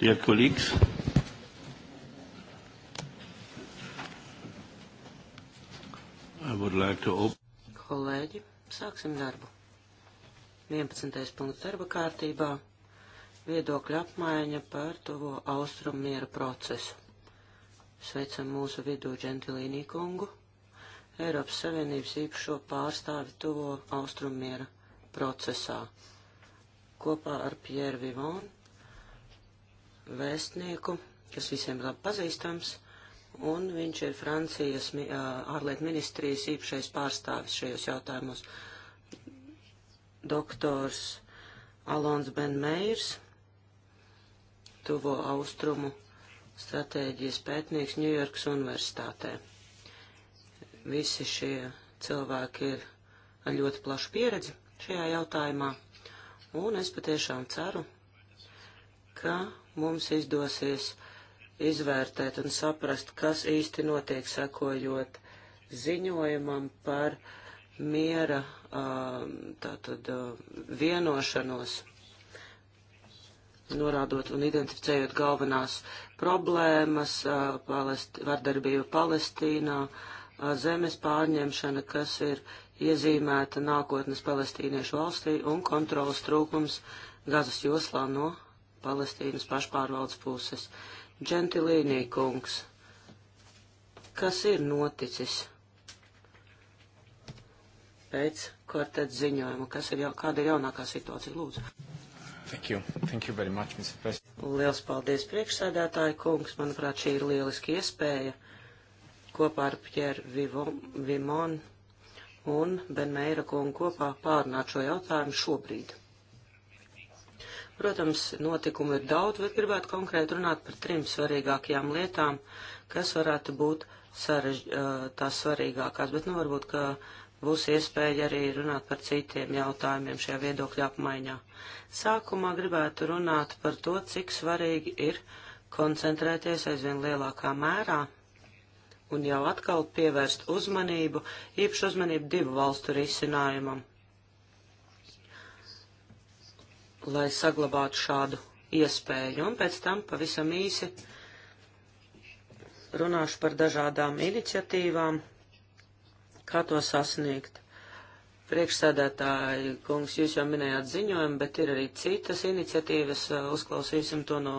Dear colleagues, I would like to open. Kolēģi, sāksim darbu. 11. punkts darba kārtībā - viedokļa apmaiņa par tuvo austrumu miera procesu. Sveicam mūsu vidū Džentilīnī kungu, Eiropas Savienības īpašo pārstāvi tuvo austrumu miera procesā kopā ar Pierre Vivonu vēstnieku, kas visiem labi pazīstams, un viņš ir Francijas ārlietu ministrijas īpašais pārstāvis šajos jautājumos. Doktors Alons Benmeirs, tuvo austrumu stratēģijas pētnieks Ņujorkas universitātē. Visi šie cilvēki ir ar ļoti plašu pieredzi šajā jautājumā, un es patiešām ceru, ka mums izdosies izvērtēt un saprast, kas īsti notiek sekojot ziņojumam par miera tātad, vienošanos, norādot un identificējot galvenās problēmas, palest, vardarbība Palestīnā, zemes pārņemšana, kas ir iezīmēta nākotnes palestīniešu valstī un kontrolas trūkums Gazas joslā no Palestīnas pašpārvaldes puses. Džentilīnī kungs, kas ir noticis pēc kvartets ziņojuma? Kas ir, jau, kāda ir jaunākā situācija, lūdzu? Thank you. Thank you very much, Mr. President. Liels paldies, priekšsēdētāji kungs. Manuprāt, šī ir lieliski iespēja kopā ar Pjeru Vimonu un Benmeira kungu kopā pārnāt šo jautājumu šobrīd. Protams, notikumu ir daudz, bet gribētu konkrēti runāt par trim svarīgākajām lietām, kas varētu būt sarež, tās svarīgākās, bet nu varbūt, ka būs iespēja arī runāt par citiem jautājumiem šajā viedokļa apmaiņā. Sākumā gribētu runāt par to, cik svarīgi ir koncentrēties aizvien lielākā mērā un jau atkal pievērst uzmanību, īpašu uzmanību divu valstu risinājumam lai saglabātu šādu iespēju. Un pēc tam pavisam īsi runāšu par dažādām iniciatīvām, kā to sasniegt. Priekšsēdētāji, kungs, jūs jau minējāt ziņojumu, bet ir arī citas iniciatīvas, uzklausīsim to no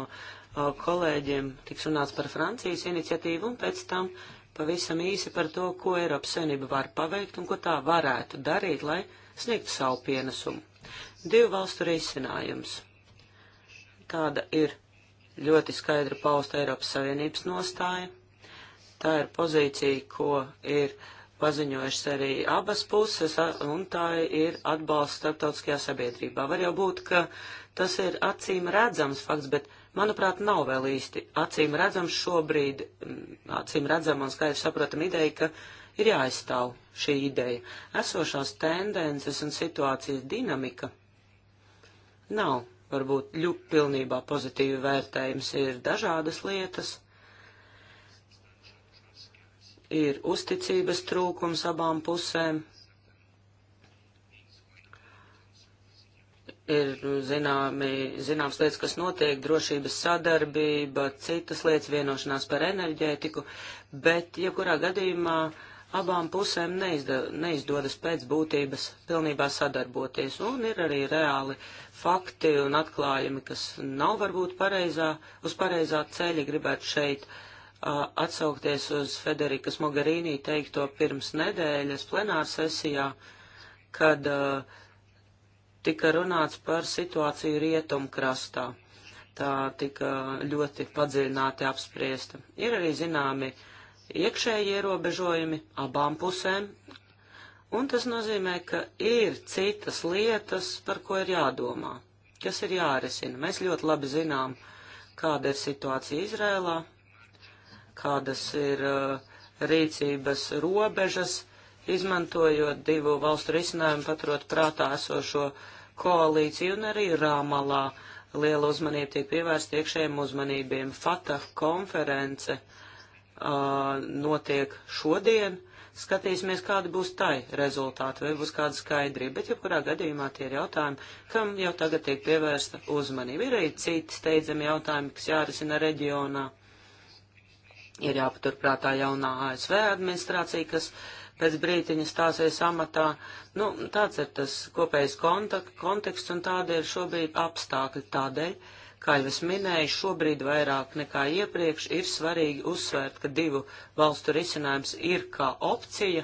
kolēģiem, tiks runāts par Francijas iniciatīvu un pēc tam pavisam īsi par to, ko Eiropas Savienība var paveikt un ko tā varētu darīt, lai sniegtu savu pienesumu divu valstu risinājums. Tāda ir ļoti skaidra pausta Eiropas Savienības nostāja. Tā ir pozīcija, ko ir paziņojušas arī abas puses, un tā ir atbalsts starptautiskajā sabiedrībā. Var jau būt, ka tas ir acīm redzams fakts, bet, manuprāt, nav vēl īsti acīm redzams šobrīd, acīm redzama un skaidri saprotam ideja, ka ir jāaizstāv šī ideja. Esošās tendences un situācijas dinamika nav varbūt ļu, pilnībā pozitīvi vērtējums. Ir dažādas lietas, ir uzticības trūkums abām pusēm, ir zināmi, zināms lietas, kas notiek, drošības sadarbība, citas lietas, vienošanās par enerģētiku, bet jebkurā ja gadījumā abām pusēm neizda, neizdodas pēc būtības pilnībā sadarboties, un ir arī reāli fakti un atklājumi, kas nav varbūt pareizā, uz pareizā ceļa, gribētu šeit uh, atsaukties uz Federikas Mogherīnī teikto pirms nedēļas plenārsesijā, kad uh, tika runāts par situāciju rietumkrastā. Tā tika ļoti padziļināti apspriesta. Ir arī zināmi uh, iekšēji ierobežojumi abām pusēm, un tas nozīmē, ka ir citas lietas, par ko ir jādomā, kas ir jārisina. Mēs ļoti labi zinām, kāda ir situācija Izrēlā, kādas ir uh, rīcības robežas, izmantojot divu valstu risinājumu, paturot prātā esošo koalīciju un arī Rāmalā. Liela uzmanība tiek pievērsta iekšējiem uzmanībiem. Fatah konference uh, uh, notiek šodien, skatīsimies, kāda būs tai rezultāti, vai būs kāda skaidrība, bet jebkurā gadījumā tie ir jautājumi, kam jau tagad tiek pievērsta uzmanība. Ir arī citi steidzami jautājumi, kas jārisina reģionā. Ir jāpaturprātā jaunā ASV administrācija, kas pēc brītiņa stāsies amatā. Nu, tāds ir tas kopējs konteksts un tāda ir šobrīd apstākļi tādēļ Kā jau es minēju, šobrīd vairāk nekā iepriekš ir svarīgi uzsvērt, ka divu valstu risinājums ir kā opcija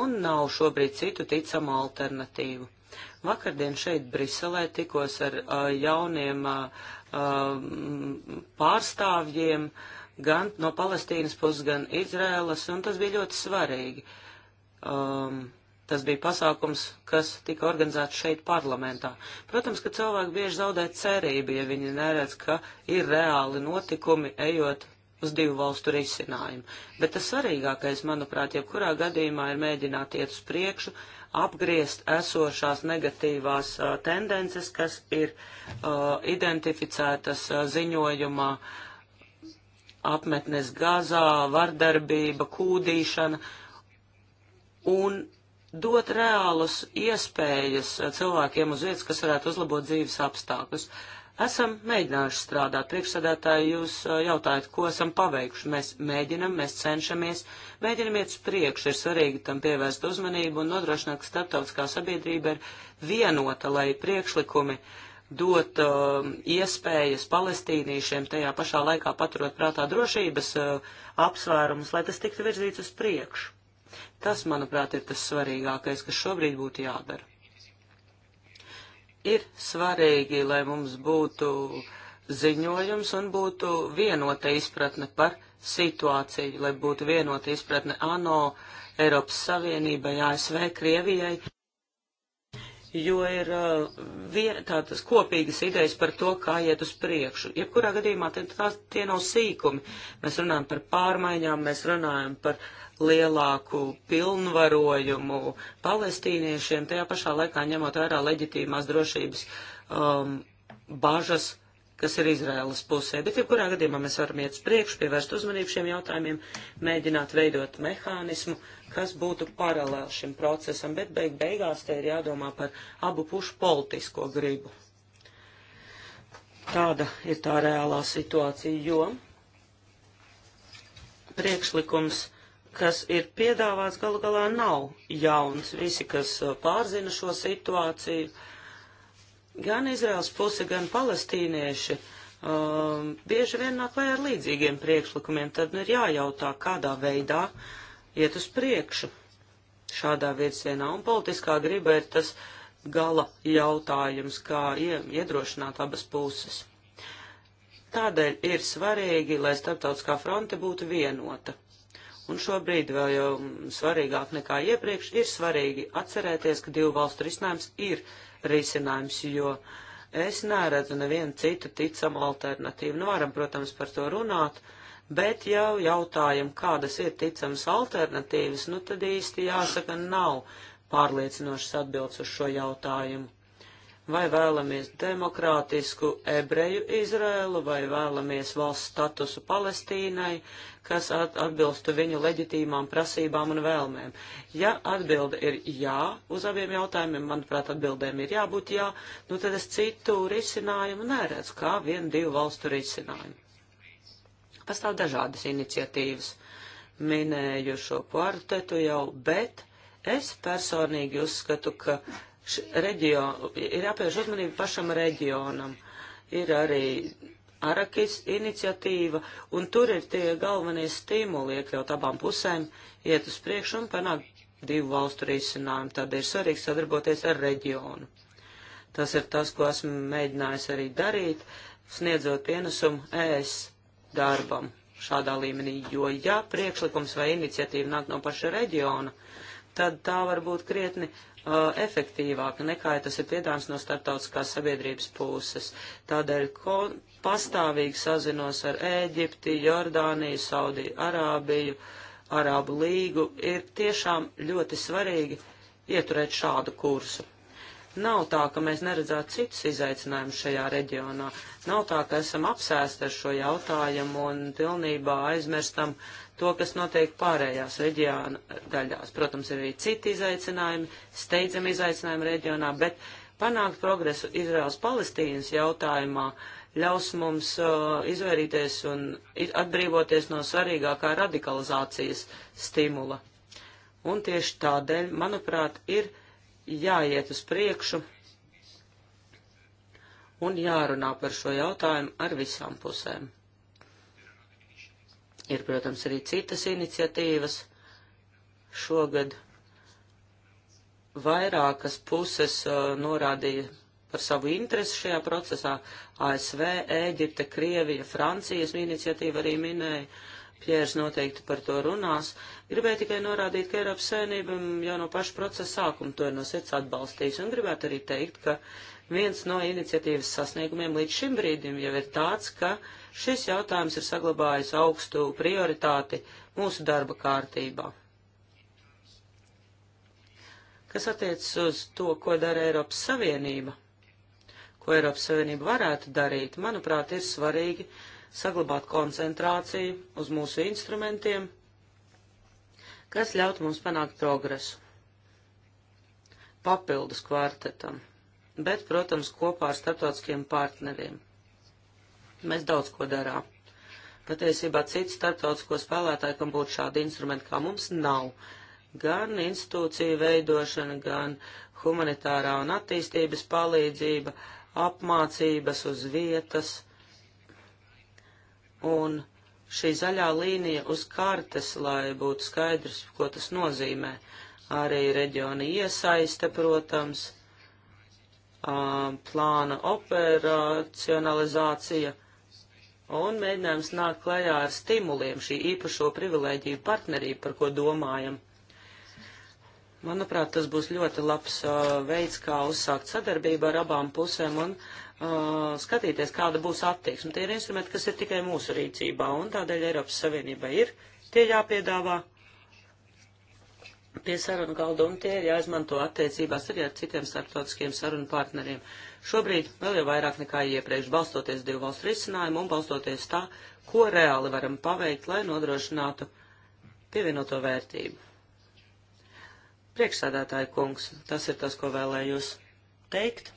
un nav šobrīd citu ticamu alternatīvu. Vakardien šeit Briselē tikos ar uh, jauniem uh, pārstāvjiem gan no Palestīnas puses, gan Izrēlas, un tas bija ļoti svarīgi. Um, Tas bija pasākums, kas tika organizēts šeit parlamentā. Protams, ka cilvēki bieži zaudē cerību, ja viņi neredz, ka ir reāli notikumi, ejot uz divu valstu risinājumu. Bet tas svarīgākais, manuprāt, jebkurā gadījumā ir mēģināt iet uz priekšu, apgriezt esošās negatīvās uh, tendences, kas ir uh, identificētas uh, ziņojumā apmetnes gazā, vardarbība, kūdīšana un dot reālus iespējas eh, cilvēkiem uz vietas, kas varētu uzlabot dzīves apstākļus. Esam mēģinājuši strādāt. Priekšsēdētāji, jūs eh, jautājat, ko esam paveikuši. Mēs mēģinam, mēs cenšamies, mēģinam iet uz priekšu. Ir svarīgi tam pievērst uzmanību un nodrošināt, ka starptautiskā sabiedrība ir vienota, lai priekšlikumi dot uh, iespējas palestīniešiem tajā pašā laikā paturot prātā drošības uh, apsvērumus, lai tas tiktu virzīts uz priekšu. Tas, manuprāt, ir tas svarīgākais, kas šobrīd būtu jādara. Ir svarīgi, lai mums būtu ziņojums un būtu vienota izpratne par situāciju, lai būtu vienota izpratne ANO, Eiropas Savienībai, ASV, Krievijai jo ir uh, tādas kopīgas idejas par to, kā iet uz priekšu. Jebkurā gadījumā tās, tie nav sīkumi. Mēs runājam par pārmaiņām, mēs runājam par lielāku pilnvarojumu palestīniešiem, tajā pašā laikā ņemot vērā leģitīmās drošības um, bažas kas ir Izraēlas pusē, bet jebkurā ja gadījumā mēs varam iet uz priekšu, pievērst uzmanību šiem jautājumiem, mēģināt veidot mehānismu, kas būtu paralēli šim procesam, bet beig beigās te ir jādomā par abu pušu politisko gribu. Tāda ir tā reālā situācija, jo priekšlikums kas ir piedāvāts galu galā nav jauns. Visi, kas uh, pārzina šo situāciju, uh, Gan Izraels puse, gan palestīnieši um, bieži vien nāk klajā ar līdzīgiem priekšlikumiem, tad nu ir jājautā, kādā veidā iet uz priekšu šādā virzienā. Un politiskā griba ir tas gala jautājums, kā iedrošināt abas puses. Tādēļ ir svarīgi, lai starptautiskā fronte būtu vienota. Un šobrīd vēl jau svarīgāk nekā iepriekš ir svarīgi atcerēties, ka divu valstu risinājums ir risinājums, jo es neredzu nevienu citu ticamu alternatīvu. Nu, varam, protams, par to runāt, bet jau jautājam, kādas ir ticamas alternatīvas, nu tad īsti jāsaka, nav pārliecinošas atbildes uz šo jautājumu vai vēlamies demokrātisku ebreju Izrēlu, vai vēlamies valsts statusu Palestīnai, kas at atbilstu viņu leģitīmām prasībām un vēlmēm. Ja atbilde ir jā uz abiem jautājumiem, manuprāt, atbildēm ir jābūt jā, nu tad es citu risinājumu neredzu, kā vien divu valstu risinājumu. Pastāv dažādas iniciatīvas, minēju šo kvartetu jau, bet es personīgi uzskatu, ka reģionu, ir jāpievērš uzmanība pašam reģionam. Ir arī Arakis iniciatīva, un tur ir tie galvenie stimuli iekļaut abām pusēm, iet uz priekšu un panākt divu valstu risinājumu. Tādēļ ir svarīgi sadarboties ar reģionu. Tas ir tas, ko esmu mēģinājis arī darīt, sniedzot pienesumu ES darbam šādā līmenī, jo ja priekšlikums vai iniciatīva nāk no paša reģiona, tad tā var būt krietni Uh, efektīvāka nekā ja tas ir piedāvājums no starptautiskās sabiedrības puses. Tādēļ pastāvīgi sazinos ar Ēģipti, Jordāniju, Saudiju, Arābiju, Arābu līgu. Ir tiešām ļoti svarīgi ieturēt šādu kursu. Nav tā, ka mēs neredzētu citus izaicinājumus šajā reģionā. Nav tā, ka esam apsēsti ar šo jautājumu un pilnībā aizmirstam uh, to, kas notiek pārējās reģiona daļās. Protams, ir arī citi izaicinājumi, steidzami izaicinājumi reģionā, bet panākt progresu Izraels-Palestīnas jautājumā ļaus mums uh, izvairīties un atbrīvoties no svarīgākā radikalizācijas stimula. Un tieši tādēļ, manuprāt, ir jāiet uz priekšu un jārunā par šo jautājumu ar visām pusēm. Ir, protams, arī citas iniciatīvas. Šogad vairākas puses uh, norādīja par savu interesi šajā procesā. ASV, Ēģipte, Krievija, Francijas iniciatīva arī minēja. Pjērs noteikti par to runās. Gribēju tikai norādīt, ka Eiropas Savienība jau no paša procesa sākuma to ir no sirds atbalstījusi. Un gribētu arī teikt, ka viens no iniciatīvas sasniegumiem līdz šim brīdim jau ir tāds, ka uh, Šis jautājums ir saglabājis augstu prioritāti mūsu darba kārtībā. Kas attiecas uz to, ko dara Eiropas Savienība, ko Eiropas Savienība varētu darīt, manuprāt, ir svarīgi saglabāt koncentrāciju uz mūsu instrumentiem, kas ļaut mums panākt progresu papildus kvartetam, bet, protams, kopā ar starptautiskiem partneriem. Mēs daudz ko darām. Patiesībā citu starptautisko spēlētāju, kam būtu šādi instrumenti, kā mums nav. Gan institūcija veidošana, gan humanitārā un attīstības palīdzība, apmācības uz vietas. Un šī zaļā līnija uz kartes, lai būtu skaidrs, ko tas nozīmē. Arī reģiona iesaiste, protams, plāna operacionalizācija un mēģinājums nākt klajā ar stimuliem šī īpašo privilēģiju partnerību, par ko domājam. Manuprāt, tas būs ļoti labs uh, veids, kā uzsākt sadarbību ar abām pusēm un uh, skatīties, kāda būs attieksme. Tie ir instrumenti, kas ir tikai mūsu rīcībā, un tādēļ Eiropas Savienībai ir tie jāpiedāvā pie sarunu galda, un tie ir jāizmanto attiecībās arī ar citiem starptautiskiem sarunu partneriem. Uh, Šobrīd vēl jau vairāk nekā iepriekš balstoties divu valstu risinājumu un balstoties tā, ko reāli varam paveikt, lai nodrošinātu pievienoto vērtību. Priekšsādātāja kungs, tas ir tas, ko vēlējos teikt.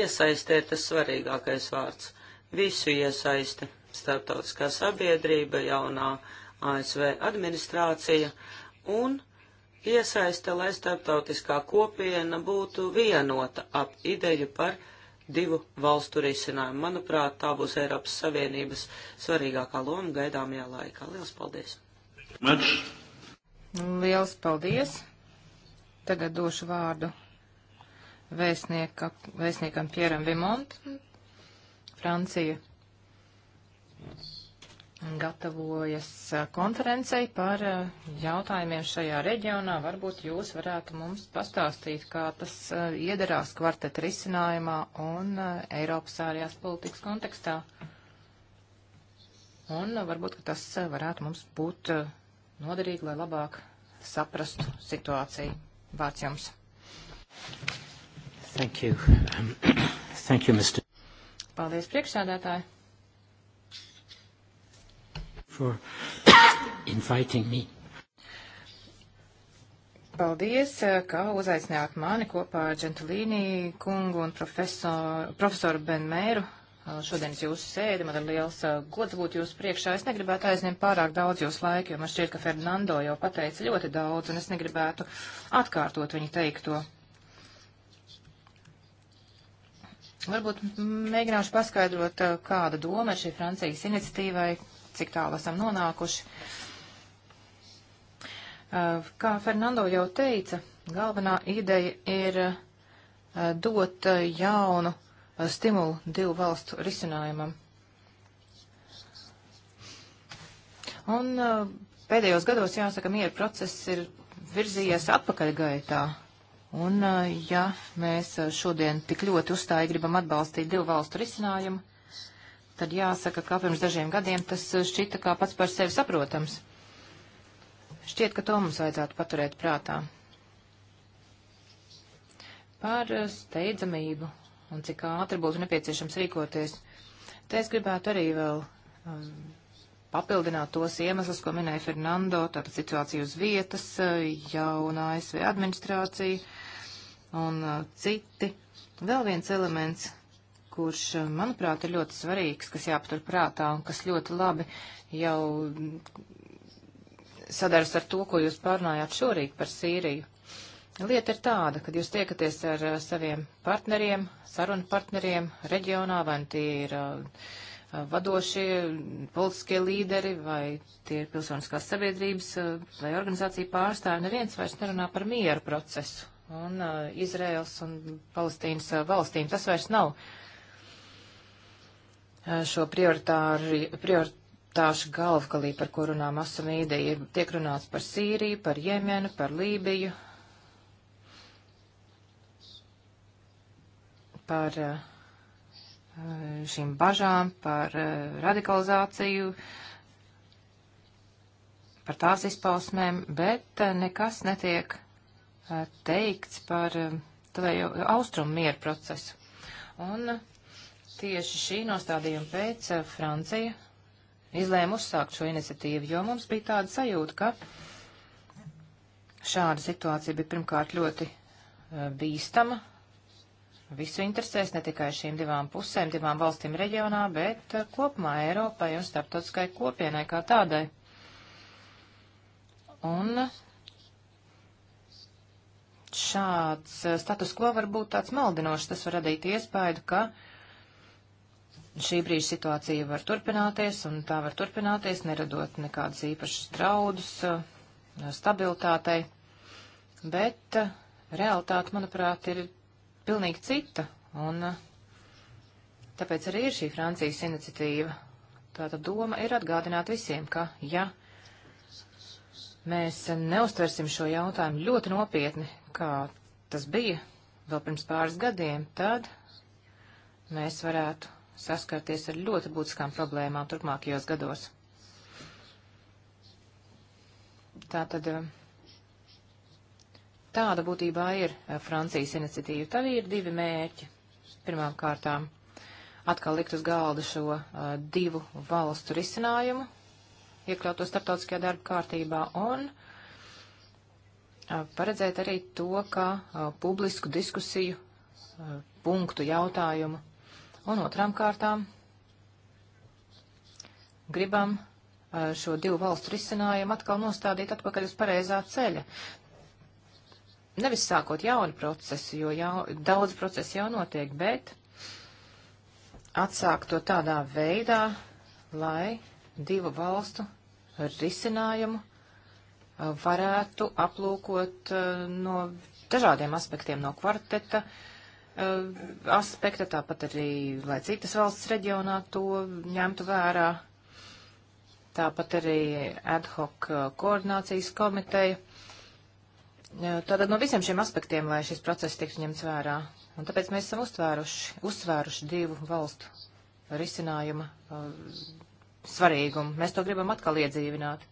Iesaiste ir tas svarīgākais vārds. Visu iesaiste - starptautiskā sabiedrība, jaunā ASV administrācija un iesaista, lai starptautiskā kopiena būtu vienota ap ideju par divu valstu risinājumu. Manuprāt, tā būs Eiropas Savienības svarīgākā loma gaidāmajā laikā. Lielas paldies! Mač. Lielas paldies! Tagad došu vārdu vēstnieka, vēstniekam Pieram Vimont, Francija. Yes gatavojas konferencei par jautājumiem šajā reģionā. Varbūt jūs varētu mums pastāstīt, kā tas iederās kvartet risinājumā un Eiropas ārējās politikas kontekstā. Un varbūt, ka tas varētu mums būt noderīgi, lai labāk saprastu situāciju. Vārds jums. Thank you. Um, thank you, Mr. Paldies, priekšsēdētāji for inviting me. Paldies, eh, ka uzaicinājāt mani kopā ar Džentlīnī kungu un profesoru, profesoru Ben Mēru. Eh, šodien es jūsu sēdi, man ir liels eh, gods būt jūsu priekšā. Es negribētu aizņemt pārāk daudz jūsu laika, jo man šķiet, ka Fernando jau pateica ļoti daudz, un es negribētu atkārtot viņa teikto. Varbūt mēģināšu paskaidrot, kāda doma ir šī Francijas iniciatīvai, cik tālu esam nonākuši. Uh, kā Fernando jau teica, galvenā ideja ir uh, dot uh, jaunu stimulu divu valstu risinājumam. Un pēdējos gados, jāsaka, miera process ir virzījies atpakaļgaitā. Un, ja mēs šodien tik ļoti uzstāji gribam atbalstīt divu valstu risinājumu, tad jāsaka, ka pirms dažiem gadiem tas eh, šķita kā pats par sevi saprotams. Šķiet, ka to mums vajadzētu paturēt prātā. Par eh, steidzamību un cik ātri būtu nepieciešams rīkoties. Te es gribētu arī vēl um, papildināt tos iemeslus, ko minēja Fernando, tātad situācija uz vietas, eh, jauna ASV administrācija un uh, citi. Vēl viens elements, kurš, manuprāt, ir ļoti svarīgs, kas jāpatur prātā un kas ļoti labi jau sadars ar to, ko jūs pārnājāt šorīt par Sīriju. Lieta ir tāda, kad jūs tiekaties ar uh, saviem partneriem, sarunu partneriem reģionā, vai nu tie ir uh, uh, vadošie politiskie līderi, vai tie ir pilsoniskās sabiedrības vai organizācija pārstāvji, neviens vairs nerunā par mieru procesu un uh, Izraels un Palestīnas valstīm. Tas vairs nav Eh, šo prioritāšu galvkalī, par ko runā Masamīde, ir tiek runāts par Sīriju, par Jemenu, par Lībiju, par eh, eh, šīm bažām, par radikalizāciju, par tās izpausmēm, bet nekas netiek teikts par tuvējo austrumu mieru procesu. Un uh, tieši šī nostādījuma pēc eh, Francija izlēma uzsākt šo iniciatīvu, jo mums bija tāda sajūta, ka šāda situācija bija pirmkārt ļoti eh, bīstama. Visu interesēs ne tikai šīm divām pusēm, divām valstīm reģionā, bet eh, kopumā Eiropai un starptautiskai kopienai kā tādai. Un šāds status quo var būt tāds maldinošs. Tas var radīt iespēju, ka uh, šī brīža situācija var turpināties, un tā var turpināties, neradot nekādas īpašas draudus eh, stabilitātei. Bet eh, realitāte, manuprāt, ir pilnīgi cita, un eh, tāpēc arī ir šī Francijas iniciatīva. Tātad doma ir atgādināt visiem, ka, ja mēs neustversim šo jautājumu ļoti nopietni, kā tas bija vēl pirms pāris gadiem, tad mēs varētu saskarties ar ļoti būtiskām problēmām turpmākajos gados. Tātad eh, tāda būtībā ir eh, Francijas iniciatīva. Tā ir divi mērķi. Pirmām kārtām atkal likt uz galda šo uh, divu valstu risinājumu, iekļautu starptautiskajā darba kārtībā un uh, paredzēt arī to, ka uh, publisku diskusiju punktu jautājumu Un otrām kārtām gribam uh, šo divu valstu risinājumu atkal nostādīt atpakaļ uz pareizā ceļa. Nevis sākot jaunu procesu, jo jau, daudz procesu jau notiek, bet atsākt to tādā veidā, lai divu valstu risinājumu uh, varētu aplūkot uh, no dažādiem aspektiem no kvarteta, uh, Eh, aspekta, tāpat arī, lai citas valsts reģionā to ņemtu vērā. Tāpat arī ad hoc eh, koordinācijas komiteja. Eh, tātad no visiem šiem aspektiem, lai šis process tiktu ņemts vērā. Un tāpēc mēs esam uztvēruši, uzsvēruši divu valstu risinājuma uh, svarīgumu. Mēs to gribam atkal iedzīvināt.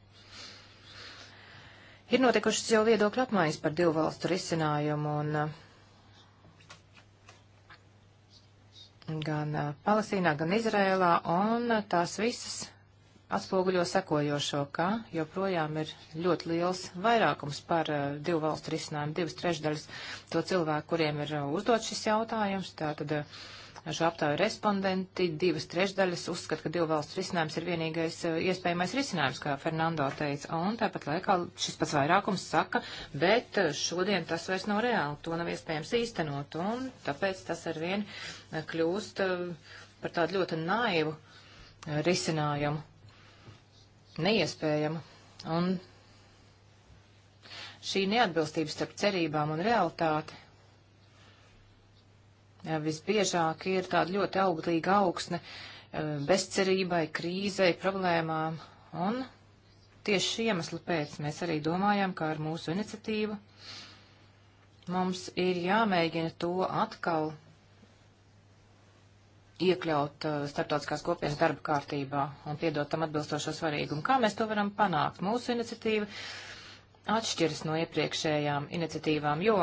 Ir notikušas jau viedokļu apmaiņas par divu valstu risinājumu, un uh, gan Palestīnā, gan Izrēlā, un tās visas atspoguļo sekojošo, ka joprojām ir ļoti liels vairākums par uh, divu valstu risinājumu, divas trešdaļas to cilvēku, kuriem ir uh, uzdot šis jautājums, tātad uh, šo aptāju respondenti, divas trešdaļas uzskata, ka divu valstu risinājums ir vienīgais eh, iespējamais risinājums, kā Fernando teica, un tāpat laikā šis pats vairākums saka, bet eh, šodien tas vairs nav reāli, to nav iespējams īstenot, un tāpēc tas arvien eh, kļūst par tādu ļoti naivu risinājumu, neiespējamu. Un šī neatbilstība starp cerībām un realitāti visbiežāk ir tāda ļoti auglīga augsne eh, bezcerībai, krīzei, problēmām. Un tieši šī iemesla pēc mēs arī domājam, kā ar mūsu iniciatīvu mums ir jāmēģina to atkal iekļaut uh, starptautiskās kopienas darba kārtībā un piedot tam atbilstošo svarīgumu. Kā mēs to varam panākt? Mūsu iniciatīva atšķiras no iepriekšējām iniciatīvām, jo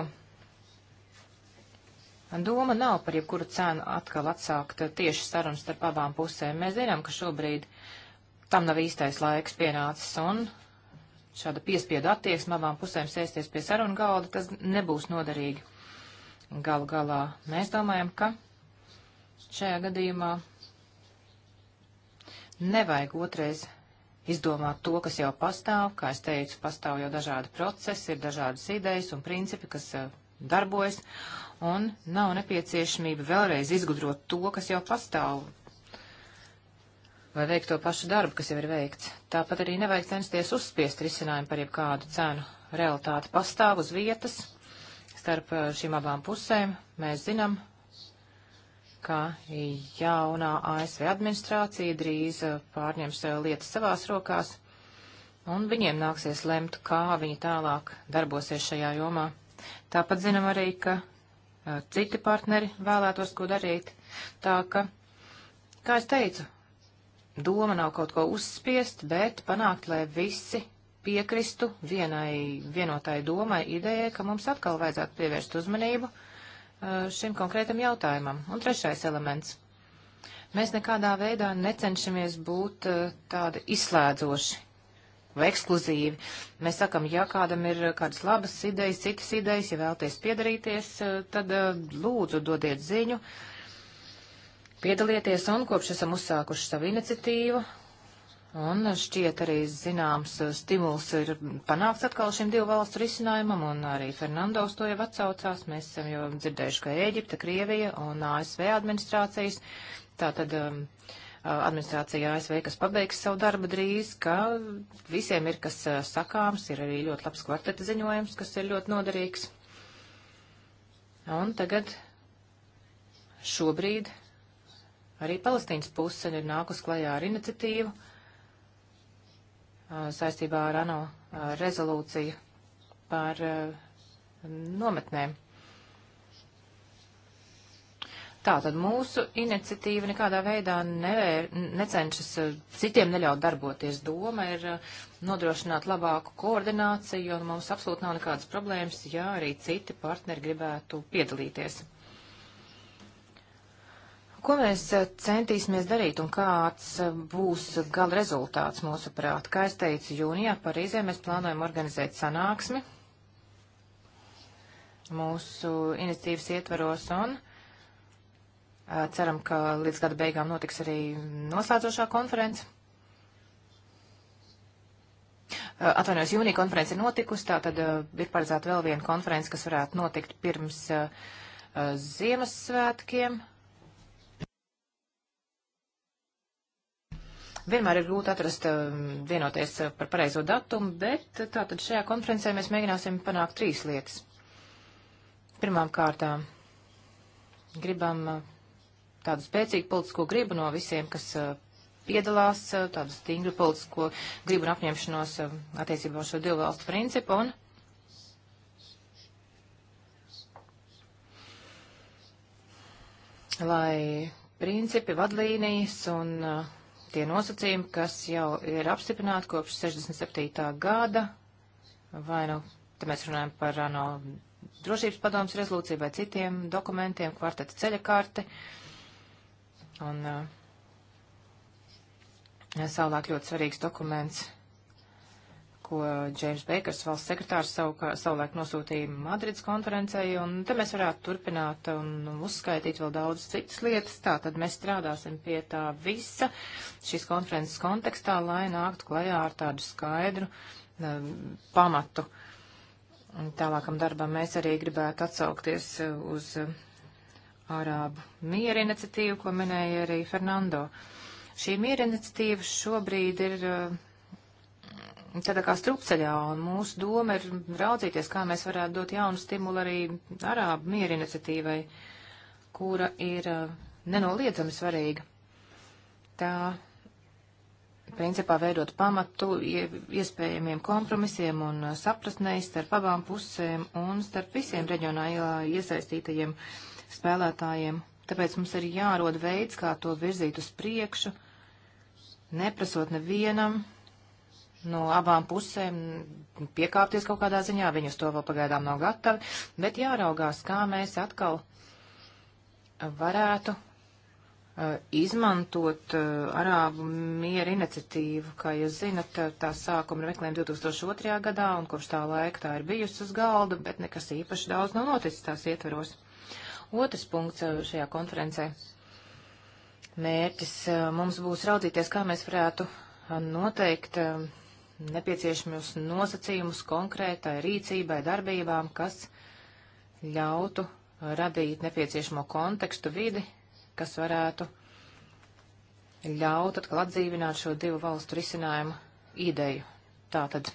Doma nav par jebkuru cenu atkal atsākt tieši sarunas starp abām pusēm. Mēs zinām, ka šobrīd tam nav īstais laiks pienācis un šāda piespiedu attieksme abām pusēm sēsties pie sarunu galda, tas nebūs noderīgi. Galu galā mēs domājam, ka šajā gadījumā nevajag otrais izdomāt to, kas jau pastāv. Kā es teicu, pastāv jau dažādi procesi, ir dažādas idejas un principi, kas eh, darbojas, un nav nepieciešamība vēlreiz izgudrot to, kas jau pastāv, vai veikt to pašu darbu, kas jau ir veikts. Tāpat arī nevajag censties uzspiest risinājumu par jebkādu cenu. Realitāte pastāv uz vietas, starp eh, šīm abām pusēm. Mēs zinām, ka jaunā ASV administrācija drīz eh, pārņems eh, lietas savās rokās, un viņiem nāksies lemt, kā viņi tālāk darbosies šajā jomā. Tāpat zinām arī, ka citi partneri vēlētos ko darīt. Tā ka, kā es teicu, doma nav kaut ko uzspiest, bet panākt, lai visi piekristu vienai vienotai domai, idejai, ka mums atkal vajadzētu pievērst uzmanību šim konkrētam jautājumam. Un trešais elements. Mēs nekādā veidā necenšamies būt tādi izslēdzoši vai ekskluzīvi. Mēs sakam, ja kādam ir kādas labas idejas, citas idejas, ja vēlties piedarīties, eh, tad eh, lūdzu dodiet ziņu, piedalieties un kopš esam uzsākuši savu iniciatīvu. Un šķiet arī zināms eh, stimuls ir panāks atkal šim divu valstu risinājumam, un arī Fernandos to jau atsaucās. Mēs esam jau dzirdējuši, ka Ēģipte, Krievija un ASV administrācijas tātad um, uh, Uh, administrācija ASV, kas pabeigs savu darbu drīz, ka visiem ir kas uh, sakāms, ir arī ļoti labs kvarteta ziņojums, kas ir ļoti noderīgs. Un tagad šobrīd arī Palestīnas puse ir nākus klajā ar iniciatīvu uh, saistībā ar ANO rezolūciju par nometnēm. Tātad mūsu iniciatīva nekādā veidā nevēr, necenšas eh, citiem neļaut darboties. Doma ir eh, nodrošināt labāku koordināciju, un mums absolūti nav nekādas problēmas, ja arī citi partneri gribētu piedalīties. Ko mēs eh, centīsimies darīt un kāds būs gala rezultāts mūsu prāt? Kā es teicu, jūnijā Parīzē mēs plānojam organizēt sanāksmi mūsu iniciatīvas ietvaros un Ceram, ka līdz gada beigām notiks arī noslēdzošā konference. Atvainojos, jūnija konference ir notikusi, tā tad ir paredzēta vēl viena konference, kas varētu notikt pirms Ziemassvētkiem. Vienmēr ir grūti atrast, vienoties par pareizo datumu, bet tātad šajā konferencē mēs mēģināsim panākt trīs lietas. Pirmām kārtām gribam tādu spēcīgu politisko gribu no visiem, kas eh, piedalās, eh, tādu stingru politisko gribu un apņemšanos eh, attiecībā uz šo divu valstu principu. Un lai principi, vadlīnijas un tie nosacījumi, kas jau ir apstiprināti kopš 67. gada, vai nu, te mēs runājam par ANO drošības padomas rezolūciju vai citiem dokumentiem, kvarteta ceļa karte, uh, Un uh, savulāk ļoti svarīgs dokuments, ko Džeims Beikers, valsts sekretārs, savu, savulaik nosūtīja Madrids konferencei, un te mēs varētu turpināt un uzskaitīt vēl daudz citas lietas. Tā tad mēs strādāsim pie tā visa šīs konferences kontekstā, lai nāktu klajā ar tādu skaidru uh, pamatu. Tālākam darbam mēs arī gribētu atsaukties uh, uz. Uh, Arābu miera iniciatīvu, ko minēja arī Fernando. Šī miera iniciatīva šobrīd ir eh, tādā kā strupceļā, un mūsu doma ir raudzīties, kā mēs varētu dot jaunu stimulu arī Arābu miera iniciatīvai, kura ir eh, nenoliedzami svarīga. Tā principā veidot pamatu iespējamiem kompromisiem un eh, sapratnēs starp abām pusēm un starp visiem reģionā iesaistītajiem uh, spēlētājiem. Tāpēc mums ir jārod veids, kā to virzīt uz priekšu, neprasot nevienam no abām pusēm piekāpties kaut kādā ziņā, viņus to vēl pagaidām nav gatavi, bet jāraugās, kā mēs atkal varētu izmantot uh, Arābu miera iniciatīvu, kā jūs zinat, tā, tā sākuma ir meklējuma 2002. gadā, un kopš tā laika tā ir bijusi uz galda, bet nekas īpaši daudz nav noticis tās ietveros. Otrs punkts uh, šajā konferencē. Mērķis uh, mums būs raudzīties, kā mēs varētu uh, noteikt nepieciešamus nosacījumus konkrētai rīcībai, darbībām, kas ļautu radīt nepieciešamo kontekstu vidi, kas varētu ļaut atkal atdzīvināt šo divu valstu risinājumu ideju. Tātad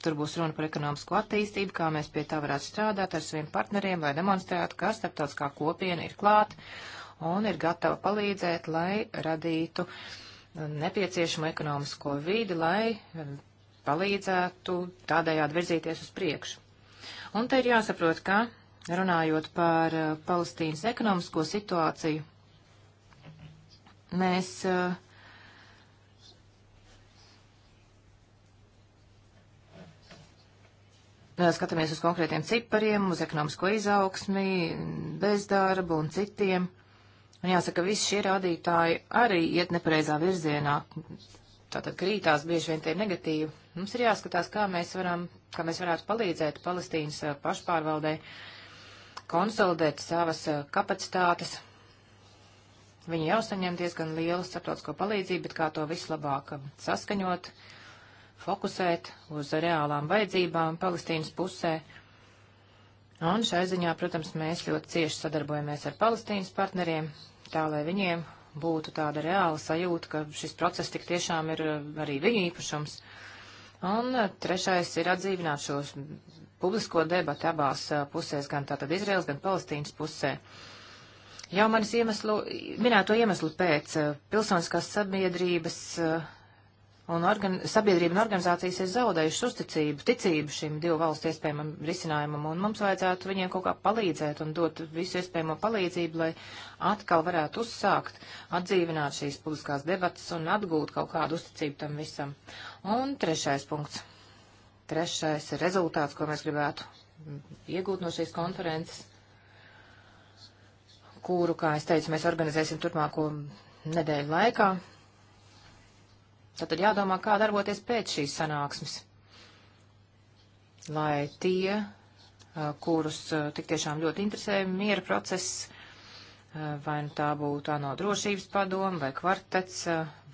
Tur būs runa par ekonomisko attīstību, kā mēs pie tā varētu strādāt ar saviem partneriem, lai demonstrētu, ka starptautiskā kopiena ir klāt un ir gatava palīdzēt, lai radītu nepieciešamo ekonomisko vīdi, lai eh, palīdzētu tādējādi virzīties uz priekšu. Un te ir jāsaprot, ka runājot par eh, Palestīnas ekonomisko situāciju, mēs uh, skatāmies uz konkrētiem cipariem, uz ekonomisko izaugsmi, bezdarbu un citiem. Un jāsaka, visi šie rādītāji arī iet nepareizā virzienā. Tātad krītās bieži vien tie negatīvi. Mums ir jāskatās, kā mēs, varam, kā mēs varētu palīdzēt Palestīnas pašpārvaldē konsolidēt savas kapacitātes. Viņi jau saņem diezgan lielu starptautisko palīdzību, bet kā to vislabāk saskaņot, uh, fokusēt uz reālām vajadzībām Palestīnas pusē. Un šai ziņā, protams, mēs ļoti cieši sadarbojamies ar Palestīnas partneriem, tā lai viņiem būtu tāda reāla sajūta, ka šis process tik tiešām ir eh, arī viņu īpašums. Un eh, trešais ir atdzīvināt šos publisko debatu abās eh, pusēs, gan tātad Izraels, gan Palestīnas pusē. Jau manis iemeslu, minēto iemeslu pēc pilsoniskās sabiedrības uh, un organ, sabiedrība un organizācijas ir zaudējušas uzticību, ticību šim divu valstu iespējamam risinājumam, un mums vajadzētu viņiem kaut kā palīdzēt un dot visu iespējamo palīdzību, lai atkal varētu uzsākt, atdzīvināt šīs publiskās debatas un atgūt kaut kādu uzticību tam visam. Un trešais punkts. Trešais rezultāts, ko mēs gribētu iegūt no šīs konferences, kuru, kā es teicu, mēs organizēsim turpmāko nedēļu laikā. Tātad jādomā, kā darboties pēc šīs sanāksmes, lai tie, eh, kurus eh, tik tiešām ļoti interesē miera process, eh, vai nu tā būtu ANO drošības padoma, vai kvartets,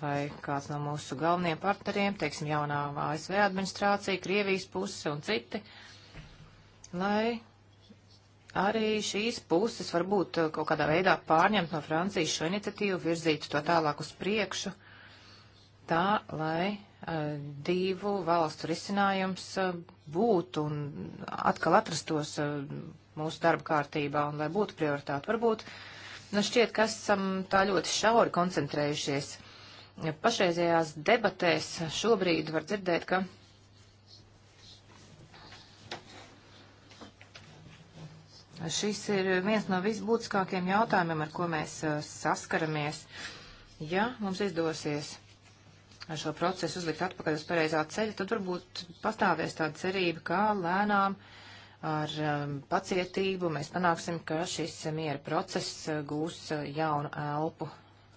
vai kāds no mūsu galvenajiem partneriem, teiksim, jaunā ASV administrācija, Krievijas puse un citi, lai arī šīs puses varbūt kaut kādā veidā pārņemt no Francijas šo iniciatīvu, virzītu to tālāk uz priekšu tā, lai divu valstu risinājums būtu un atkal atrastos mūsu darba kārtībā un lai būtu prioritāte. Varbūt nu šķiet, ka esam tā ļoti šauri koncentrējušies. Pašreizējās debatēs šobrīd var dzirdēt, ka šis ir viens no visbūtiskākajiem jautājumiem, ar ko mēs saskaramies. Ja mums izdosies šo procesu uzlikt atpakaļ uz pareizā ceļa, tad varbūt pastāvēs tāda cerība, kā lēnām ar um, pacietību mēs panāksim, ka šis miera process uh, gūs uh, jaunu elpu.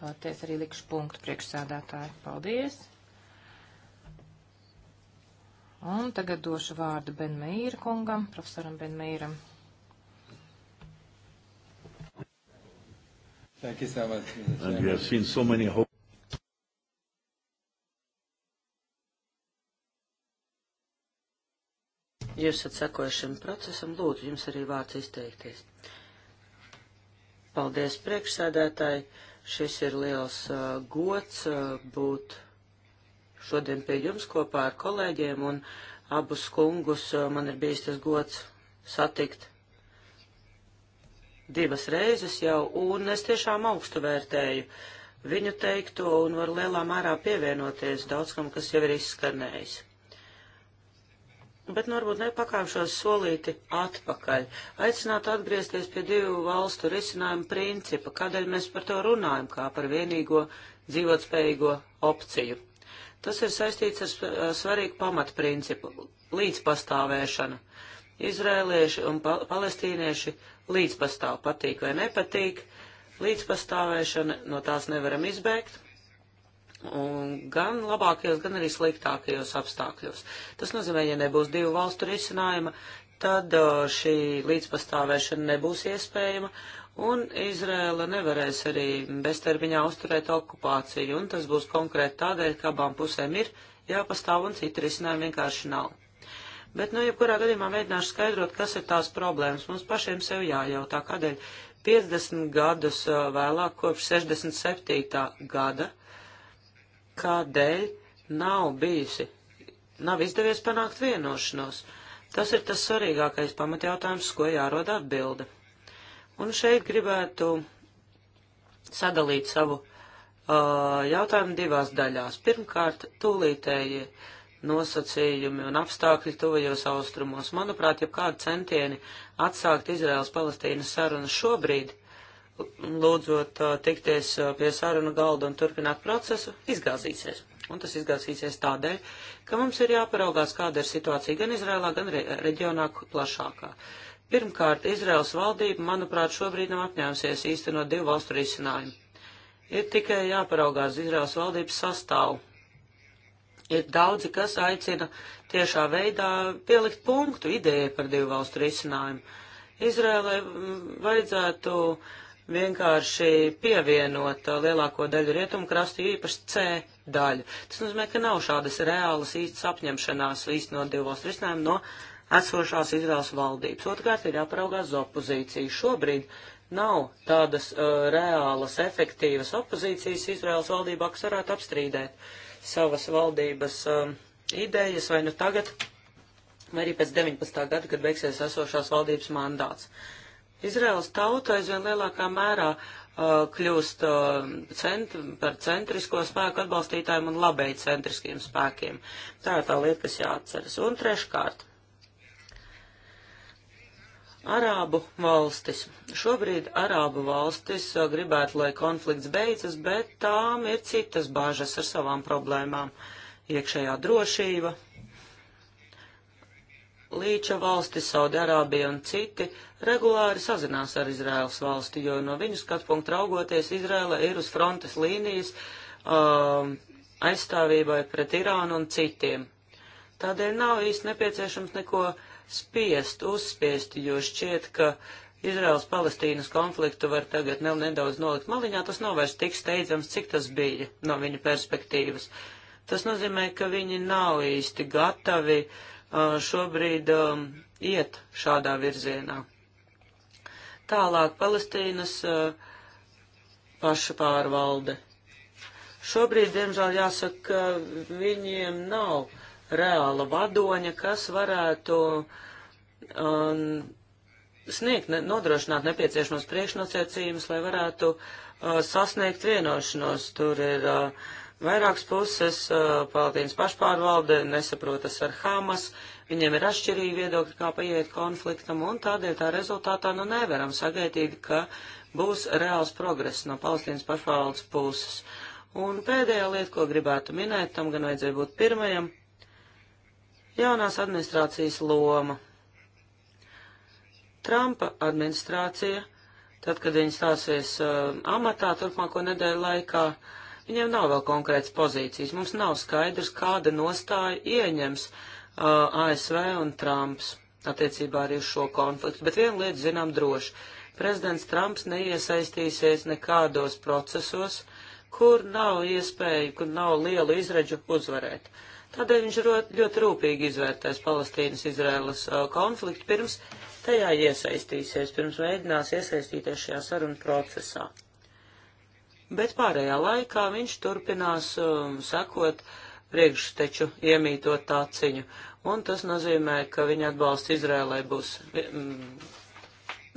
Uh, Ties arī likšu punktu priekšsēdētāji. Paldies! Un tagad došu vārdu Benmeīra kungam, profesoram Benmeīram. Thank you so much. And we have seen so many hope. Jūs esat sekojušiem procesam, lūdzu, jums arī vārds izteikties. Paldies priekšsēdētāji, šis ir liels uh, gods uh, būt šodien pie jums kopā ar kolēģiem, un abus kungus uh, man ir bijis tas gods satikt divas reizes jau, un es tiešām augstu vērtēju viņu teikto un varu lielā mērā pievienoties daudz kam, kas jau ir izskanējis bet nu, varbūt nepakāpšos solīti atpakaļ. Aicinātu atgriezties pie divu valstu risinājuma principa, kādēļ mēs par to runājam, kā par vienīgo dzīvotspējīgo opciju. Tas ir saistīts ar svarīgu pamatprincipu - līdzpastāvēšana. Izrēlieši un pa palestīnieši līdzpastāv, patīk vai nepatīk, līdzpastāvēšana no tās nevaram izbēgt, Un gan labākajos, gan arī sliktākajos apstākļos. Tas nozīmē, ja nebūs divu valstu risinājuma, tad uh, šī līdzpastāvēšana nebūs iespējama, un Izrēla nevarēs arī beztermiņā uzturēt okupāciju, un tas būs konkrēti tādēļ, ka abām pusēm ir jāpastāv un citi risinājumi vienkārši nav. Bet, nu, jebkurā gadījumā mēģināšu skaidrot, kas ir tās problēmas. Mums pašiem sev jājautā, kādēļ 50 gadus uh, vēlāk, kopš 67. gada, kādēļ nav bijusi, nav izdevies panākt vienošanos. Tas ir tas svarīgākais pamatjautājums, ko jārod atbilde. Un šeit gribētu sadalīt savu uh, jautājumu divās daļās. Pirmkārt, tūlītēji nosacījumi un apstākļi tuvajos austrumos. Manuprāt, ja kādi centieni atsākt Izraels-Palestīnas sarunas šobrīd lūdzot tikties pie sarunu galda un turpināt procesu, izgāzīsies. Un tas izgāzīsies tādēļ, ka mums ir jāparaugās, kāda ir situācija gan Izrēlā, gan re reģionā plašākā. Pirmkārt, Izraels valdība, manuprāt, šobrīd nav apņēmusies īstenot divu valstu risinājumu. Ir tikai jāparaugās Izraels valdības sastāvu. Ir daudzi, kas aicina tiešā veidā pielikt punktu idejai par divu valstu risinājumu. Izrēlai mm, vajadzētu uh, vienkārši pievienot uh, lielāko daļu rietumu krastu, īpaši C daļu. Tas nozīmē, ka nav šādas reālas īstas apņemšanās īstenot divu valstu risinājumu no esošās Izraels valdības. Otrkārt ir jāparaugās uz opozīciju. Šobrīd nav tādas uh, reālas, efektīvas opozīcijas Izraels valdībā, kas varētu apstrīdēt savas valdības um, idejas vai nu tagad, vai arī pēc 19. gada, kad beigsies esošās valdības mandāts. Uh, Izraels tauta aizvien lielākā mērā uh, kļūst uh, cent, par centrisko spēku atbalstītājiem un labēji centriskiem spēkiem. Tā ir tā lieta, kas jāatceras. Un treškārt, Arābu valstis. Šobrīd Arābu valstis uh, gribētu, lai konflikts beidzas, bet tām ir citas bāžas ar savām problēmām. Iekšējā drošība, Līča valsti, Saudārābija un citi regulāri sazinās ar Izraels valsti, jo no viņu skatu punktu raugoties Izraela ir uz frontes līnijas um, aizstāvībai pret Irānu un citiem. Tādēļ nav īsti nepieciešams neko spiest, uzspiest, jo šķiet, ka Izraels Palestīnas konfliktu var tagad nedaudz nolikt maliņā, tas nav vairs tik steidzams, cik tas bija no viņa perspektīvas. Tas nozīmē, ka viņi nav īsti gatavi uh, Uh, šobrīd um, iet šādā virzienā. Tālāk Palestīnas uh, paša pārvalde. Šobrīd, diemžēl, jāsaka, ka viņiem nav reāla vadoņa, kas varētu um, sniegt, ne, nodrošināt nepieciešamos priekšnosacījumus, lai varētu uh, sasniegt vienošanos. Tur ir uh, Vairākas puses eh, Palestīnas pašpārvalde nesaprotas ar Hamas, viņiem ir atšķirīgi viedokļi, kā paiet konfliktam, un tādēļ tā rezultātā nu nevaram sagaidīt, ka būs reāls progress no Palestīnas pašvaldes puses. Un pēdējā lieta, ko gribētu minēt, tam gan vajadzēja būt pirmajam - jaunās administrācijas loma. Trumpa administrācija, tad, kad viņi stāsies uh, amatā turpmāko nedēļu laikā, uh, Viņiem nav vēl konkrētas pozīcijas. Mums nav skaidrs, kāda nostāja ieņems uh, ASV un Trumps attiecībā arī uz šo konfliktu. Bet viena lieta zinām droši. Prezidents Trumps neiesaistīsies nekādos procesos, kur nav iespēju, kur nav liela izredžu uzvarēt. Tādēļ viņš ļoti rūpīgi izvērtēs Palestīnas-Izraēlas uh, konfliktu pirms tajā iesaistīsies, pirms mēģinās iesaistīties šajā sarunu procesā bet pārējā laikā viņš turpinās um, sekot priekšteču iemītot tāciņu, un tas nozīmē, ka viņa atbalsts Izrēlē būs um,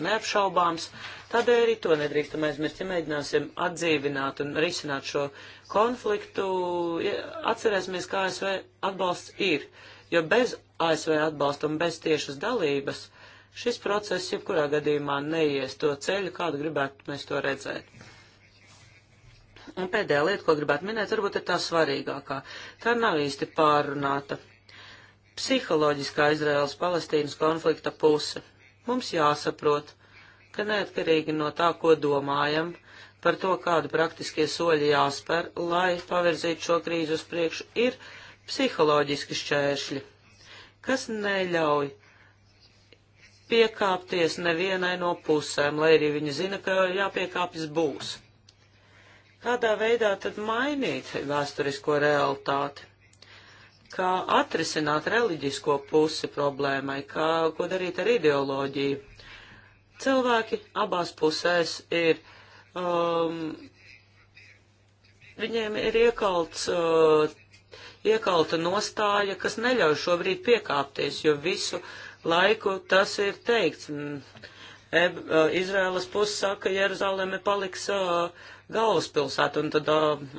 neapšaubāms. Tādēļ arī to nedrīkstam aizmirst, ja mēģināsim atdzīvināt un risināt šo konfliktu, atcerēsimies, kā ASV atbalsts ir, jo bez ASV atbalsta un bez tiešas dalības šis process jebkurā gadījumā neies to ceļu, kādu gribētu mēs to redzēt. Pēdējā lieta, ko gribētu minēt, varbūt ir tā svarīgākā. Tā nav īsti pārunāta. Psiholoģiskā Izraels-Palestīnas konflikta puse. Mums jāsaprot, ka neatkarīgi no tā, ko domājam, par to, kādu praktiskie soļi jāspēr, lai pavirzītu šo krīzi uz priekšu, ir psiholoģiski šķēršļi, kas neļauj piekāpties nevienai no pusēm, lai arī viņi zina, ka jāpiekāpjas būs kādā veidā tad mainīt vēsturisko realitāti, kā atrisināt reliģisko pusi problēmai, kā, ko darīt ar ideoloģiju. Cilvēki abās pusēs ir, um, viņiem ir iekalts, uh, iekalta nostāja, kas neļauj šobrīd piekāpties, jo visu laiku tas ir teikts. Mm, Eb, uh, Izraēlas puses saka, Jeruzaleme paliks. Uh, galvaspilsētu, un tad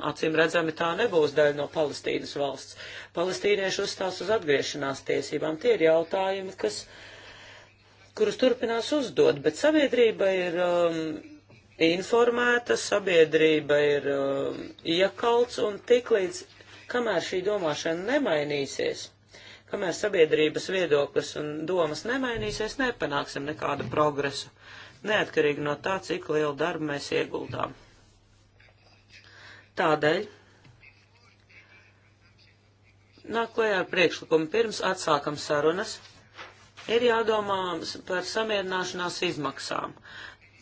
acīm redzami tā nebūs daļa no Palestīnas valsts. Palestīnieši uzstās uz atgriešanās tiesībām. Tie ir jautājumi, kas, kurus turpinās uzdot, bet sabiedrība ir um, informēta, sabiedrība ir um, iekalts, un tiklīdz, kamēr šī domāšana nemainīsies, kamēr sabiedrības viedoklis un domas nemainīsies, nepanāksim nekādu progresu, neatkarīgi no tā, cik lielu darbu mēs ieguldām. Tādēļ nāk klajā ar priekšlikumu pirms atsākam sarunas. Ir jādomā par samierināšanās izmaksām.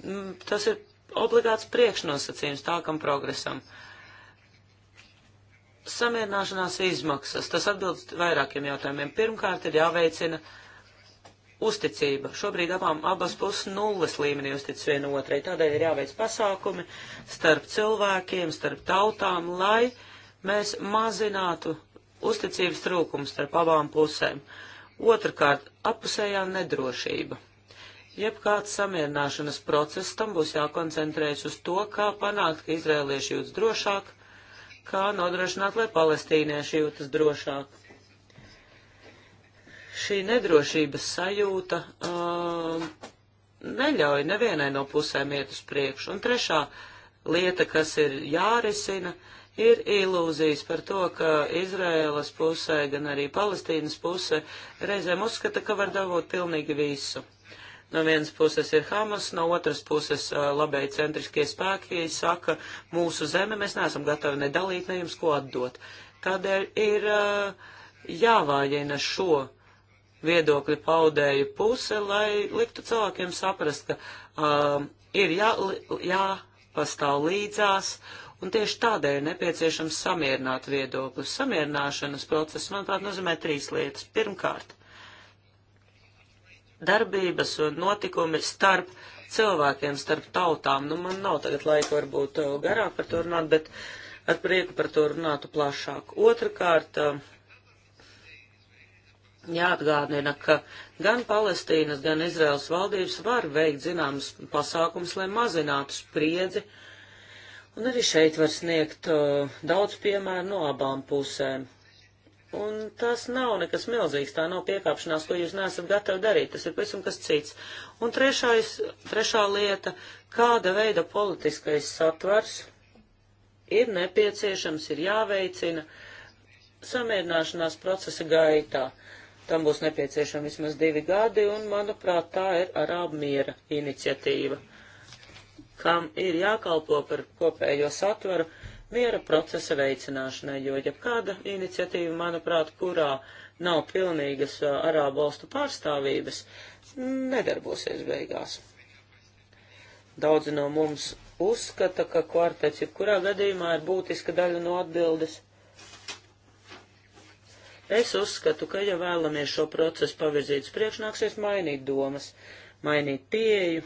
Mm, tas ir obligāts priekšnosacījums tālākam progresam. Samierināšanās izmaksas, tas atbilst vairākiem jautājumiem. Pirmkārt, ir jāveicina uh, uzticība. Šobrīd abām, abas puses nulles līmenī uztic viena otrai. Tādēļ ir jāveic pasākumi starp cilvēkiem, starp tautām, lai mēs mazinātu uzticības trūkumu starp abām pusēm. Otrakārt, apusējā nedrošība. Jebkāds samierināšanas process tam būs jākoncentrējas uz to, kā panākt, ka izrēlieši jūtas drošāk, kā nodrošināt, lai palestīnieši jūtas drošāk Šī nedrošības sajūta uh, neļauj nevienai no pusēm iet uz priekšu. Un trešā lieta, kas ir jārisina, ir ilūzijas par to, ka Izraēlas pusē, gan arī Palestīnas pusē reizēm uzskata, ka var dabūt pilnīgi visu. No vienas puses ir Hamas, no otras puses uh, labēji centriskie spēki saka, mūsu zeme mēs neesam gatavi nedalīt, ne jums ko atdot. Tādēļ ir uh, jāvājina šo viedokļu paudēju puse, lai liktu cilvēkiem saprast, ka um, ir jā, jāpastāv līdzās, un tieši tādēļ ir nepieciešams samierināt viedokļus. Samierināšanas process, manuprāt, nozīmē trīs lietas. Pirmkārt, darbības un notikumi starp cilvēkiem, starp tautām. Nu, man nav tagad laika varbūt uh, garāk par to runāt, bet ar prieku par to runātu plašāk. Otrakārt, uh, Jāatgādina, ka gan Palestīnas, gan Izraels valdības var veikt zināmas pasākums, lai mazinātu spriedzi, un arī šeit var sniegt uh, daudz piemēru no abām pusēm. Un tas nav nekas milzīgs, tā nav piekāpšanās, ko jūs neesat gatavi darīt, tas ir pavisam kas cits. Un trešais, trešā lieta, kāda veida politiskais satvers ir nepieciešams, ir jāveicina samierināšanās procesa gaitā. Uh, Tam būs nepieciešami vismaz divi gadi, un, manuprāt, tā ir Arābu miera iniciatīva, kam ir jākalpo par kopējo satvaru miera procesa veicināšanai, jo jebkāda iniciatīva, manuprāt, kurā nav pilnīgas Arābu valstu pārstāvības, nedarbosies beigās. Daudzi no mums uzskata, ka kvartets jebkurā gadījumā ir būtiska daļa no atbildes Es uzskatu, ka, ja vēlamies šo procesu pavirzīt uz priekšu, nāksies mainīt domas, mainīt pieeju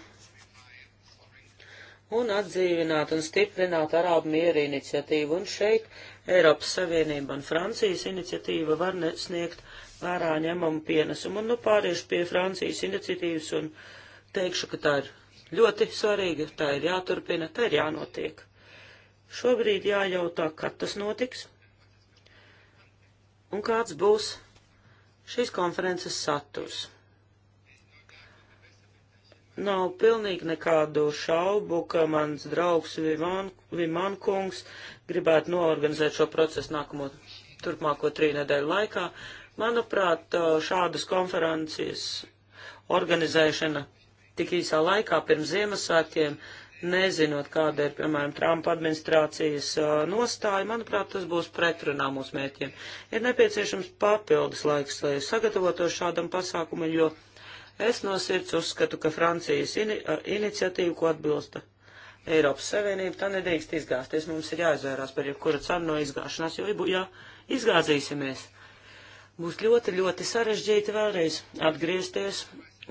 un atdzīvināt un stiprināt Arābu mieru iniciatīvu. Un šeit Eiropas Savienība un Francijas iniciatīva var sniegt vērā ņemamu pienesumu. Un nu pāriešu pie Francijas iniciatīvas un teikšu, ka tā ir ļoti svarīga, tā ir jāturpina, tā ir jānotiek. Šobrīd jājautā, kad tas notiks un kāds būs šīs konferences saturs. Nav pilnīgi nekādu šaubu, ka mans draugs Viman, Viman kungs gribētu noorganizēt šo procesu nākamo turpmāko trī nedēļu laikā. Manuprāt, šādas konferences organizēšana tik īsā laikā pirms Ziemassvētkiem nezinot, kāda ir, piemēram, Trumpa administrācijas nostāja, manuprāt, tas būs pretrunā mūsu mērķiem. Ir nepieciešams papildus laiks, lai sagatavotos šādam pasākumam, jo es no sirds uzskatu, ka Francijas ini iniciatīva, ko atbilsta Eiropas Savienība, tā nedrīkst izgāzties. Mums ir jāizvērās par jebkuru cenu no izgāšanās, jo, ja izgāzīsimies, būs ļoti, ļoti sarežģīti vēlreiz atgriezties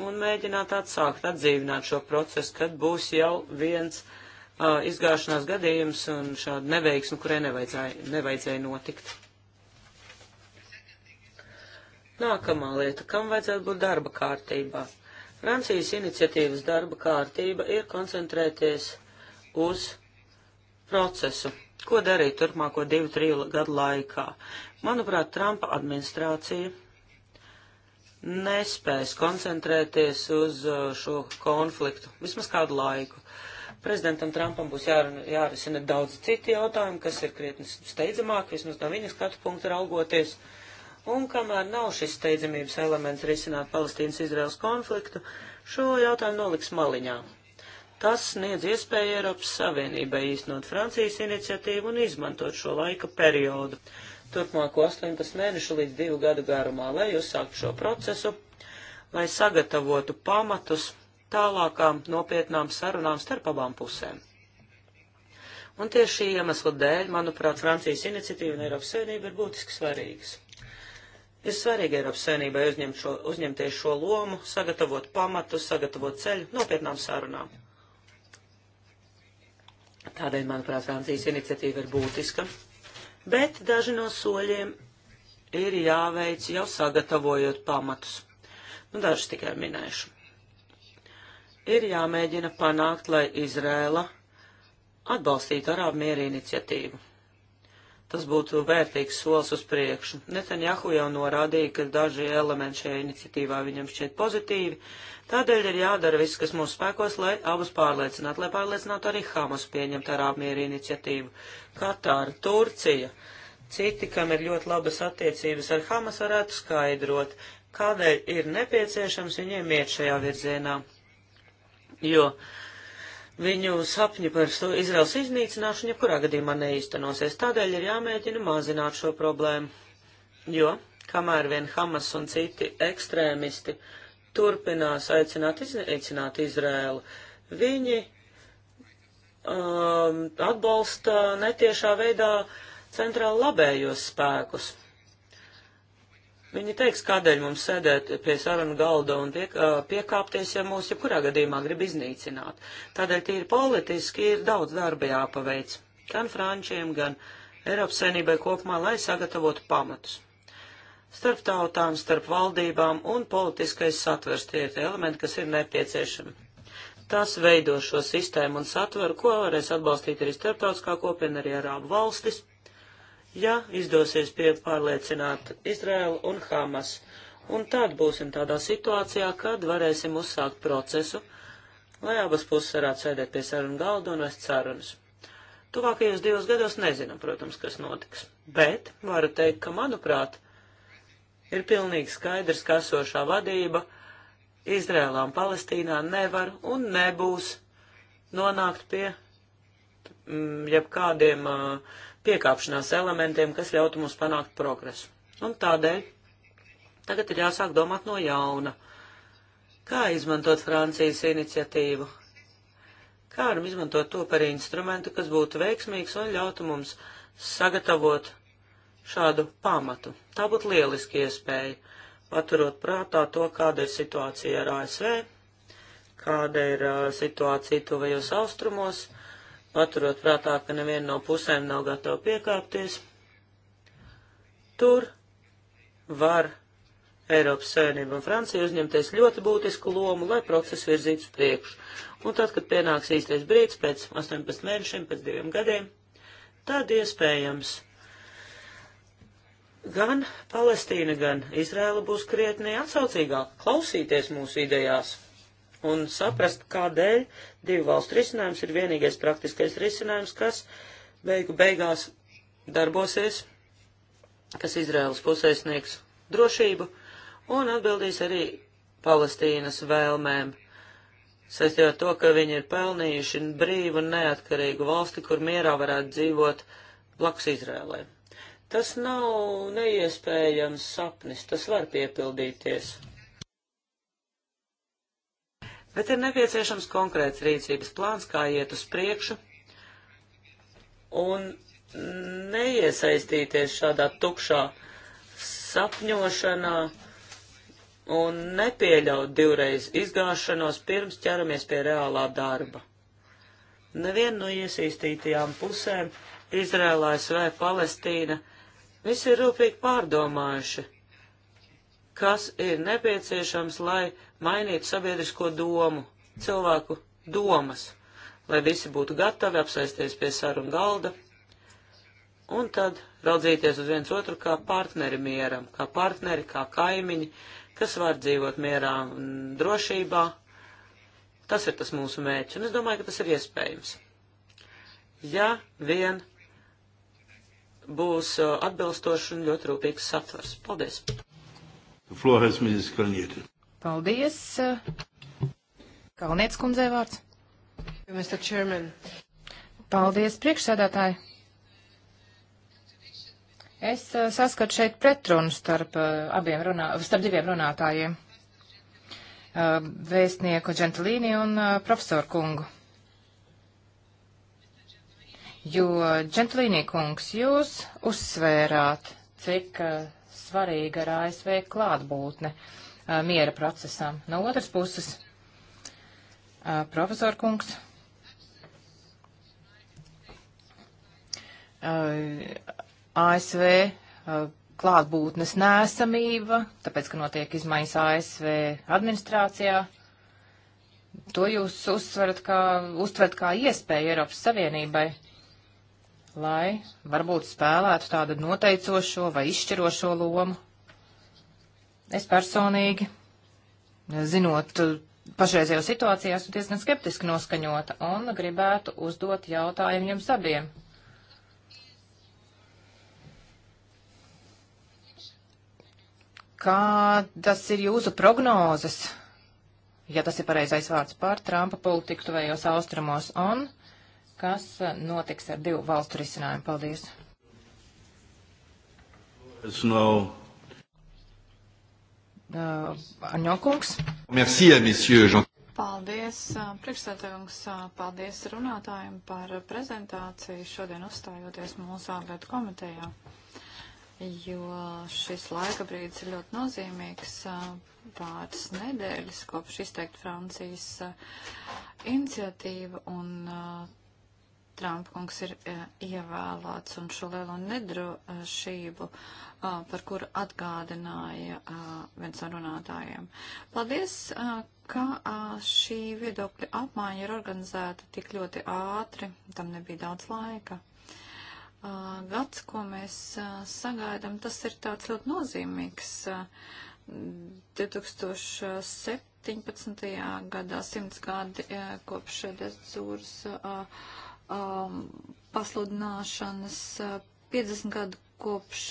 un mēģināt atsākt, atdzīvināt šo procesu, kad būs jau viens uh, izgāšanās gadījums un šāda neveiksme, kurai nevajadzēja, nevajadzēja notikt. Nākamā lieta, kam vajadzētu būt darba kārtībā? Francijas iniciatīvas darba kārtība ir koncentrēties uz procesu. Ko darīt turpmāko divu, trīlu gadu laikā? Manuprāt, Trumpa administrācija nespēs koncentrēties uz uh, šo konfliktu vismaz kādu laiku. Prezidentam Trumpam būs jār, jārisina daudz citu jautājumu, kas ir krietni steidzamāk, vismaz no viņa skatu punkta raugoties. Un kamēr nav šis steidzamības elements risināt Palestīnas-Izraels konfliktu, šo jautājumu noliks maliņā. Tas sniedz iespēju Eiropas Savienībai īstenot Francijas iniciatīvu un izmantot šo laika periodu turpmāko 18 mēnešu līdz 2 gadu garumā, lai uzsāktu šo procesu, lai sagatavotu pamatus tālākām nopietnām sarunām starp abām pusēm. Un tieši šī iemesla dēļ, manuprāt, Francijas iniciatīva un Eiropas Savienība ir būtiski svarīgas. Ir svarīgi Eiropas Savienībai uzņemt šo, uzņemties šo lomu, sagatavot pamatus, sagatavot ceļu nopietnām sarunām. Tādēļ, manuprāt, Francijas iniciatīva ir būtiska, bet daži no soļiem ir jāveic jau sagatavojot pamatus. Nu, dažus tikai minēšu. Ir jāmēģina panākt, lai Izrēla atbalstītu arābu mieru iniciatīvu. Tas būtu vērtīgs solis uz priekšu. Netanjahu jau norādīja, ka daži elementi šajā iniciatīvā viņam šķiet pozitīvi, tādēļ ir jādara viss, kas mūsu spēkos, lai abus pārliecinātu, lai pārliecinātu arī Hamas pieņemt arābu mieru iniciatīvu. Katāra, Turcija, citi, kam ir ļoti labas attiecības ar Hamas, varētu skaidrot, kādēļ ir nepieciešams viņiem iet šajā virzienā. Jo uh, viņu sapņi par Izraels iznīcināšanu jebkurā gadījumā neīstenosies. Tādēļ ir jāmēģina mazināt šo problēmu, jo kamēr vien Hamas un citi ekstrēmisti turpinās aicināt iznīcināt Izrēlu, viņi um, atbalsta netiešā veidā centrāla labējos spēkus. Viņi teiks, kādēļ mums sēdēt pie sarunu galda un tiek, uh, piekāpties, ja mūs jebkurā gadījumā grib iznīcināt. Tādēļ tīri politiski ir daudz darba jāpaveic, gan frančiem, gan Eiropas saimnībai kopumā, lai sagatavotu pamatus. Starp tautām, starp valdībām un politiskais satvers tie ir elementi, kas ir nepieciešami. Tas veido šo sistēmu un satveru, ko varēs atbalstīt arī starptautiskā kopiena, arī arābu valstis. Ar ja izdosies pārliecināt Izraēlu un Hamas. Un tad būsim tādā situācijā, kad varēsim uzsākt procesu, lai abas puses varētu sēdēt pie sarunu galda un vest sarunas. Tuvākajos divos gados nezinām, protams, kas notiks, bet varu teikt, ka, manuprāt, ir pilnīgi skaidrs, ka esošā vadība Izrēlā un Palestīnā nevar un nebūs nonākt pie mm, jebkādiem uh, piekāpšanās elementiem, kas ļautu mums panākt progresu. Un tādēļ tagad ir jāsāk domāt no jauna, kā izmantot Francijas iniciatīvu, kā varam izmantot to par instrumentu, kas būtu veiksmīgs un ļautu mums sagatavot šādu pamatu. Tā būtu lieliski iespēja, paturot prātā to, kāda ir situācija ar ASV, kāda ir uh, situācija tuvajos austrumos, paturot prātā, ka neviena no pusēm nav gatava piekāpties, tur var Eiropas Savienība un Francija uzņemties ļoti būtisku lomu, lai procesu virzītu uz priekšu. Un tad, kad pienāks īstais brīdis pēc 18 mēnešiem, pēc diviem gadiem, tad iespējams gan Palestīna, gan Izraela būs krietni atsaucīgāk klausīties mūsu idejās un saprast, kādēļ divu valstu risinājums ir vienīgais praktiskais risinājums, kas beigu beigās darbosies, kas Izraēlas pusē sniegs drošību un atbildīs arī Palestīnas vēlmēm saistībā ar to, ka viņi ir pelnījuši brīvu un neatkarīgu valsti, kur mierā varētu dzīvot blakus Izrēlē. Tas nav neiespējams sapnis, tas var piepildīties bet ir nepieciešams konkrēts rīcības plāns, kā iet uz priekšu, un neiesaistīties šādā tukšā sapņošanā un nepieļaut divreiz izgāšanos pirms ķeramies pie reālā darba. Neviena no iesaistītajām pusēm, Izrēlā, SV, Palestīna, visi ir rūpīgi pārdomājuši kas ir nepieciešams, lai mainītu sabiedrisko domu, cilvēku domas, lai visi būtu gatavi apsēsties pie sarunu galda un tad raudzīties uz viens otru kā partneri mieram, kā partneri, kā kaimiņi, kas var dzīvot mierā un drošībā. Tas ir tas mūsu mērķis, un es domāju, ka tas ir iespējams. Ja vien būs uh, atbilstoši un ļoti rūpīgs satvers. Paldies! Flores Mrs. Kalniete. Paldies. Kalnietes kundzē vārds. Mr. Chairman. Paldies, priekšsēdētāji. Es eh, saskatu šeit pretrunu starp, eh, abiem runā, starp diviem runātājiem eh, - vēstnieku Džentlīni un profesoru kungu. Jo, Džentlīni kungs, jūs uzsvērāt, cik svarīga ar ASV klātbūtne a, miera procesam. No otras puses, a, profesor kungs, a, ASV klātbūtnes nēsamība, tāpēc, ka notiek izmaiņas ASV administrācijā, to jūs uzsverat kā, uztverat kā iespēju Eiropas Savienībai lai varbūt spēlētu tādu noteicošo vai izšķirošo lomu. Es personīgi, zinot pašreizējo situāciju, esmu diezgan skeptiski noskaņota un gribētu uzdot jautājumu jums abiem. Kādas ir jūsu prognozes, ja tas ir pareizais vārds par Trumpa politiku tuvējos austrumos? Un kas eh, notiks ar divu valstu risinājumu. Paldies! Es nav. Uh, eh, Aņokungs. Merci, eh, monsieur Jean. Paldies, priekšsēdētājums, paldies runātājiem par prezentāciju šodien uzstājoties mūsu ārlietu komitejā, jo šis laika brīdis ir ļoti nozīmīgs. Pāris nedēļas kopš izteikt Francijas iniciatīva un Trumpa kungs ir eh, ievēlēts un šo lielo nedrošību, eh, par kuru atgādināja eh, viens no runātājiem. Paldies, ka šī viedokļa apmaiņa ir organizēta tik ļoti ātri, tam nebija daudz laika. Gads, ko mēs sagaidām, tas ir tāds ļoti nozīmīgs. 2017. gadā simts gadi kopš Dezūras. Uh, um, pasludināšanas 50 uh, gadu kopš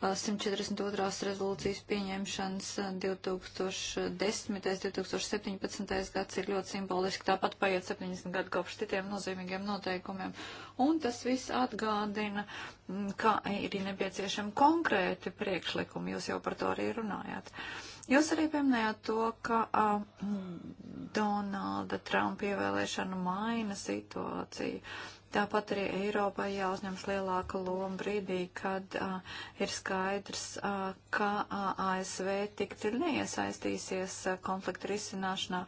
142. Uh, rezolūcijas pieņemšanas 2010. Uh, 2017. gads ir ļoti simboliski, tāpat paiet 70 gadu kopš citiem nozīmīgiem noteikumiem. Un tas viss atgādina, mm, ka ir nepieciešami konkrēti priekšlikumi, jūs jau par to arī runājāt. Uh, Jūs arī pieminējāt to, ka uh, Donalda Trumpa ievēlēšana maina situāciju. Tāpat arī Eiropai jāuzņems lielāka loma brīdī, kad uh, ir skaidrs, uh, ka uh, ASV tik dziļi neiesaistīsies uh, konflikta risināšanā,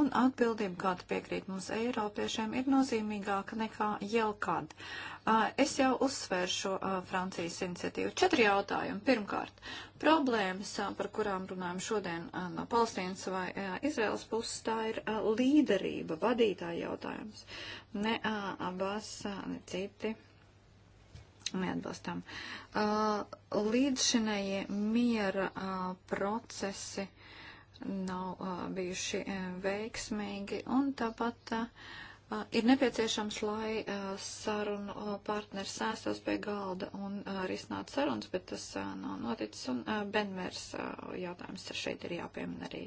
un atbildība, kāda piekrīt mums Eiropiešiem, ir nozīmīgāka nekā jelkad. Uh, Es jau uzsvēru šo Francijas iniciatīvu. Četri jautājumi. Pirmkārt, problēmas, par kurām runājam šodien no Palestīnas vai Izraels puses, tā ir līderība, vadītāja jautājums. Ne abās, ne citi neatbalstām. Līdzšinējie miera procesi nav bijuši veiksmīgi un tāpat. Uh, Uh, ir nepieciešams, lai uh, sarunu uh, partners sēstos pie galda un risinātu sarunas, bet tas nav noticis, un Benmērs jautājums šeit ir jāpiemina arī.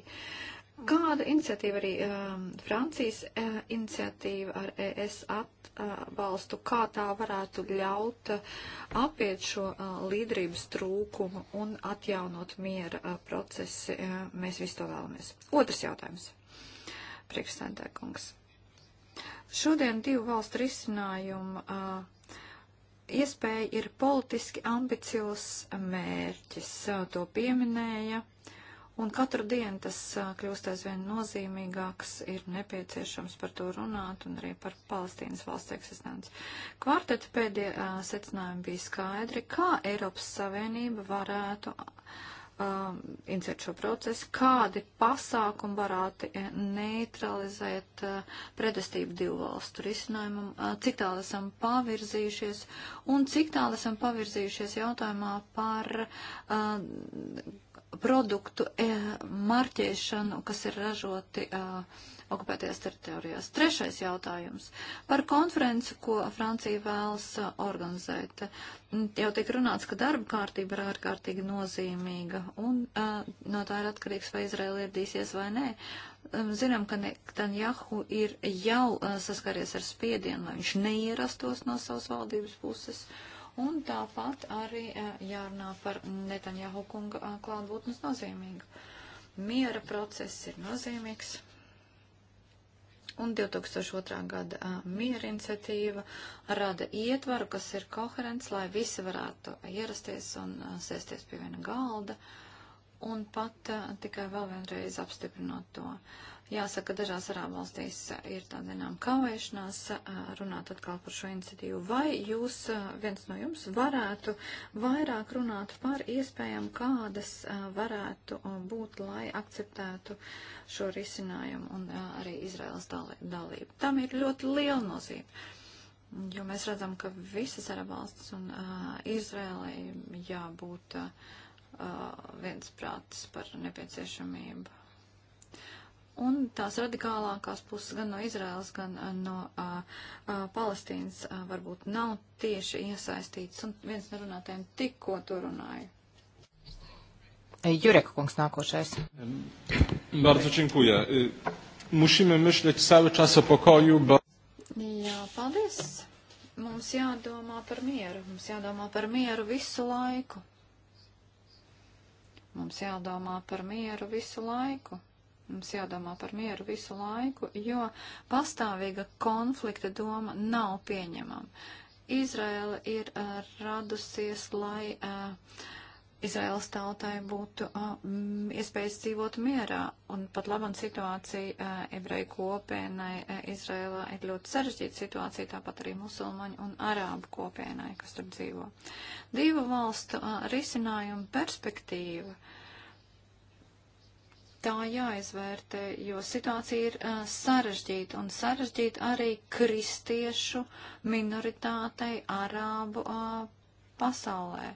Kāda iniciatīva arī um, Francijas uh, iniciatīva ar ES atbalstu, kā tā varētu ļaut uh, apiet šo uh, līderības trūkumu un atjaunot miera uh, procesi? Uh, mēs visu to vēlamies. Otrs jautājums. Priekšsēdētājkungs. Šodien divu valstu risinājumu uh, iespēja ir politiski ambiciozs mērķis, uh, to pieminēja, un katru dienu tas uh, kļūst aizvien nozīmīgāks, ir nepieciešams par to runāt un arī par Palestīnas valsts eksistenci. Kvarteta pēdējā secinājuma bija skaidri, kā Eiropas Savienība varētu. Uh, um, inicēt šo procesu, kādi pasākumi varētu neutralizēt uh, predestību divu valstu risinājumam, uh, cik tālu esam pavirzījušies un cik tālu esam pavirzījušies jautājumā par uh, produktu uh, marķēšanu, kas ir ražoti. Uh, okupētajās teritorijās. Trešais jautājums par konferenci, ko Francija vēlas uh, organizēt. Mm, jau tiek runāts, ka darba kārtība ir ārkārtīgi nozīmīga un uh, no tā ir atkarīgs, vai Izraela iedīsies vai nē. Um, zinām, ka Netanjahu ir jau uh, saskaries ar spiedienu, lai viņš neierastos no savas valdības puses. Un tāpat arī uh, jārunā par Netanjahu kunga uh, klātbūtnes nozīmīgu. Miera process ir nozīmīgs un 2002. gada miera iniciatīva rada ietvaru, kas ir koherents, lai visi varētu ierasties un sēsties pie viena galda un pat tikai vēl vienreiz apstiprinot to. Uh, Jāsaka, dažās arābu valstīs eh, ir tā zinām kavēšanās eh, runāt atkal par šo iniciatīvu. Vai jūs, eh, viens no jums, varētu vairāk runāt par iespējām, kādas varētu būt, lai akceptētu šo risinājumu un arī Izraels dalību? Tam ir ļoti liela nozīme. Jo mēs redzam, ka visas arābu valstis un Izraēlai jābūt viens prātis par nepieciešamību Un tās radikālākās puses gan no Izraels, gan eh, no a, a, Palestīnas a, varbūt nav tieši iesaistīts. Un viens no runātājiem tikko to runāja. Jurek kungs nākošais. Bardzo dziękuję. Musimy myśleć cały czas o pokoju, bo... Jā, paldies. Mums jādomā par mieru. Mums jādomā par mieru visu laiku. Mums jādomā par mieru visu laiku. Mums jādomā par mieru visu laiku, jo pastāvīga konflikta doma nav pieņemama. Izraela ir uh, radusies, lai uh, Izraels tautai būtu uh, iespējas dzīvot mierā, un pat labam situācija uh, ebreju kopienai uh, Izraelā ir ļoti sarežģīta situācija, tāpat arī musulmaņu un arābu kopienai, kas tur dzīvo. Divu valstu uh, risinājumu perspektīva. Uh, tā jāizvērtē, jo situācija ir uh, sarežģīta un sarežģīta arī kristiešu minoritātei arābu uh, pasaulē.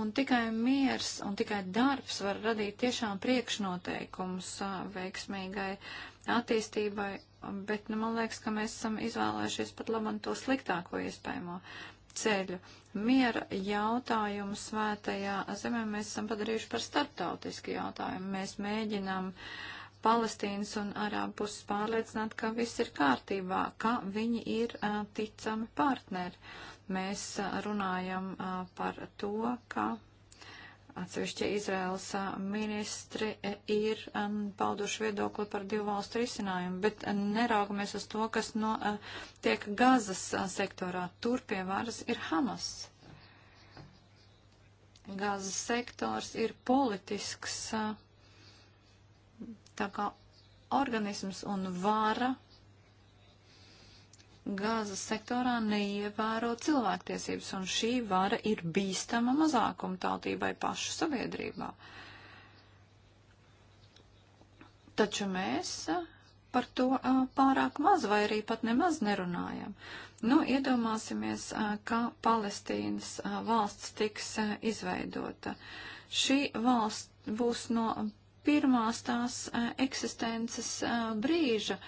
Un tikai miers un tikai darbs var radīt tiešām priekšnoteikums uh, veiksmīgai attīstībai, bet nu, man liekas, ka mēs esam izvēlējušies pat labam to sliktāko iespējamo. Uh, ceļu. Miera jautājumu svētajā zemē mēs esam padarījuši par startautisku jautājumu. Mēs mēģinām Palestīnas un Arābu puses pārliecināt, ka viss ir kārtībā, ka viņi ir a, ticami partneri. Mēs a, runājam a, par to, ka Atsevišķie Izraels ministri e, ir pauduši viedokli par divu valstu risinājumu, bet neraugamies uz to, kas no, tiek Gazas sektorā. Tur pie varas ir Hamas. Gazas sektors ir politisks tā kā organisms un vara gāzes sektorā neievēro cilvēktiesības, un šī vara ir bīstama mazākuma tautībai pašu sabiedrībā. Taču mēs par to pārāk maz vai arī pat nemaz nerunājam. Nu, iedomāsimies, kā Palestīnas valsts tiks izveidota. Šī valsts būs no pirmās tās eksistences brīža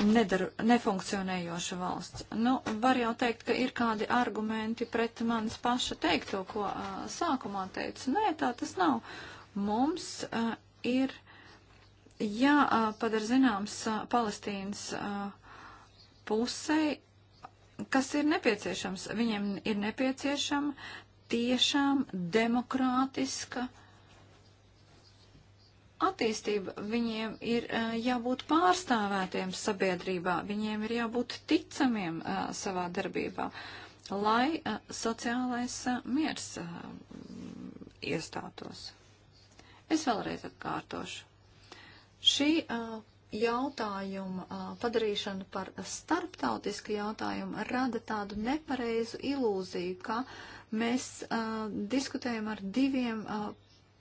nedaru, nefunkcionējoša valsts. Nu, var jau teikt, ka ir kādi argumenti pret manis paša teikto, ko uh, sākumā teicu. Nē, tā tas nav. Mums uh, ir jāpadara uh, zināms uh, Palestīnas uh, pusei, kas ir nepieciešams. Viņiem ir nepieciešama tiešām demokrātiska uh, attīstība, viņiem ir uh, jābūt pārstāvētiem sabiedrībā, viņiem ir jābūt ticamiem uh, savā darbībā, lai uh, sociālais miers iestātos. Es vēlreiz atkārtošu. Šī jautājuma padarīšana par starptautisku jautājumu rada tādu nepareizu ilūziju, ka mēs diskutējam ar diviem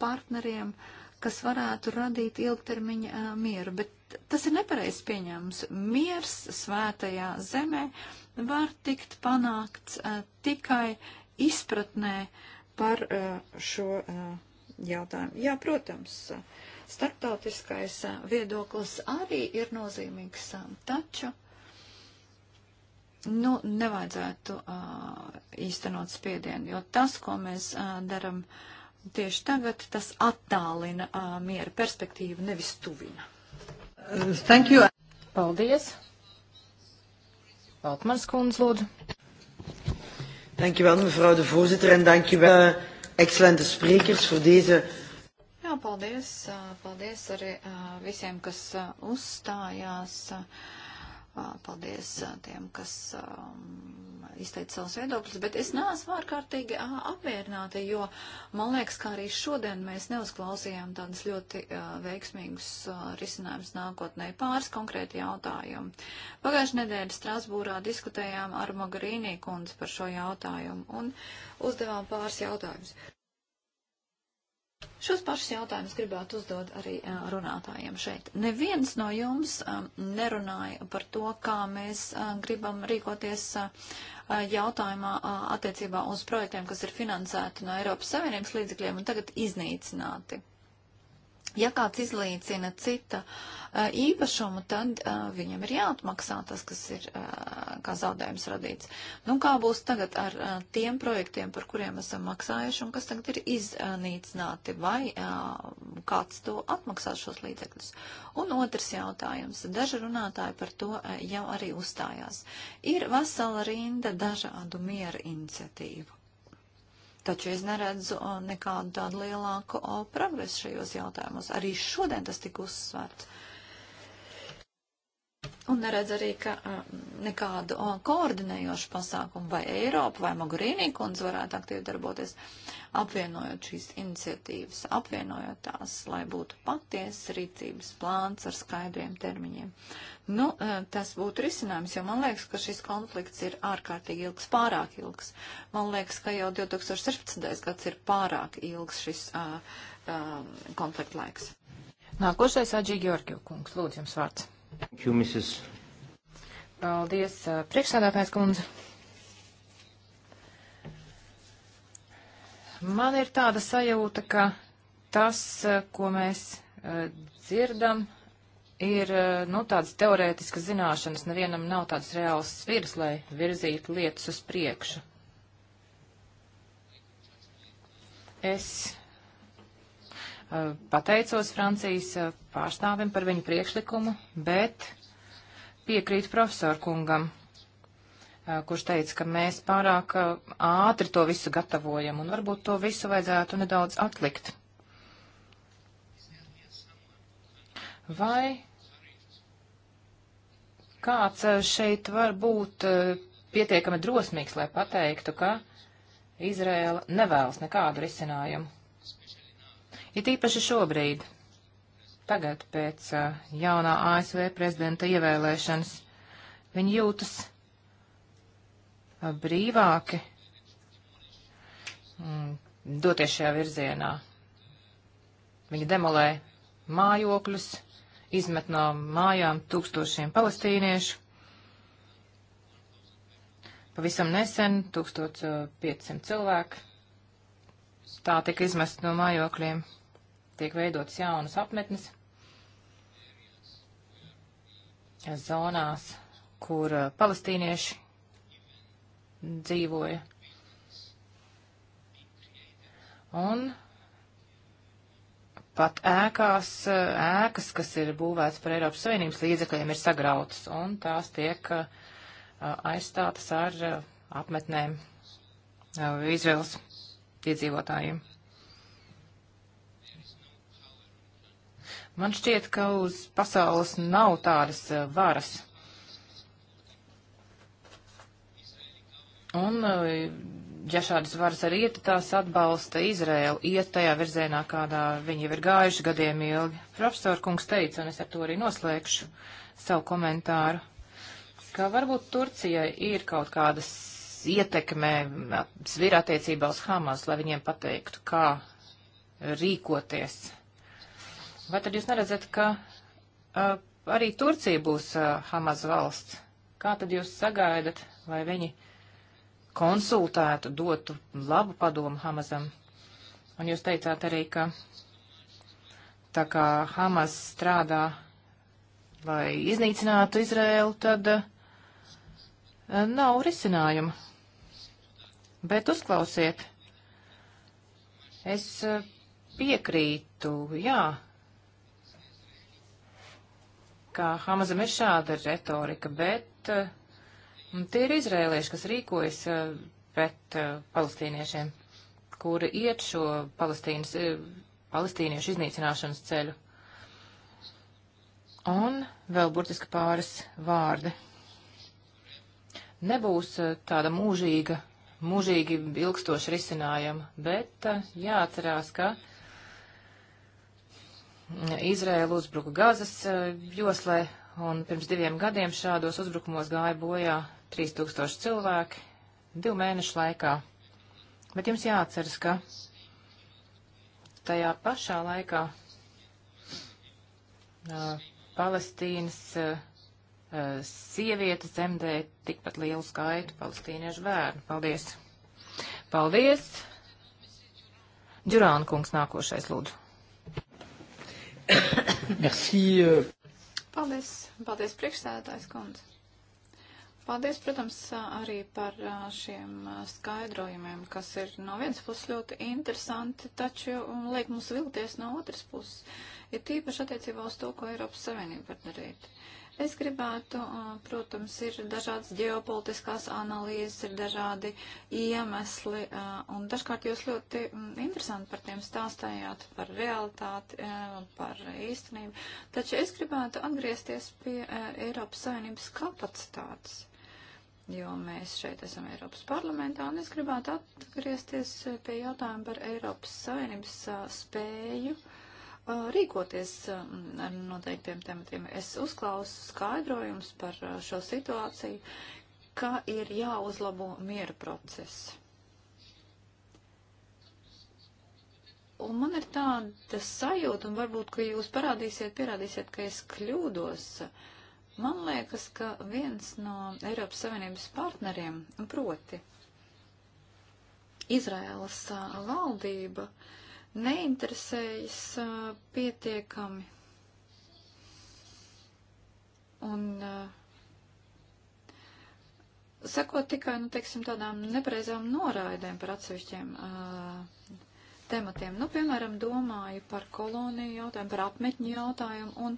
partneriem, uh, kas varētu radīt ilgtermiņa uh, mieru. Bet tas ir nepareizs pieņēmums. Miers svētajā zemē var tikt panākts uh, tikai izpratnē par uh, šo jautājumu. Jā, protams, starptautiskais viedoklis arī ir nozīmīgs, taču nu, nevajadzētu īstenot spiedienu, jo tas, ko mēs darām, tieši tagad, tas attālina uh, miera perspektīvu, nevis tuvina. Thank you. Paldies. Valtmars Kunz, lūdzu. Thank you wel, mevrouw de voorzitter, en dank you wel, eh, excellente sprekers, voor deze. Jā, paldies. Paldies arī visiem, kas uzstājās. Uh, Paldies tiem, kas izteica savus viedokļus, bet es neesmu ārkārtīgi apmierināta, jo man liekas, ka arī šodien mēs neuzklausījām tādas ļoti veiksmīgas risinājumas nākotnē pāris konkrēti jautājumi. Pagājušajā nedēļā Strasbūrā diskutējām ar Mogarīnī kundzi par šo jautājumu un uzdevām pāris jautājumus. Šos pašus jautājumus gribētu uzdot arī runātājiem šeit. Neviens no jums nerunāja par to, kā mēs gribam rīkoties jautājumā attiecībā uz projektiem, kas ir finansēti no Eiropas Savienības līdzekļiem un tagad iznīcināti. Ja kāds izlīdzina cita īpašumu, tad uh, viņam ir jāatmaksā tas, kas ir uh, kā zaudējums radīts. Nu, kā būs tagad ar uh, tiem projektiem, par kuriem esam maksājuši un kas tagad ir iznīcināti, vai uh, kāds to atmaksās šos līdzekļus? Un otrs jautājums. Daži runātāji par to uh, jau arī uzstājās. Ir vesela rinda dažādu miera iniciatīvu. Taču es neredzu uh, nekādu tādu lielāku uh, progresu šajos jautājumos. Arī šodien tas tika uzsvērts un neredz arī, ka nekādu koordinējošu pasākumu vai Eiropa vai Mogurīnī kundze varētu aktīvi darboties, apvienojot šīs iniciatīvas, apvienojot tās, lai būtu patiesa rīcības plāns ar skaidriem termiņiem. Nu, tas būtu risinājums, jo man liekas, ka šis konflikts ir ārkārtīgi ilgs, pārāk ilgs. Man liekas, ka jau 2016. gads ir pārāk ilgs šis uh, uh, konflikta laiks. Nākošais Aģī Georgiju kungs, lūdzu jums vārds. You, Paldies, priekšsādātājs kundze. Man ir tāda sajūta, ka tas, ko mēs dzirdam, ir nu, tādas teorētiskas zināšanas. Nevienam nav tādas reālas sviras, lai virzītu lietas uz priekšu. Es Eh, pateicos Francijas eh, pārstāvim par viņu priekšlikumu, bet piekrītu profesoru kungam, eh, kurš teica, ka mēs pārāk ātri to visu gatavojam un varbūt to visu vajadzētu nedaudz atlikt. Vai kāds šeit var būt pietiekami drosmīgs, lai pateiktu, ka Izrēla nevēlas nekādu risinājumu? It īpaši šobrīd, tagad pēc jaunā ASV prezidenta ievēlēšanas, viņi jūtas brīvāki doties šajā virzienā. Viņi demolē mājokļus, izmet no mājām tūkstošiem palestīniešu. Pavisam nesen 1500 cilvēku tā tika izmest no mājokļiem tiek veidotas jaunas apmetnes zonās, kur uh, palestīnieši dzīvoja. Un pat ēkās, uh, ēkas, kas ir būvētas par Eiropas Savienības līdzekļiem, ir sagrautas, un tās tiek uh, aizstātas ar apmetnēm Izraels iedzīvotājiem. Man šķiet, ka uz pasaules nav tādas eh, varas. Un, eh, ja šādas varas arī ir, tās atbalsta Izrēlu, iet tajā virzienā, kādā viņi jau ir gājuši gadiem ilgi. Profesor kungs teica, un es ar to arī noslēgšu savu komentāru, ka varbūt Turcijai ir kaut kādas ietekmē svira attiecībā uz Hamas, lai viņiem pateiktu, kā rīkoties Vai tad jūs neredzat, ka uh, arī Turcija būs uh, Hamas valsts? Kā tad jūs sagaidat, lai viņi konsultētu, dotu labu padomu Hamasam? Un jūs teicāt arī, ka tā kā Hamas strādā, lai iznīcinātu Izrēlu, tad uh, nav risinājuma. Bet uzklausiet, es uh, piekrītu, jā, ka Hamazam ir šāda retorika, bet eh, un tie ir izrēlieši, kas rīkojas eh, pret eh, palestīniešiem, kuri iet šo palestīnas, palestīniešu iznīcināšanas ceļu. Un vēl burtiski pāris vārdi. Nebūs tāda mūžīga, mūžīgi ilgstoša risinājuma, bet jāatcerās, ka uh, Izraela uzbruka Gazas eh, joslē, un pirms diviem gadiem šādos uzbrukumos gāja bojā 3000 cilvēki divu mēnešu laikā. Bet jums jāatceras, ka tajā pašā laikā uh, Palestīnas uh, eh, sieviete dzemdē tikpat lielu skaitu palestīniešu bērnu. Paldies! Paldies! Džurāna kungs nākošais lūdzu. Merci. Euh. Paldies, paldies priekšstādātājs kundze. Paldies, protams, arī par uh, šiem uh, skaidrojumiem, kas ir no vienas puses ļoti interesanti, taču um, liek mums vilties no otras puses. Ir tīpaši attiecībā uz to, ko Eiropas Savienība var darīt. Uh, Es gribētu, protams, ir dažādas ģeopolitiskās analīzes, ir dažādi iemesli, un dažkārt jūs ļoti interesanti par tiem stāstājāt, par realitāti, par īstenību. Taču es gribētu atgriezties pie Eiropas Savienības kapacitātes jo mēs šeit esam Eiropas parlamentā, un es gribētu atgriezties pie jautājuma par Eiropas Savienības spēju uh, rīkoties ar noteiktiem tematiem. Es uzklausu skaidrojums par šo situāciju, ka ir jāuzlabo miera process. Un man ir tāda sajūta, un varbūt, ka jūs parādīsiet, pierādīsiet, ka es kļūdos. Man liekas, ka viens no Eiropas Savienības partneriem, proti Izraēlas valdība, uh, neinteresējas uh, pietiekami. Un uh, sekot tikai, nu, teiksim, tādām nepareizām noraidēm par atsevišķiem uh, tematiem. Nu, piemēram, domāju par koloniju jautājumu, par apmetņu jautājumu un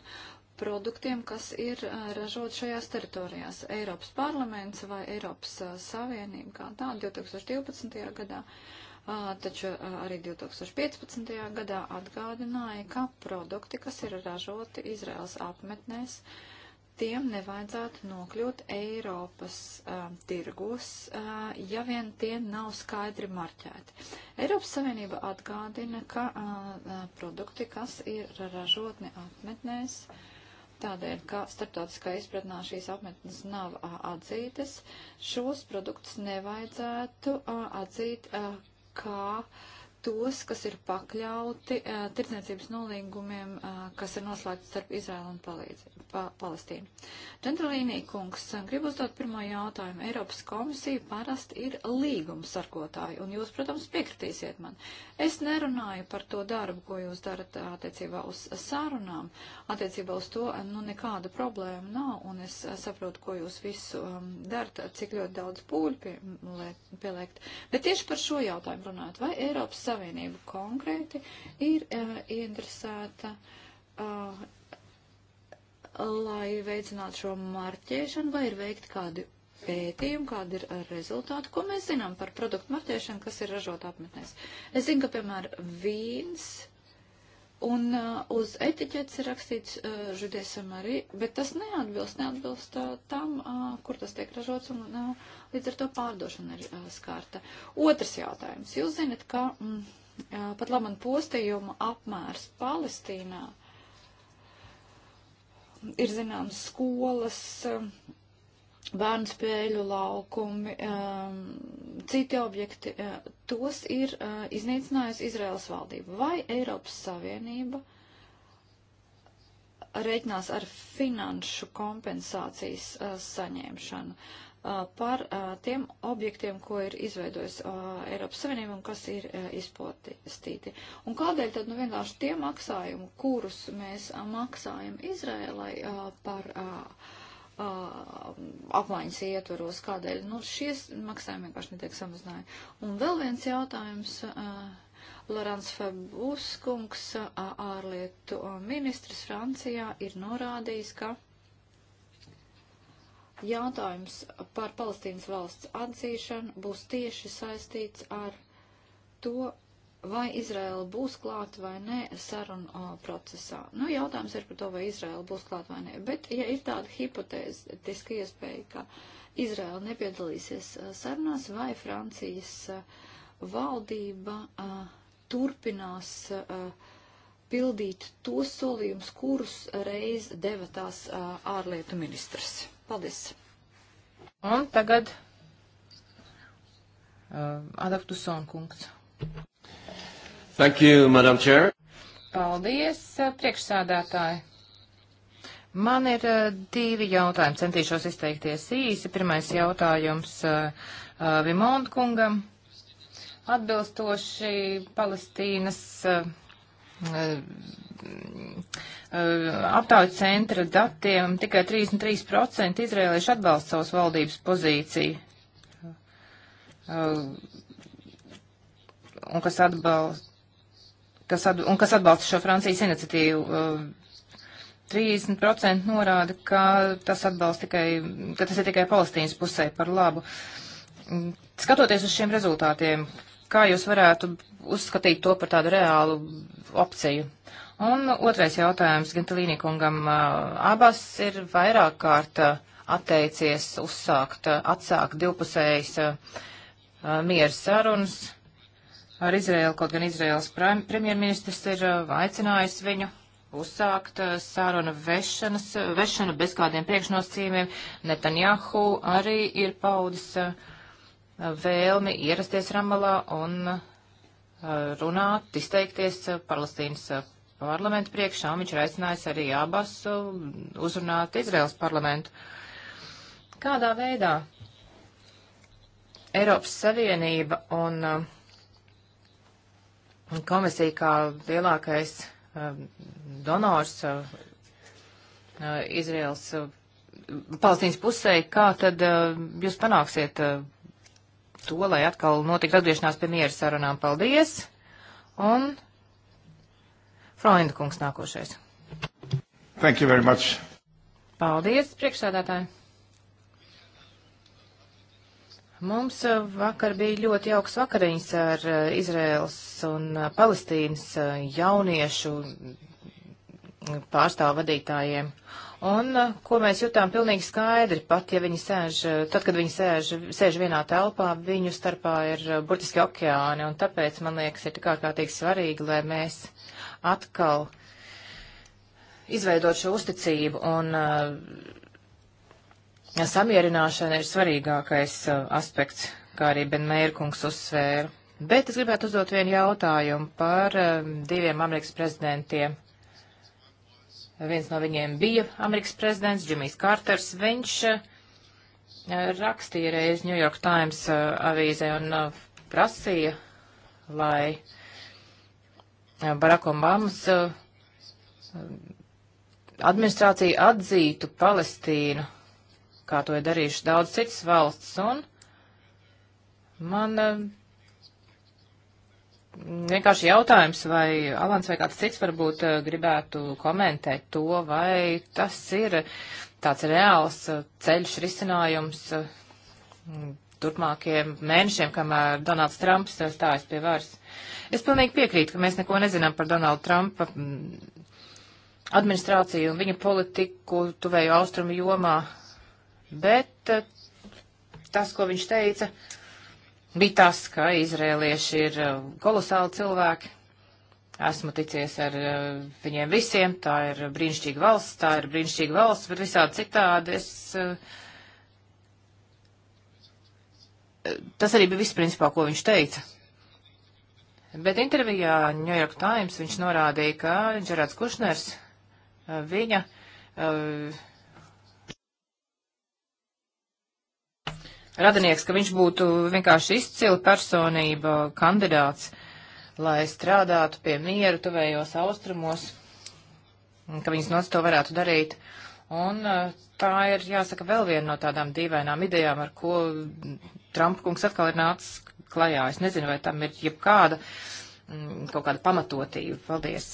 produktiem, kas ir ražot šajās teritorijās. Eiropas parlaments vai Eiropas Savienība kā tā 2012. gadā taču arī 2015. gadā atgādināja, ka produkti, kas ir ražoti Izraels apmetnēs, tiem nevajadzētu nokļūt Eiropas uh, tirgus, uh, ja vien tie nav skaidri marķēti. Eiropas Savienība atgādina, ka uh, produkti, kas ir ražotni apmetnēs, tādēļ, ka starptautiskā izpratnā šīs apmetnes nav uh, atzītas, šos produktus nevajadzētu uh, atzīt uh, kā uh, tos, kas ir pakļauti uh, tirdzniecības nolīgumiem, uh, kas ir noslēgts starp Izraēlu un palīdzi, pa, Palestīnu. Džentralīnī kungs, eh, gribu uzdot pirmo jautājumu. Eiropas komisija parasti ir līguma sarkotāji, un jūs, protams, piekritīsiet man. Es nerunāju par to darbu, ko jūs darat attiecībā uz sārunām. Attiecībā uz to, nu, nekāda problēma nav, un es saprotu, ko jūs visu um, darat, cik ļoti daudz pūļu pie, liet, pieliekt. Bet tieši par šo jautājumu runājot. Vai Eiropas Savienība konkrēti ir uh, interesēta, uh, lai veicinātu šo marķēšanu, vai ir veikti kādi pētījumi, kāda ir eh, rezultāti, ko mēs zinām par produktu marķēšanu, kas ir ražot apmetnēs. Es zinu, ka, piemēram, vīns Un uh, uz etiķetes ir rakstīts uh, žudiesam arī, bet tas neatbilst, neatbilst uh, tam, uh, kur tas tiek ražots, un uh, līdz ar to pārdošana ir uh, skārta. Otrs jautājums. Jūs zinat, ka mm, uh, pat laman postījuma apmērs Palestīnā ir zināms skolas. Uh, bērnu spēļu laukumi, um, citi objekti, uh, tos ir uh, iznīcinājusi Izraels valdība. Vai Eiropas Savienība reiķinās ar finanšu kompensācijas uh, saņemšanu uh, par uh, tiem objektiem, ko ir izveidojusi uh, Eiropas Savienība un kas ir uh, izpostīti? Un kādēļ tad nu vienkārši tie maksājumi, kurus mēs uh, maksājam Izraēlai uh, par. Uh, Uh, apmaiņas ietvaros, kādēļ nu, šies maksājumi vienkārši netiek samazināja. Un vēl viens jautājums. Uh, Lorants Fabuskungs, uh, ārlietu ministrs Francijā, ir norādījis, ka jautājums par Palestīnas valsts atzīšanu būs tieši saistīts ar to, vai Izraela būs klāt vai nē sarunu procesā. Nu, jautājums ir par to, vai Izraela būs klāt vai nē. Bet, ja ir tāda hipotētiska iespēja, ka Izraela nepiedalīsies sarunās, vai Francijas valdība a, turpinās a, pildīt tos solījumus, kurus reiz deva tās a, ārlietu ministrs. Paldies! Un tagad uh, Adaktusonkungs. Thank you, Madam Chair. Paldies, eh, priekšsādātāji. Man ir eh, divi jautājumi, centīšos izteikties īsi. Pirmais jautājums eh, Vimont kungam. Atbilstoši Palestīnas aptaujas centra datiem tikai 33% izrēlieši atbalsta savas valdības pozīciju. Un kas atbalsta kas at, un kas atbalsta šo Francijas iniciatīvu. 30% uh, norāda, ka tas atbalsta tikai, ka tas ir tikai Palestīnas pusē par labu. Mm, skatoties uz šiem rezultātiem, kā jūs varētu uzskatīt to par tādu reālu opciju? Un otrais jautājums Gentilīnī kungam. Uh, Abas ir vairāk kārt uh, atteicies uzsākt, atsākt divpusējas miera sarunas ar Izraēlu, kaut gan Izraēlas premjerministrs ir uh, aicinājis viņu uzsākt uh, sārunu vešanas, uh, vešanu bez kādiem priekšnosacījumiem. Netanjahu arī ir paudis vēlmi ierasties Ramalā un runāt, izteikties Palestīnas parlamentu priekšā, un viņš ir aicinājis arī abas uzrunāt Izraels parlamentu. Kādā veidā Eiropas Savienība un uh, Komisija kā lielākais um, donors uh, uh, Izraels uh, Palestīnas pusē, kā tad jūs panāksiet to, lai atkal notiktu atgriešanās pie miera sarunām? Paldies! Un Freunde kungs nākošais. Thank you very much. Paldies, priekšsādātāji! Mums uh, vakar bija ļoti jauks vakariņas ar uh, Izraels un uh, Palestīnas jauniešu pārstāvu vadītājiem. Un ko mēs jutām pilnīgi skaidri, pat ja viņi sēž, tad, kad viņi sēž, sēž vienā telpā, viņu starpā ir burtiski okeāni, un tāpēc, man liekas, ir tik ārkārtīgi svarīgi, lai mēs atkal izveidot šo uzticību un uh, samierināšana ir svarīgākais uh, aspekts, kā arī Benmērkungs uzsvēra. Bet es gribētu uzdot vienu jautājumu par um, diviem Amerikas prezidentiem. Viens no viņiem bija Amerikas prezidents Džimijs Kārters. Viņš uh, rakstīja reiz New York Times uh, avīzē un prasīja, lai Barack Obamas administrācija atzītu Palestīnu kā to ir darījuši daudz citas valsts, un man eh, vienkārši jautājums, vai Alans vai kāds cits varbūt eh, gribētu komentēt to, vai tas ir tāds reāls eh, ceļš risinājums turpmākiem mēnešiem, kamēr Donalds Trumps stājas pie varas. Es pilnīgi piekrītu, ka mēs neko nezinām par Donaldu Trumpa mm, administrāciju un viņa politiku tuvēju austrumu jomā bet eh, tas, ko viņš teica, bija tas, ka izrēlieši ir eh, kolosāli cilvēki. Esmu ticies ar eh, viņiem visiem, tā ir brīnišķīga valsts, tā ir brīnišķīga valsts, bet visādi citādi es. Tas arī bija viss principā, ko viņš teica. Bet intervijā New York Times viņš norādīja, ka Džerāds Kušners viņa uh, radinieks, ka viņš būtu vienkārši izcila personība, kandidāts, lai strādātu pie miera tuvējos austrumos, ka viņas nots to varētu darīt. Un eh, tā ir, jāsaka, vēl viena no tādām dīvainām idejām, ar ko Trumpa kungs atkal ir nācis klajā. Es nezinu, vai tam ir jebkāda mm, kaut kāda pamatotība. Paldies!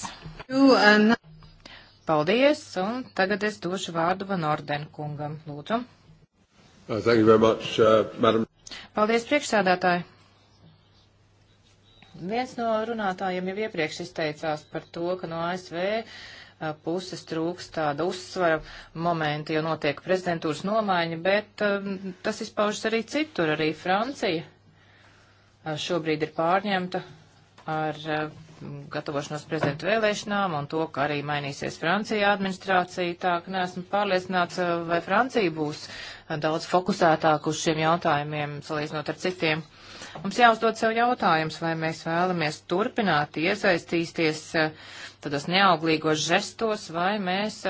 Eh, Paldies, un tagad es došu vārdu Van Orden kungam. Lūdzu! Uh, much, uh, Paldies, priekšsēdētāji! Viens no runātājiem jau iepriekš izteicās par to, ka no ASV uh, puses trūks tāda uzsvara momenta, jo notiek prezidentūras nomaiņa, bet um, tas izpaužas arī citur, arī Francija uh, šobrīd ir pārņemta ar uh, gatavošanos prezidentu vēlēšanām un to, ka arī mainīsies Francija administrācija, tā ka neesmu pārliecināts, eh, vai Francija būs eh, daudz fokusētāk uz šiem jautājumiem, salīdzinot ar citiem. Mums jāuzdod sev jautājums, vai mēs vēlamies turpināt iesaistīties eh, tādos neauglīgos žestos, vai mēs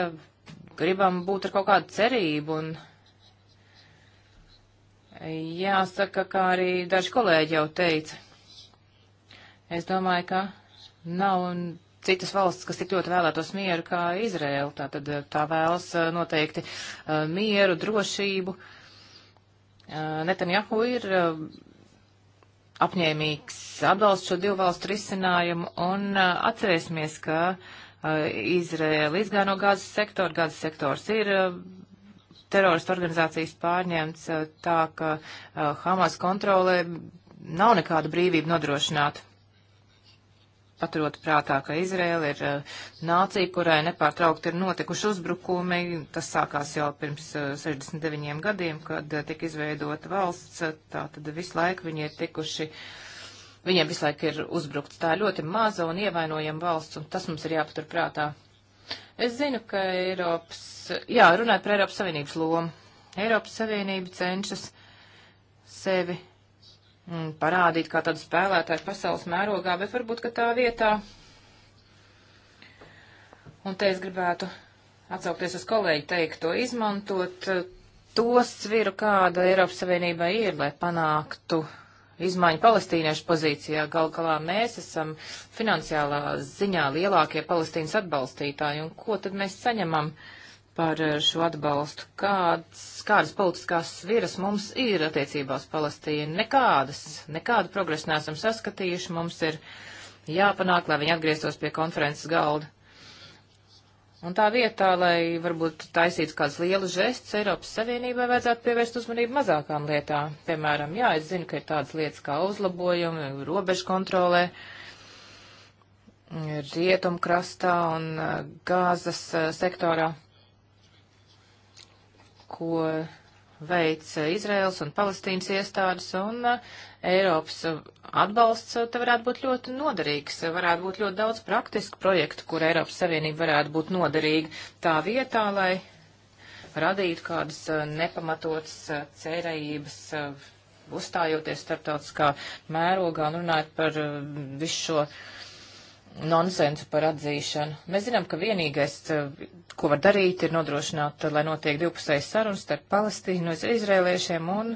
gribam būt ar kaut kādu cerību un Jāsaka, kā arī daži kolēģi jau teica. Es domāju, ka Nav citas valsts, kas tik ļoti vēlētos mieru kā Izraela. Tā tad eh, tā vēlas eh, noteikti eh, mieru, drošību. Netanjahu ir apņēmīgs atbalsts šo divu valstu risinājumu un atcerēsimies, ka Izraela izgāno gāzes sektoru, gāzes sektors ir teroristu organizācijas pārņemts tā, ka Hamas kontrolē nav nekāda brīvība nodrošināta paturot prātā, ka Izrēla ir uh, nācija, kurai nepārtraukti ir notikuši uzbrukumi. Tas sākās jau pirms uh, eh, 69 gadiem, kad uh, tika izveidota valsts. Tā tad visu laiku viņi ir tikuši, viņiem visu laiku ir uzbrukts. Tā ļoti maza un ievainojama valsts, un tas mums ir jāpatur prātā. Es zinu, ka Eiropas, jā, runāju par Eiropas Savienības lomu. Eiropas Savienība cenšas sevi Mm, parādīt kā tādu spēlētāju pasaules mērogā, bet varbūt, ka tā vietā. Un te es gribētu atsaukties uz kolēģi teikto, izmantot eh, to sviru, kāda Eiropas Savienībā ir, lai panāktu izmaiņu palestīniešu pozīcijā. Gal galā mēs esam finansiālā ziņā lielākie palestīnas atbalstītāji, un ko tad mēs saņemam? Uh, par eh, šo atbalstu. Kāds, kādas politiskās sviras mums ir attiecībās Palestīna? Nekādas. Nekādu progresu neesam saskatījuši. Mums ir jāpanāk, lai viņi atgrieztos pie konferences galda. Un tā vietā, lai varbūt taisītu kāds liels žests, Eiropas Savienībai vajadzētu pievērst uzmanību mazākām lietām. Piemēram, jā, es zinu, ka ir tādas lietas kā uzlabojumi, robežu kontrolē, rietumkrastā un eh, gāzas eh, sektorā ko veic Izraels un Palestīnas iestādes, un uh, Eiropas uh, atbalsts uh, te varētu būt ļoti noderīgs. Varētu būt ļoti daudz praktisku projektu, kur Eiropas Savienība varētu būt noderīga tā vietā, lai radītu kādas nepamatotas cerējības uzstājoties starptautiskā mērogā un runājot par visu šo nonsensu par atzīšanu. Mēs zinām, ka vienīgais, eh, ko var darīt, ir nodrošināt, lai notiek divpusējas sarunas starp Palestīnu uz izrēliešiem, un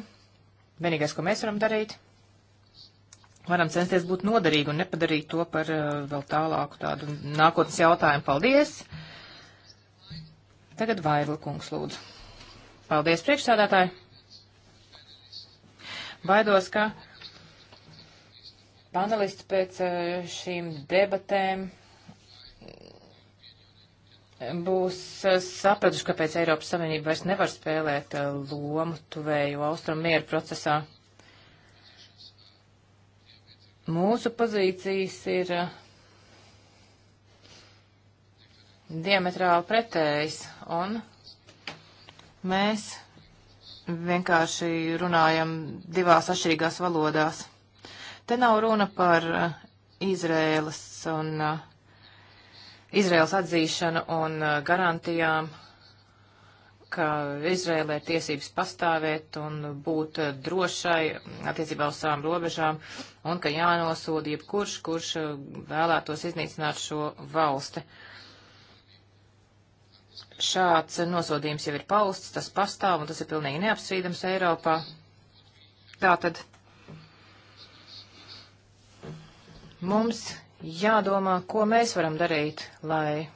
vienīgais, ko mēs varam darīt, varam censties būt noderīgi un nepadarīt to par eh, vēl tālāku tādu nākotnes jautājumu. Paldies! Tagad Vairla kungs lūdzu. Paldies priekšsādātāji! Baidos, ka panelistu pēc eh, šīm debatēm būs eh, sapratuši, kāpēc Eiropas Savienība vairs nevar spēlēt eh, lomu tuvēju austrumu mieru procesā. Mūsu pozīcijas ir diametrāli pretējas, un mēs vienkārši runājam divās atšķirīgās valodās. Te nav runa par uh, Izrēlas un uh, Izrēlas atzīšanu un uh, garantijām, ka Izrēlē ir tiesības pastāvēt un būt drošai attiecībā uz savām robežām, un ka jānosoda jebkurš, kurš vēlētos iznīcināt šo valsti. Šāds nosodījums jau ir pausts, tas pastāv, un tas ir pilnīgi neapstrīdams Eiropā. Tātad Mums jādomā, ko mēs varam darīt, lai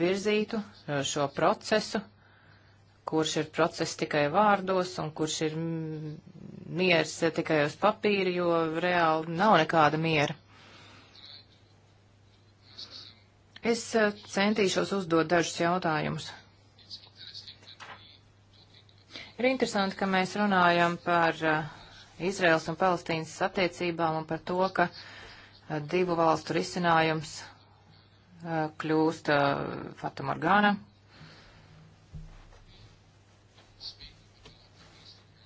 virzītu eh, šo procesu, kurš ir process tikai vārdos un kurš ir miers eh, tikai uz papīra, jo reāli nav nekāda miera. Es eh, centīšos uzdot dažus jautājumus. Ir interesanti, ka mēs runājam par Izraels un Palestīnas attiecībām un par to, ka uh, divu valstu risinājums eh, kļūst eh, Fata Morgana.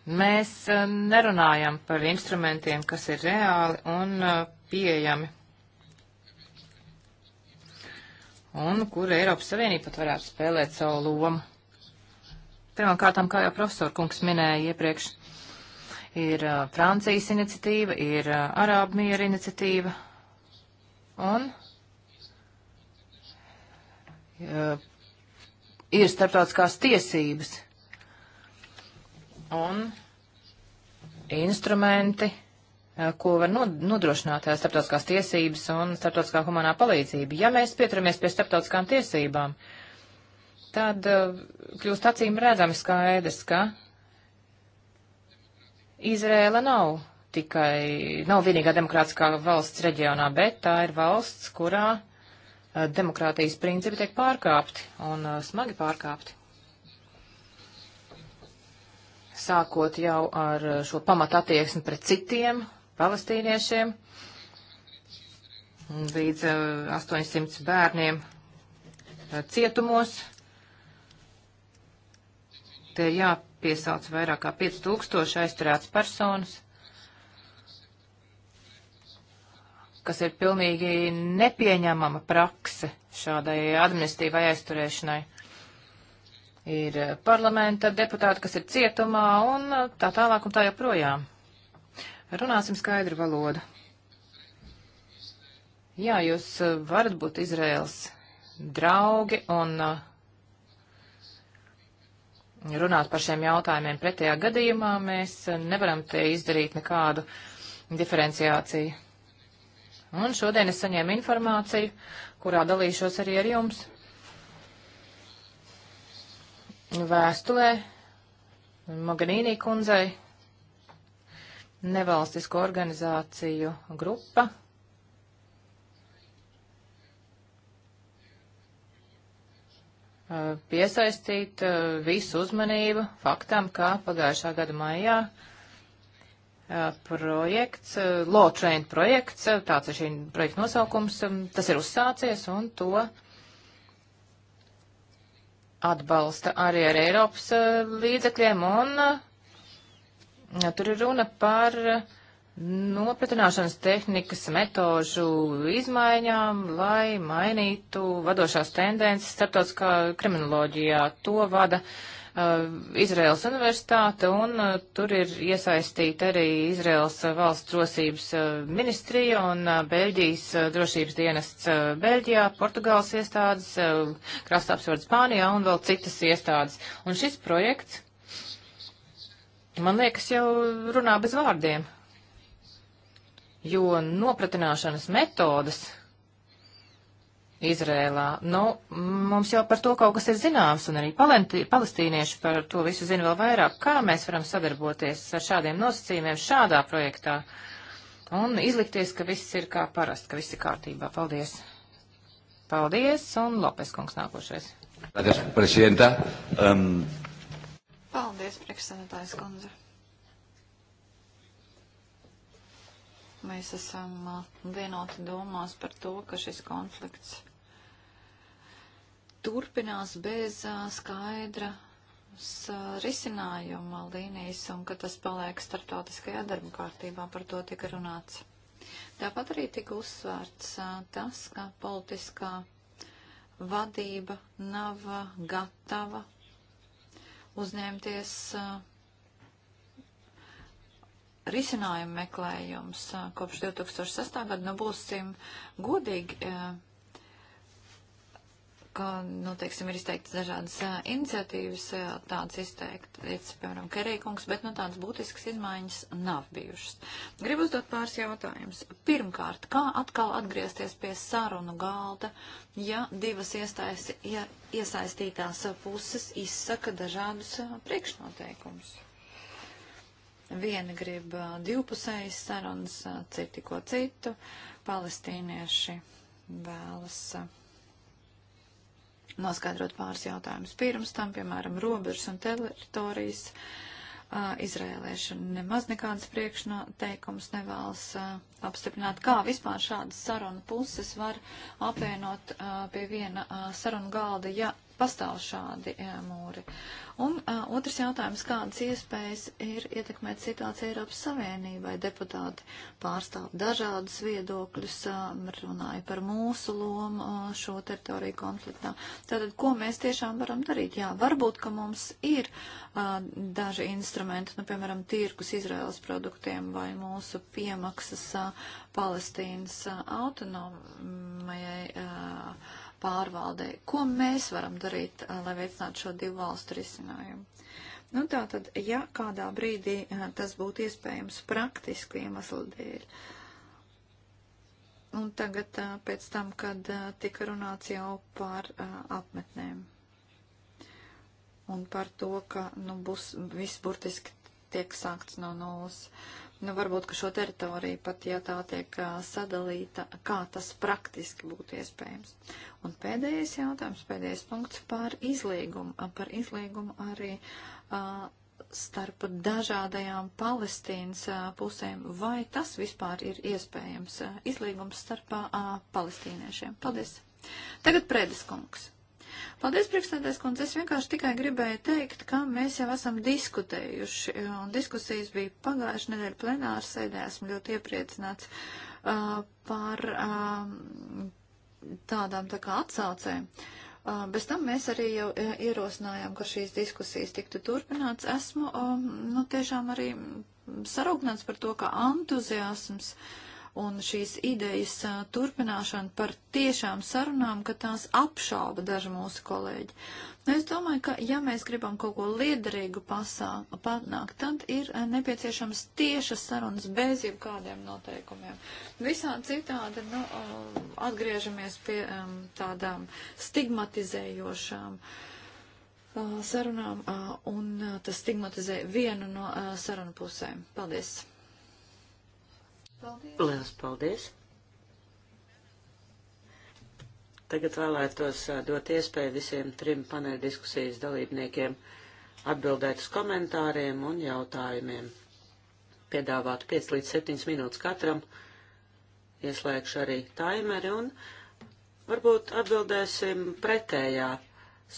Mēs eh, nerunājam par instrumentiem, kas ir reāli un pieejami, un kur Eiropas Savienība pat varētu spēlēt savu lomu. Pirmkārt, kā jau profesor kungs minēja iepriekš, ir Francijas iniciatīva, ir Arābu miera iniciatīva, Un ir starptautiskās tiesības un instrumenti, ko var nodrošināt starptautiskās tiesības un starptautiskā humanā palīdzība. Ja mēs pieturamies pie starptautiskām tiesībām, tad eh, kļūst acīm redzami skaidrs, ka Izrēla nav tikai, nav vienīgā demokrātiskā valsts reģionā, bet tā ir valsts, kurā uh, demokrātijas principi tiek pārkāpti un uh, smagi pārkāpti. Sākot jau ar eh, šo pamatu attieksmi pret citiem palestīniešiem, līdz uh, 800 bērniem cietumos. Te ir jāpiesauc vairāk kā 5000 aizturēts personas. kas ir pilnīgi nepieņemama prakse šādai administīvai aizturēšanai. Ir parlamenta deputāti, kas ir cietumā un tā tālāk un tā joprojām. Runāsim skaidru valodu. Jā, jūs varat būt Izraels draugi un runāt par šiem jautājumiem. Pretējā gadījumā mēs nevaram te izdarīt nekādu diferenciāciju. Un šodien es saņēmu informāciju, kurā dalīšos arī ar jums. Vēstulē Maganīnī kundzei nevalstisko organizāciju grupa piesaistīt visu uzmanību faktam, ka pagājušā gada maijā projekts, Law Train projekts, tāds ir šī projekta nosaukums, tas ir uzsācies un to atbalsta arī ar Eiropas līdzekļiem un tur ir runa par nopratināšanas tehnikas metožu izmaiņām, lai mainītu vadošās tendences starptautiskā kriminoloģijā. To vada uh, Uh, Izraels universitāte, un uh, tur ir iesaistīta arī Izraels uh, valsts drosības ministrija un Beļģijas drošības dienests Beļģijā, Portugāles iestādes, krasta apsvērts Spānijā un vēl citas iestādes. Un šis projekts, man liekas, jau runā bez vārdiem, jo nopratināšanas metodas Izrēlā. Nu, mums jau par to kaut kas ir zināms, un arī palenti, palestīnieši par to visu zina vēl vairāk. Kā mēs varam sadarboties ar šādiem nosacījumiem šādā projektā un izlikties, ka viss ir kā parasti, ka viss ir kārtībā. Paldies! Paldies, un Lopes kungs nākošais. Paldies, prezidenta. Um... Paldies, priekšsēdētājs Konzera. Mēs esam vienoti domās par to, ka šis konflikts turpinās bez skaidra risinājuma līnijas un ka tas paliek starptautiskajā darba kārtībā, par to tika runāts. Tāpat arī tika uzsvērts tas, ka politiskā vadība nav gatava uzņemties risinājumu meklējums kopš 2006. gada, nu būsim godīgi, ka, nu, teiksim, ir izteikts dažādas iniciatīvas, tāds izteikt, it's, piemēram, Kerīkungs, bet, nu, tādas būtiskas izmaiņas nav bijušas. Gribu uzdot pāris jautājumus. Pirmkārt, kā atkal atgriezties pie sarunu galda, ja divas iestājas, ja iesaistītās puses izsaka dažādus priekšnoteikumus? Vieni grib divpusējas sarunas, citi ko citu. Palestīnieši vēlas noskaidrot pāris jautājumus pirms tam, piemēram, robežas un teritorijas. Izrēlieši nemaz nekādas priekšnoteikums nevēlas apstiprināt. Kā vispār šādas sarunu puses var apvienot pie viena sarunu galda, ja pastāv šādi jā, mūri. Un a, otrs jautājums, kādas iespējas ir ietekmēt situāciju Eiropas Savienībai? Deputāti pārstāv dažādus viedokļus, a, runāja par mūsu lomu a, šo teritoriju konfliktā. Tātad, ko mēs tiešām varam darīt? Jā, varbūt, ka mums ir a, daži instrumenti, nu, piemēram, tirkus Izraels produktiem vai mūsu piemaksas a, Palestīnas a, autonomajai. A, pārvaldē. Ko mēs varam darīt, eh, lai veicinātu šo divu valstu risinājumu? Nu, tā tad, ja kādā brīdī eh, tas būtu iespējams praktiski iemeslu dēļ, un tagad eh, pēc tam, kad tika runāts jau par apmetnēm un par to, ka nu, būs, viss burtiski tiek sākts no nulles. No Nu, varbūt, ka šo teritoriju, pat ja tā tiek sadalīta, kā tas praktiski būtu iespējams. Un pēdējais jautājums, pēdējais punkts par izlīgumu, par izlīgumu arī uh, starp dažādajām Palestīnas uh, pusēm. Vai tas vispār ir iespējams? Uh, izlīgums starp uh, palestīniešiem. Paldies. Tagad Prēdis kungs. Paldies, priekšstādājs kundze. Es vienkārši tikai gribēju teikt, ka mēs jau esam diskutējuši, un diskusijas bija pagājuši nedēļa plenāra sēdē. Esmu ļoti iepriecināts uh, par uh, tādām tā kā atsaucēm. Uh, Bez tam mēs arī jau uh, ierosinājām, ka šīs diskusijas tiktu turpināts. Esmu um, nu, tiešām arī sarūknēts par to, ka entuziasms un šīs idejas a, turpināšana par tiešām sarunām, ka tās apšauba daži mūsu kolēģi. Nu, es domāju, ka ja mēs gribam kaut ko liederīgu pasā, panākt, tad ir a, nepieciešams tiešas sarunas bez jebkādiem noteikumiem. Visā citādi nu, a, atgriežamies pie tādām stigmatizējošām sarunām, un tas stigmatizē vienu no sarunu pusēm. Paldies! Paldies. Lielas paldies! Tagad vēlētos dot iespēju visiem trim paneļa diskusijas dalībniekiem atbildēt uz komentāriem un jautājumiem. Piedāvātu 5 līdz 7 minūtes katram, ieslēgšu arī taimeri un varbūt atbildēsim pretējā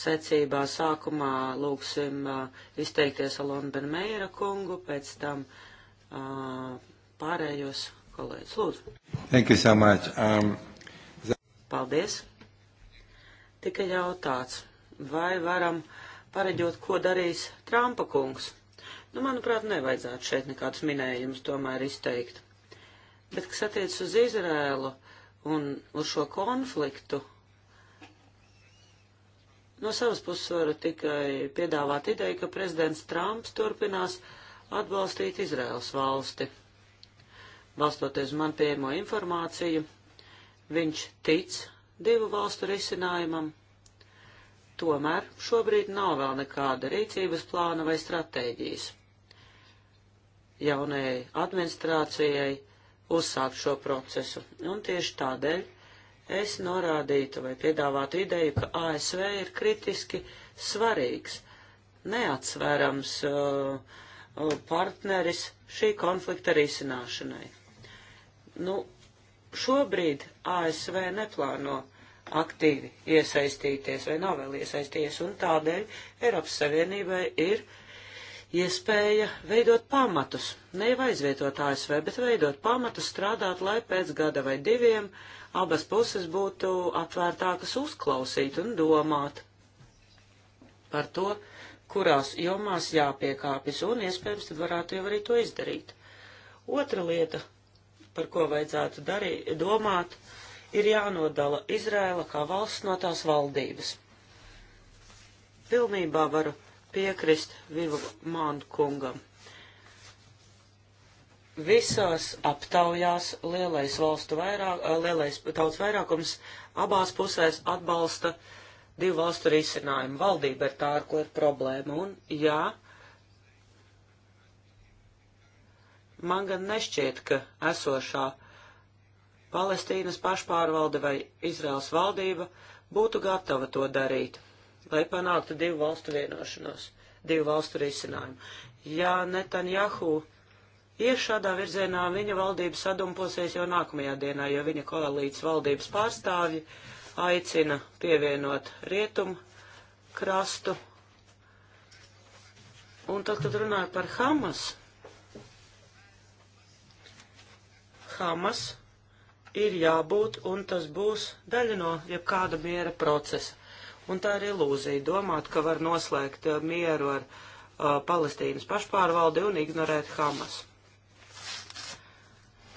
secībā. Sākumā lūksim uh, izteikties Alonu Benmeira kungu, pēc tam uh, pārējos kolēģus. Lūdzu. Thank you so much. Um, the... Paldies. Tika jautāts, vai varam pareģot, ko darīs Trumpa kungs. Nu, manuprāt, nevajadzētu šeit nekādus minējumus tomēr izteikt. Bet, kas attiecas uz Izrēlu un uz šo konfliktu, no savas puses varu tikai piedāvāt ideju, ka prezidents Trumps turpinās atbalstīt Izraels valsti balstoties man pieejamo informāciju, viņš tic divu valstu risinājumam, tomēr šobrīd nav vēl nekāda rīcības plāna vai stratēģijas jaunajai administrācijai uzsākt šo procesu. Un tieši tādēļ es norādītu vai piedāvātu ideju, ka ASV ir kritiski svarīgs, neatsverams uh, uh partneris šī konflikta risināšanai. Nu, šobrīd ASV neplāno aktīvi iesaistīties vai nav vēl iesaistījies, un tādēļ Eiropas Savienībai ir iespēja veidot pamatus, ne jau aizvietot ASV, bet veidot pamatus strādāt, lai pēc gada vai diviem abas puses būtu atvērtākas uzklausīt un domāt par to, kurās jomās jāpiekāpjas, un iespējams tad varētu jau arī to izdarīt. Otra lieta, par ko vajadzētu darīt, domāt, ir jānodala Izrēla kā valsts no tās valdības. Pilnībā varu piekrist Vivu Mānu kungam. Visās aptaujās lielais, valstu vairāk, eh, lielais tauts vairākums abās pusēs atbalsta divu valstu risinājumu. Valdība ir tā, ar ko ir problēma. Un, jā, ja, Man gan nešķiet, ka esošā Palestīnas pašpārvalde vai Izraels valdība būtu gatava to darīt, lai panāktu divu valstu vienošanos, divu valstu risinājumu. Ja Netanjahu ies šādā virzienā, viņa valdība sadumposies jau nākamajā dienā, jo viņa koalīcijas valdības pārstāvji aicina pievienot rietumu krastu. Un tad, kad runāju par Hamas Hamas ir jābūt, un tas būs daļa no jebkāda miera procesa. Un tā ir ilūzija domāt, ka var noslēgt eh, mieru ar uh, Palestīnas pašpārvaldi un ignorēt Hamas.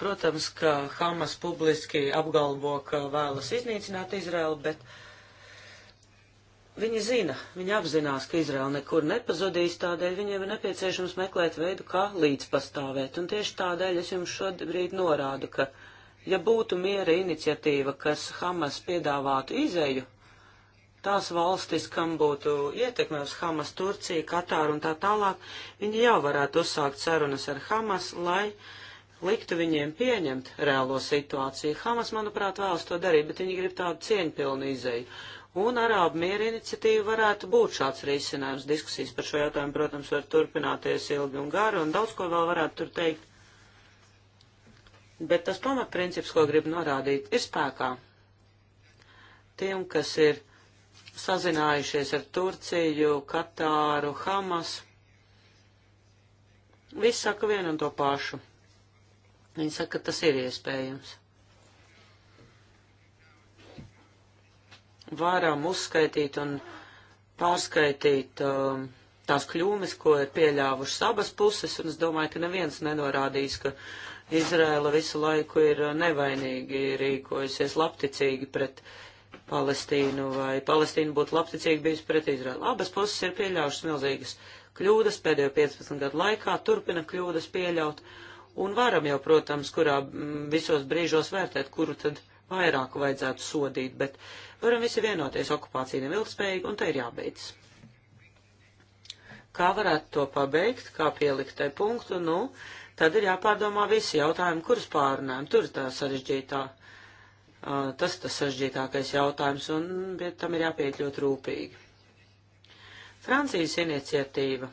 Protams, ka Hamas publiski apgalvo, ka vēlas iznīcināt Izraelu, bet uh, Viņi zina, viņi apzinās, ka Izraela nekur nepazudīs, tādēļ viņiem ir nepieciešams meklēt veidu, kā līdzpastāvēt. Un tieši tādēļ es jums šobrīd norādu, ka, ja būtu miera iniciatīva, kas Hamas piedāvātu izēju, tās valstis, kam būtu ietekme uz Hamas, Turcija, Katāra un tā tālāk, viņi jau varētu uzsākt sarunas ar Hamas, lai liktu viņiem pieņemt reālo situāciju. Hamas, manuprāt, vēlas to darīt, bet viņi grib tādu cieņpilnu izēju. Un Arābu miera iniciatīva varētu būt šāds risinājums. Diskusijas par šo jautājumu, protams, var turpināties ilgi un gari, un daudz ko vēl varētu tur teikt. Bet tas pamatprincips, ko gribu norādīt, ir spēkā. Tiem, kas ir sazinājušies ar Turciju, Katāru, Hamas, viss saka vienu un to pašu. Viņi saka, ka tas ir iespējams. varam uzskaitīt un pārskaitīt um, tās kļūmes, ko ir pieļāvušas abas puses, un es domāju, ka neviens nenorādīs, ka Izraela visu laiku ir uh, nevainīgi rīkojusies labticīgi pret Palestīnu, vai Palestīna būtu labticīgi bijusi pret Izraelu. Abas puses ir pieļāvušas milzīgas kļūdas pēdējo 15 gadu laikā, turpina kļūdas pieļaut, un varam jau, protams, kurā m, mm, visos brīžos vērtēt, kuru tad vairāk vajadzētu sodīt, bet Varam visi vienoties, okupācija nav ilgspējīga, un tai ir jābeidz. Kā varētu to pabeigt, kā pielikt tai punktu, nu, tad ir jāpārdomā visi jautājumi, kurus pārunājam. Tur ir tā sarežģītā, uh, tas tas sarežģītākais jautājums, un pie tam ir jāpieiet ļoti rūpīgi. Francijas iniciatīva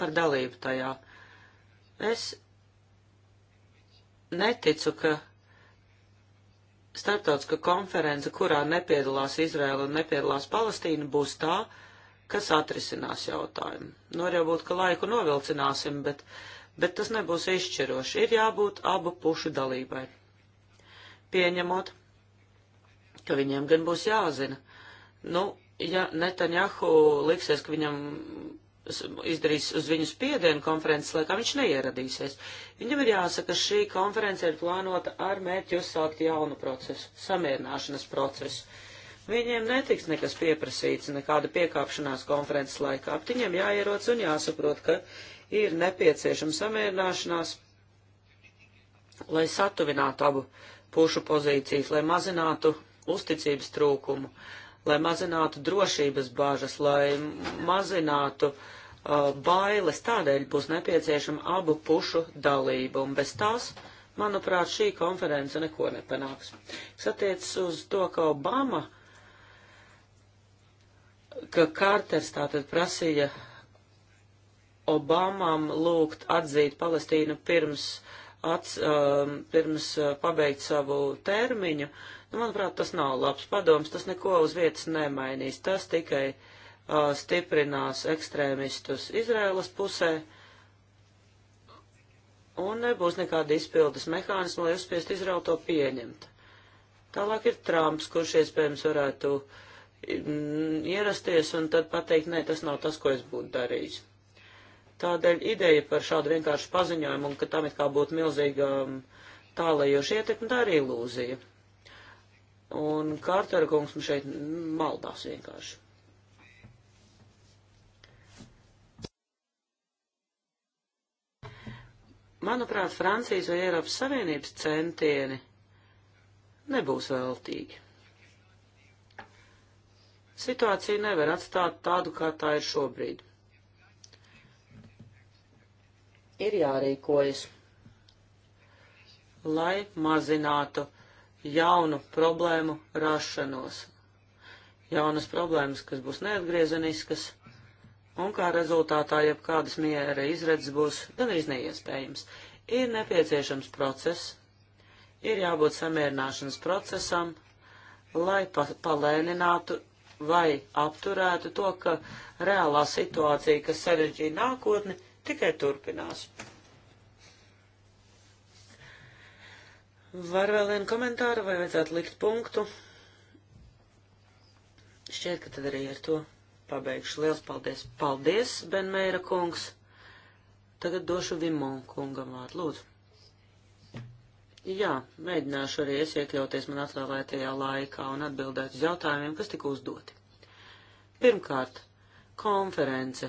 par dalību tajā. Es neticu, ka starptautiska konference, kurā nepiedalās Izraela un nepiedalās Palestīna, būs tā, kas atrisinās jautājumu. Nu, var jau būt, ka laiku novilcināsim, bet, bet tas nebūs izšķiroši. Ir jābūt abu pušu dalībai. Pieņemot, ka viņiem gan būs jāzina. Nu, ja Netanjahu liksies, ka viņam izdarīs uz viņu spiedienu konferences laikā, viņš neieradīsies. Viņam ir jāsaka, šī konference ir plānota ar mērķi uzsākt jaunu procesu, samierināšanas procesu. Viņiem netiks nekas pieprasīts, nekāda piekāpšanās konferences laikā. Viņiem jāieroc un jāsaprot, ka ir nepieciešama samierināšanās, lai satuvinātu abu pušu pozīcijas, lai mazinātu uzticības trūkumu, lai mazinātu drošības bāžas, lai mazinātu uh, bailes. Tādēļ būs nepieciešama abu pušu dalība, un bez tās, manuprāt, šī konference neko nepanāks. Kas attiecas uz to, ka Obama, ka Kārters tātad prasīja Obamam lūgt atzīt Palestīnu pirms, ats, um, uh, pirms pabeigt savu termiņu, uh, Nu, manuprāt, tas nav labs padoms, tas neko uz vietas nemainīs. Tas tikai uh, stiprinās ekstrēmistus Izraēlas pusē un nebūs nekāda izpildes mehānisma, lai uzspiest Izraelu to pieņemt. Tālāk ir Trumps, kurš iespējams varētu mm, ierasties un tad pateikt, nē, tas nav tas, ko es būtu darījis. Tādēļ ideja par šādu vienkāršu paziņojumu un ka tam it kā būtu milzīga um, mm, tālējoša ietekme, tā ir ilūzija. Un Kārtera kungs nu šeit maldās vienkārši. Manuprāt, Francijas vai Eiropas Savienības centieni nebūs veltīgi. Situācija nevar atstāt tādu, kā tā ir šobrīd. Ir jārīkojas, lai mazinātu jaunu problēmu rašanos. Jaunas problēmas, kas būs neatgriezeniskas, un kā rezultātā jebkādas miera izredzes būs gandrīz neiespējams. Ir nepieciešams process, ir jābūt samierināšanas procesam, lai pa palēninātu vai apturētu to, ka reālā situācija, kas sarežģīja nākotni, tikai turpinās. Var vēl vienu komentāru vai vajadzētu likt punktu? Šķiet, ka tad arī ar to pabeigšu. Liels paldies! Paldies, Benmēra kungs! Tagad došu Vimon kungam vārdu, lūdzu. Jā, mēģināšu arī es iekļauties man atvēlētajā laikā un atbildēt uz jautājumiem, kas tika uzdoti. Pirmkārt, konference.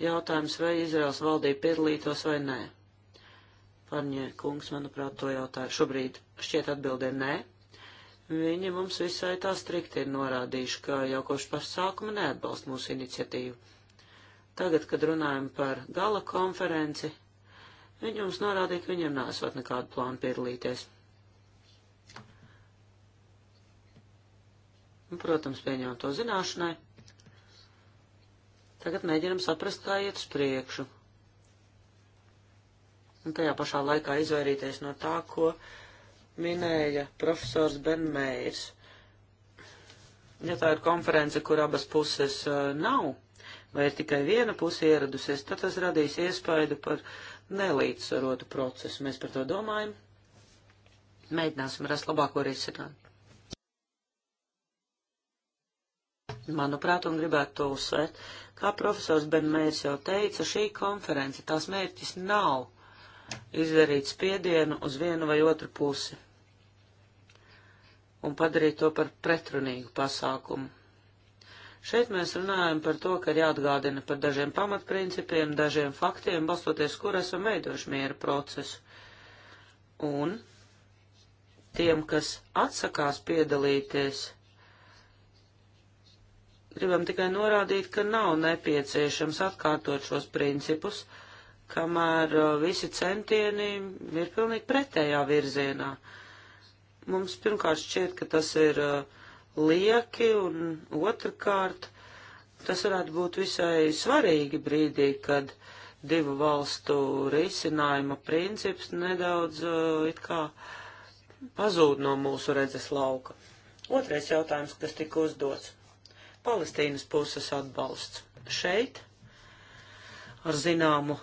Jautājums, vai Izraels valdība piedalītos vai nē. Barņē kungs, manuprāt, to jautāju. Šobrīd šķiet atbildē nē. Viņi mums visai tā strikti ir norādījuši, ka jau koši pasākuma neatbalst mūsu iniciatīvu. Tagad, kad runājam par gala konferenci, viņi mums norādīja, ka viņiem nesot nekādu plānu piedalīties. Un, protams, pieņēmām to zināšanai. Tagad mēģinam saprast, kā iet uz priekšu un tajā pašā laikā izvairīties no tā, ko minēja profesors Benmērs. Ja tā ir konference, kur abas puses uh, nav, vai ir tikai viena puse ieradusies, tad tas radīs iespaidu par nelīdzsvarotu procesu. Mēs par to domājam. Mēģināsim rast labāko risinājumu. Manuprāt, un gribētu to uzsvērt, kā profesors Benmērs jau teica, šī konference, tās mērķis nav izdarīt spiedienu uz vienu vai otru pusi un padarīt to par pretrunīgu pasākumu. Šeit mēs runājam par to, ka ir jāatgādina par dažiem pamatprincipiem, dažiem faktiem, balstoties, kur esam veidojuši miera procesu. Un tiem, kas atsakās piedalīties, gribam tikai norādīt, ka nav nepieciešams atkārtot šos principus, uh, kamēr uh, visi centieni ir pilnīgi pretējā virzienā. Mums pirmkārt šķiet, ka tas ir uh, lieki, un otrkārt tas varētu būt visai svarīgi brīdī, kad divu valstu risinājuma princips nedaudz uh, it kā pazūd no mūsu redzes lauka. Otrais jautājums, kas tika uzdots. Palestīnas puses atbalsts. Šeit ar zināmu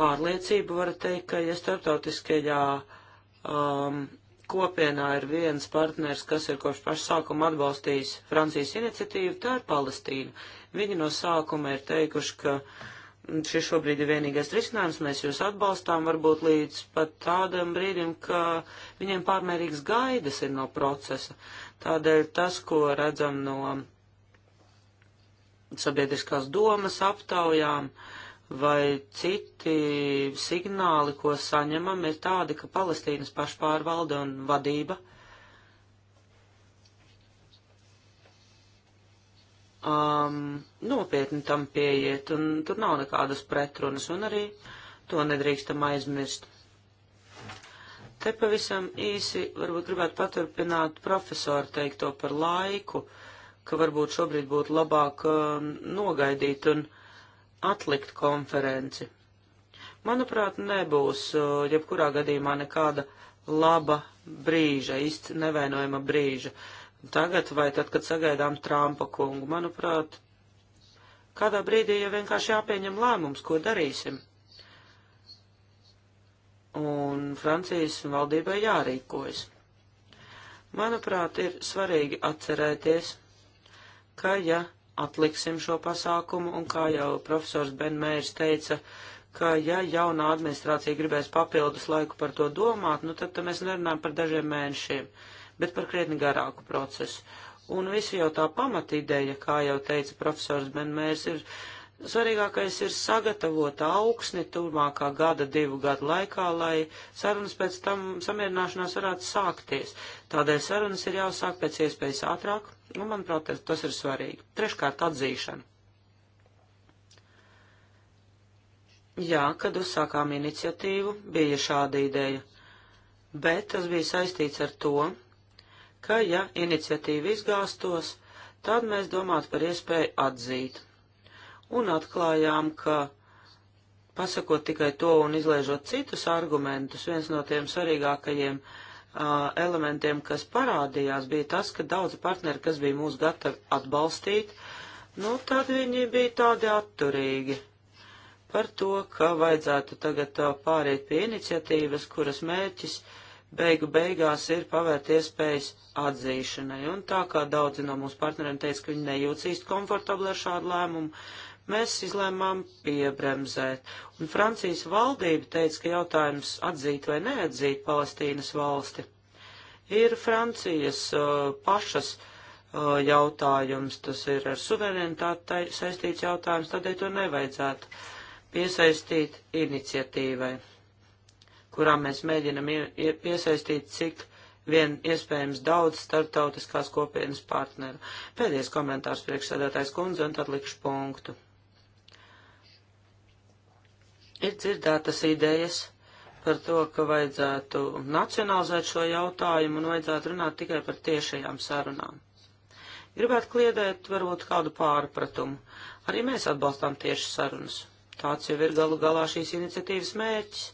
pārliecību varu teikt, ka, ja starptautiskajā um, kopienā ir viens partners, kas ir kopš paša sākuma atbalstījis Francijas iniciatīvu, tā ir Palestīna. Viņi no sākuma ir teikuši, ka mm, šis šobrīd ir vienīgais risinājums, mēs jūs atbalstām varbūt līdz pat tādam brīdim, ka viņiem pārmērīgs gaidas ir no procesa. Tādēļ tas, ko redzam no sabiedriskās domas aptaujām, uh, vai citi signāli, ko saņemam, ir tādi, ka Palestīnas pašpārvalde un vadība um, nopietni tam pieiet, un tur nav nekādas pretrunas, un arī to nedrīkstam aizmirst. Te pavisam īsi varbūt gribētu paturpināt profesoru teikto par laiku, ka varbūt šobrīd būtu labāk um, nogaidīt un uh, atlikt konferenci. Manuprāt, nebūs uh, jebkurā gadījumā nekāda laba brīža, īsti nevainojama brīža. Tagad vai tad, kad sagaidām Trumpa kungu, manuprāt, kādā brīdī jau vienkārši jāpieņem lēmums, ko darīsim. Un Francijas valdībai jārīkojas. Manuprāt, ir svarīgi atcerēties, ka ja atliksim šo pasākumu, un kā jau profesors Ben Mērs teica, ka ja jaunā administrācija gribēs papildus laiku par to domāt, nu tad, tad mēs nerunājam par dažiem mēnešiem, bet par krietni garāku procesu. Un visu jau tā pamatideja, kā jau teica profesors Ben Mērs, ir Svarīgākais ir sagatavot augsni turmākā gada, divu gadu laikā, lai sarunas pēc tam samierināšanās varētu sākties. Tādēļ sarunas ir jāsāk pēc iespējas ātrāk, un, manuprāt, tas ir svarīgi. Treškārt, atzīšana. Jā, kad uzsākām iniciatīvu, bija šāda ideja, bet tas bija saistīts ar to, ka, ja iniciatīva izgāstos, tad mēs domātu par iespēju atzīt un atklājām, ka, pasakot tikai to un izlaižot citus argumentus, viens no tiem svarīgākajiem uh, elementiem, kas parādījās, bija tas, ka daudzi partneri, kas bija mūs gatavi atbalstīt, nu tad viņi bija tādi atturīgi par to, ka vajadzētu tagad uh, pāriet pie iniciatīvas, kuras mērķis beigu beigās ir pavērt iespējas atzīšanai. Un tā kā daudzi no mūsu partneriem teica, ka viņi nejūtas īsti komfortabli ar šādu lēmumu, mēs izlēmām piebremzēt. Un Francijas valdība teica, ka jautājums atzīt vai neatzīt Palestīnas valsti ir Francijas uh, pašas uh, jautājums, tas ir ar suverenitāti saistīts jautājums, tādēļ to nevajadzētu piesaistīt iniciatīvai, kurā mēs mēģinam piesaistīt cik vien iespējams daudz starptautiskās kopienas partneru. Pēdējais komentārs priekšsēdētājs kundze, un tad likšu punktu. Ir dzirdētas idejas par to, ka vajadzētu nacionalizēt šo jautājumu un vajadzētu runāt tikai par tiešajām sarunām. Gribētu kliedēt varbūt kādu pārpratumu. Arī mēs atbalstām tieši sarunas. Tāds jau ir galu galā šīs iniciatīvas mērķis.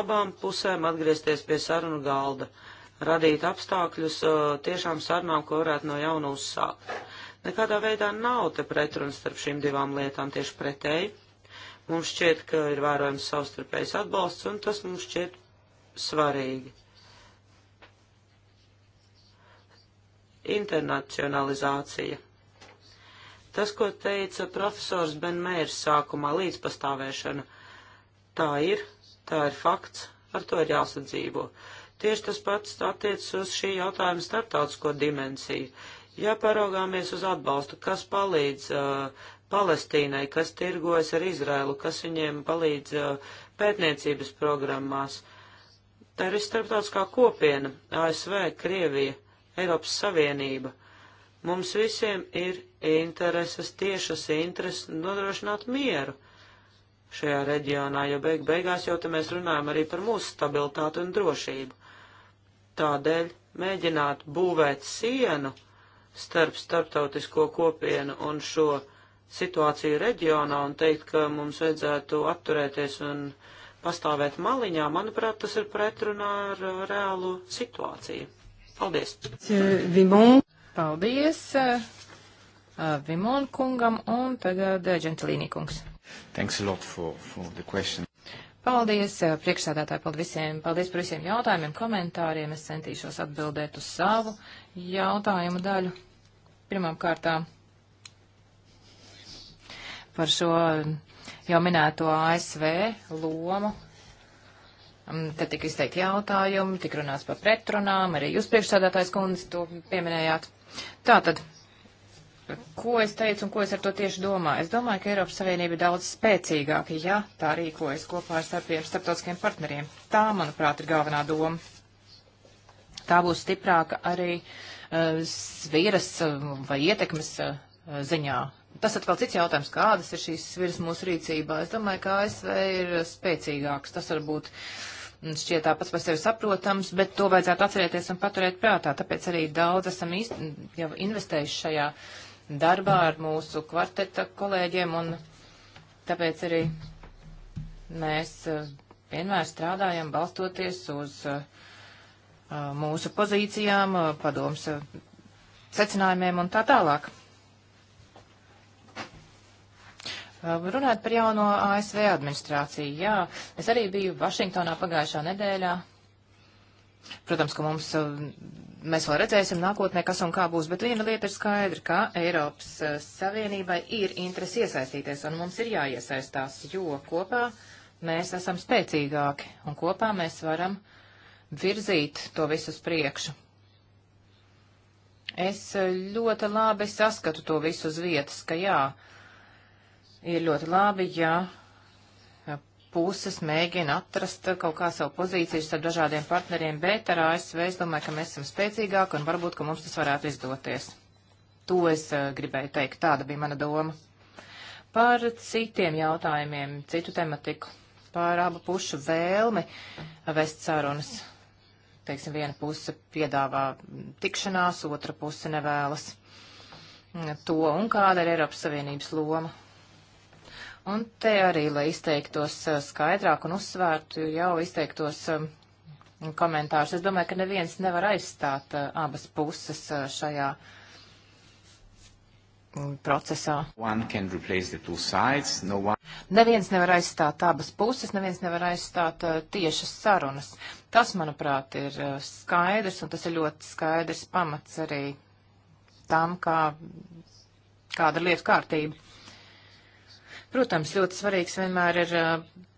Abām pusēm atgriezties pie sarunu galda, radīt apstākļus uh, tiešām sarunām, ko varētu no jauna uzsākt. Nekādā veidā nav te pretrunas starp šīm divām lietām tieši pretēji. Mums šķiet, ka ir vērojams savstarpējs atbalsts, un tas mums šķiet svarīgi. Internacionalizācija. Tas, ko teica profesors Benmērs sākumā līdzpastāvēšana, tā ir, tā ir fakts, ar to ir jāsadzīvo. Tieši tas pats attiecas uz šī jautājuma starptautisko dimensiju. Ja paraugāmies uz atbalstu, kas palīdz uh, Palestīnai, kas tirgojas ar Izraelu, kas viņiem palīdz uh, pētniecības programmās. Tā ir starptautiskā kopiena - ASV, Krievija, Eiropas Savienība. Mums visiem ir intereses, tiešas intereses nodrošināt mieru šajā reģionā, jo beig beigās jau te mēs runājam arī par mūsu stabilitāti un drošību. Tādēļ mēģināt būvēt sienu starp starptautisko kopienu un šo uh, situāciju reģionā un teikt, ka mums vajadzētu atturēties un pastāvēt maliņā, manuprāt, tas ir pretrunā ar reālu situāciju. Paldies! Vimon. Paldies eh, eh, Vimon kungam un tagad Džentlīnī eh, kungs. Thanks a lot for, for the question. Paldies, priekšsādātāji, paldies visiem, paldies par visiem jautājumiem, komentāriem. Es centīšos atbildēt uz savu jautājumu daļu. Pirmām kārtām par šo jau minēto ASV lomu. Mm, te tika izteikti jautājumi, tika runāts par pretrunām, arī jūs priekšsādātājs kundze to pieminējāt. Tātad, ko es teicu un ko es ar to tieši domāju? Es domāju, ka Eiropas Savienība ir daudz spēcīgāka, ja tā rīkojas kopā ar starpiem starptautiskiem partneriem. Tā, manuprāt, ir galvenā doma. Tā būs stiprāka arī uh, eh, sviras uh, eh, vai ietekmes uh, ziņā Tas atkal cits jautājums, kādas ir šīs svirs mūsu rīcībā. Es domāju, ka ASV ir spēcīgāks. Tas varbūt šķiet tāpats par sevi saprotams, bet to vajadzētu atcerēties un paturēt prātā. Tāpēc arī daudz esam īst, jau investējuši šajā darbā ar mūsu kvarteta kolēģiem un tāpēc arī mēs eh, vienmēr strādājam balstoties uz eh, eh, mūsu pozīcijām, padoms secinājumiem un tā tālāk. Uh, Runājot par jauno ASV administrāciju, jā, es arī biju Vašingtonā pagājušā nedēļā. Protams, ka mums, uh, mēs vēl redzēsim nākotnē, kas un kā būs, bet viena lieta ir skaidra, ka Eiropas uh, Savienībai ir interesi iesaistīties, un mums ir jāiesaistās, jo kopā mēs esam spēcīgāki, un kopā mēs varam virzīt to visu uz priekšu. Es ļoti labi saskatu to visu uz vietas, ka jā, uh, ir ļoti labi, ja puses mēģina atrast kaut kā savu pozīciju starp dažādiem partneriem, bet ar ASV es domāju, ka mēs esam spēcīgāki un varbūt, ka mums tas varētu izdoties. To es eh, gribēju teikt, tāda bija mana doma. Par citiem jautājumiem, citu tematiku, par abu pušu vēlmi vest sarunas teiksim, viena puse piedāvā tikšanās, otra puse nevēlas to, un kāda ir Eiropas Savienības loma Un te arī, lai izteiktos eh, skaidrāk un uzsvērtu jau izteiktos eh, komentārus, es domāju, ka neviens nevar aizstāt eh, abas puses šajā mm, procesā. Sides, no one... Neviens nevar aizstāt abas puses, neviens nevar aizstāt uh, tiešas sarunas. Tas, manuprāt, ir uh, skaidrs, un tas ir ļoti skaidrs pamats arī tam, kā, kāda ir lietu kārtība. Protams, ļoti svarīgs vienmēr ir uh,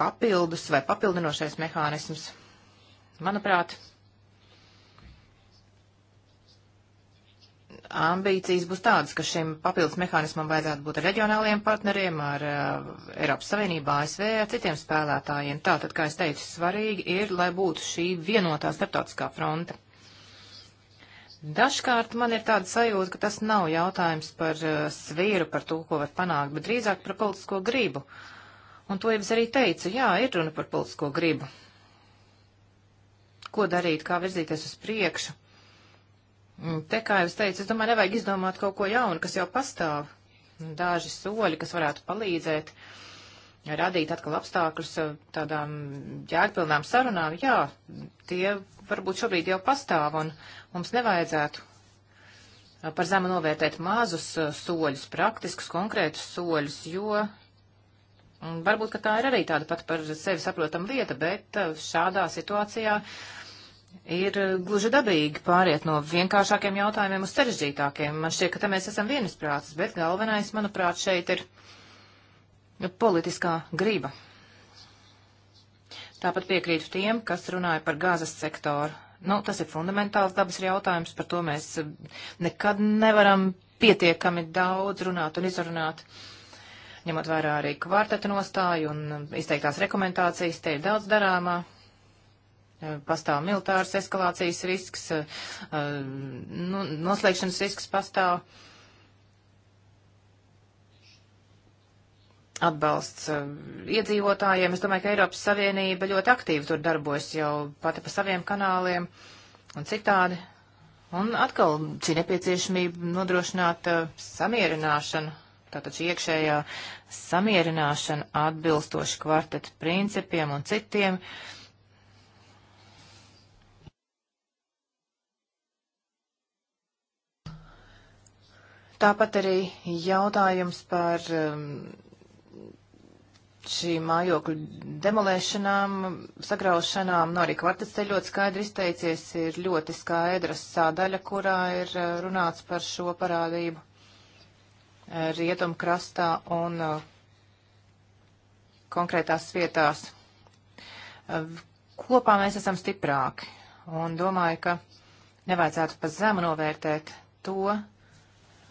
papildus vai papildinošais mehānisms. Manuprāt, ambīcijas būs tādas, ka šim papildus mehānismam vajadzētu būt ar reģionāliem partneriem, ar uh, Eiropas Savienību, ASV, ar citiem spēlētājiem. Tātad, kā es teicu, svarīgi ir, lai būtu šī vienotā starptautiskā fronte. Dažkārt man ir tāda sajūta, ka tas nav jautājums par uh, svīru, par to, ko var panākt, bet drīzāk par politisko gribu. Un to jau es arī teicu, jā, ir runa par politisko gribu. Ko darīt, kā virzīties uz priekšu? Mm, te, kā jau es teicu, es domāju, nevajag izdomāt kaut ko jaunu, kas jau pastāv. Daži soļi, kas varētu palīdzēt radīt atkal apstākļus eh, tādām jēgpilnām sarunām, jā, tie varbūt šobrīd jau pastāv. Un, uh, Mums nevajadzētu par zemu novērtēt mazus soļus, praktiskus, konkrētus soļus, jo mm, varbūt, ka tā ir arī tāda pat par sevi saprotama lieta, bet šādā situācijā ir gluži dabīgi pāriet no vienkāršākiem jautājumiem uz sarežģītākiem. Man šķiet, ka te mēs esam vienisprātis, bet galvenais, manuprāt, šeit ir politiskā griba. Tāpat piekrītu tiem, kas runāja par gāzes sektoru Nu, tas ir fundamentāls dabas jautājums, par to mēs nekad nevaram pietiekami daudz runāt un izrunāt. Ņemot vērā arī kvarteta nostāju un izteiktās rekomendācijas, te ir daudz darāmā. Eh, pastāv militārs eskalācijas risks, eh, eh, nu, noslēgšanas risks pastāv. atbalsts um, iedzīvotājiem. Es domāju, ka Eiropas Savienība ļoti aktīvi tur darbojas jau pati pa saviem kanāliem un citādi. Un atkal šī nepieciešamība nodrošināt uh, samierināšanu, tātad šī iekšējā samierināšana atbilstoši kvarteta principiem un citiem. Tāpat arī jautājums par um, šī mājokļu demolēšanām, sagraušanām, no arī kvartets te ļoti skaidri izteicies, ir ļoti skaidra sādaļa, kurā ir eh, runāts par šo parādību eh, rietumkrastā un eh, konkrētās vietās. Kopā mēs esam stiprāki un domāju, ka nevajadzētu pa zemu novērtēt to,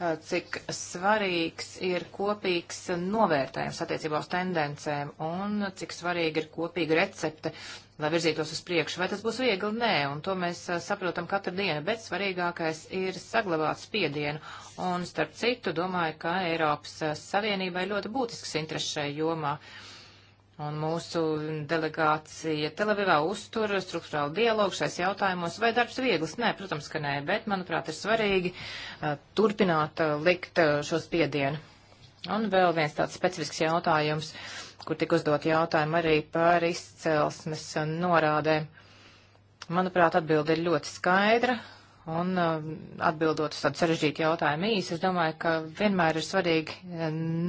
Eh, cik svarīgs ir kopīgs novērtējums attiecībā uz tendencēm un cik svarīga ir kopīga recepte, lai virzītos uz priekšu. Vai tas būs viegli? Nē, un to mēs eh, saprotam katru dienu, bet svarīgākais ir saglabāt spiedienu. Un starp citu, domāju, ka Eiropas eh, Savienībai ļoti būtisks interesi šai jomā. Uh, Un mūsu delegācija Televivā uztur struktūrālu dialogu šais jautājumos. Vai darbs viegls? Nē, protams, ka nē, bet, manuprāt, ir svarīgi uh, turpināt uh, likt uh, šo spiedienu. Un vēl viens tāds specifisks jautājums, kur tika uzdot jautājumu arī par izcelsmes norādēm. Manuprāt, atbilde ir ļoti skaidra. Un eh, atbildot uz tādu sarežģītu jautājumu īsi, es domāju, ka vienmēr ir svarīgi eh,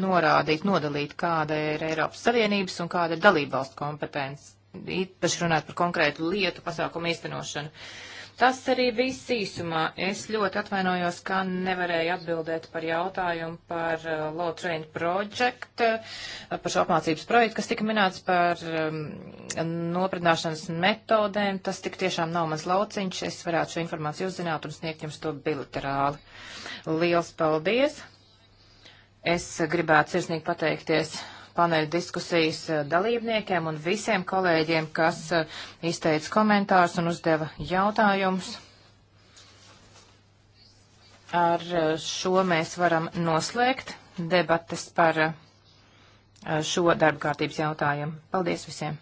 norādīt, nodalīt, kāda ir Eiropas Savienības un kāda ir dalībvalstu kompetence. Īpaši runāt par konkrētu lietu pasākumu īstenošanu. Uh, Tas arī viss īsumā. Es ļoti atvainojos, ka nevarēju atbildēt par jautājumu par uh, Low Train Project, uh, par šo apmācības projektu, kas tika minēts par um, nopratināšanas metodēm. Tas tik tiešām nav mans lauciņš. Es varētu šo informāciju uzzināt un sniegt jums to bilaterāli. Liels paldies! Es gribētu sirsnīgi pateikties paneļa diskusijas eh, dalībniekiem un visiem kolēģiem, kas eh, izteica komentārus un uzdeva jautājumus. Ar eh, šo mēs varam noslēgt debates par šo darbkārtības jautājumu. Paldies visiem!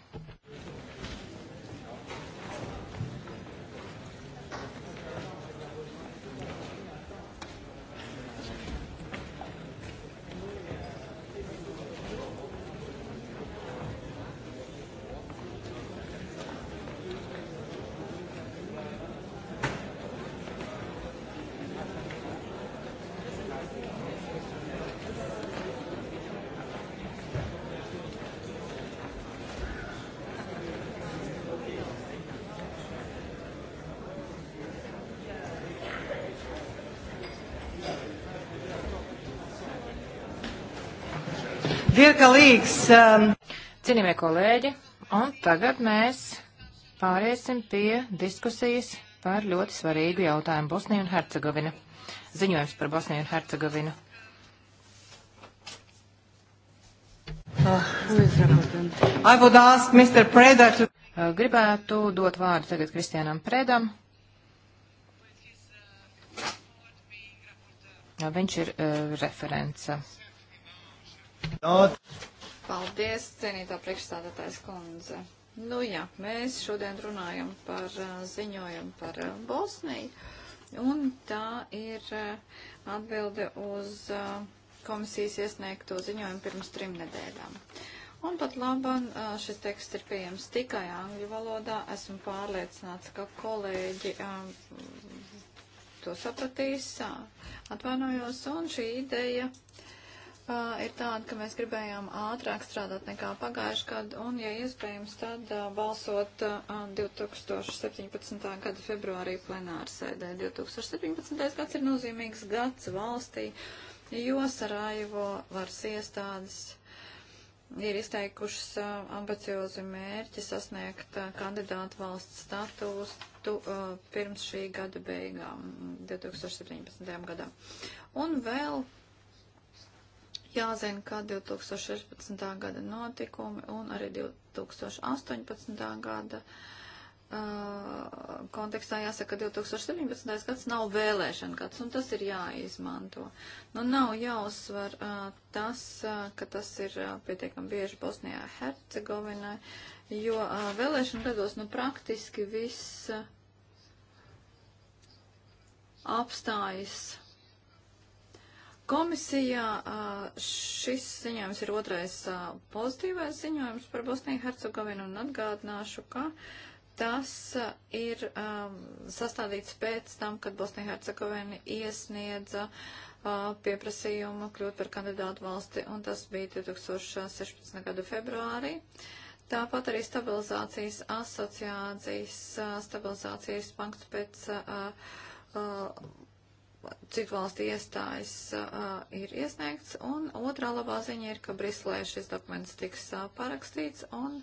Um... Cienījamie kolēģi, un tagad mēs pāriesim pie diskusijas par ļoti svarīgu jautājumu Bosniju un Hercegovinu. Ziņojums par Bosniju un Hercegovinu. Oh, to... Uh, gribētu dot vārdu tagad Kristianam Predam. Uh, viņš ir uh, referents Not. Paldies, cienītā priekšstādātājs kundze. Nu jā, mēs šodien runājam par ziņojumu par Bosniju, un tā ir atbilde uz komisijas iesniegto ziņojumu pirms trim nedēļām. Un pat labam šis teksts ir pieejams tikai angļu valodā. Esmu pārliecināts, ka kolēģi to sapratīs. Atvainojos, un šī ideja uh, ir tāda, ka mēs gribējām ātrāk strādāt nekā pagājuši gadu, un, ja iespējams, tad uh, balsot uh, 2017. gada februārī plenārsēdē. 2017. gads ir nozīmīgs gads valstī, jo Sarajevo varas iestādes ir izteikušas uh, ambiciozi mērķi sasniegt uh, kandidātu valsts statusu uh, pirms šī gada beigām, 2017. gadam. Un vēl jāzina, kā 2016. gada notikumi un arī 2018. gada uh, kontekstā jāsaka, ka 2017. gads nav vēlēšana gads, un tas ir jāizmanto. Nu, nav jāuzsver uh, tas, uh, ka tas ir pietiekami bieži Bosnijā, Hercegovinai, jo vēlēšana gados, nu, praktiski viss apstājas Komisijā šis ziņojums ir otrais pozitīvais ziņojums par Bosniju Hercegovinu un atgādināšu, ka tas ir um, sastādīts pēc tam, kad Bosnija Hercegovina iesniedza uh, pieprasījumu kļūt par kandidātu valsti, un tas bija 2016. gada februārī. Tāpat arī stabilizācijas asociācijas, stabilizācijas pankts pēc uh, uh, cik valsts iestājas uh, ir iesniegts, un otrā labā ziņa ir, ka Brislē šis dokuments tiks uh, parakstīts, un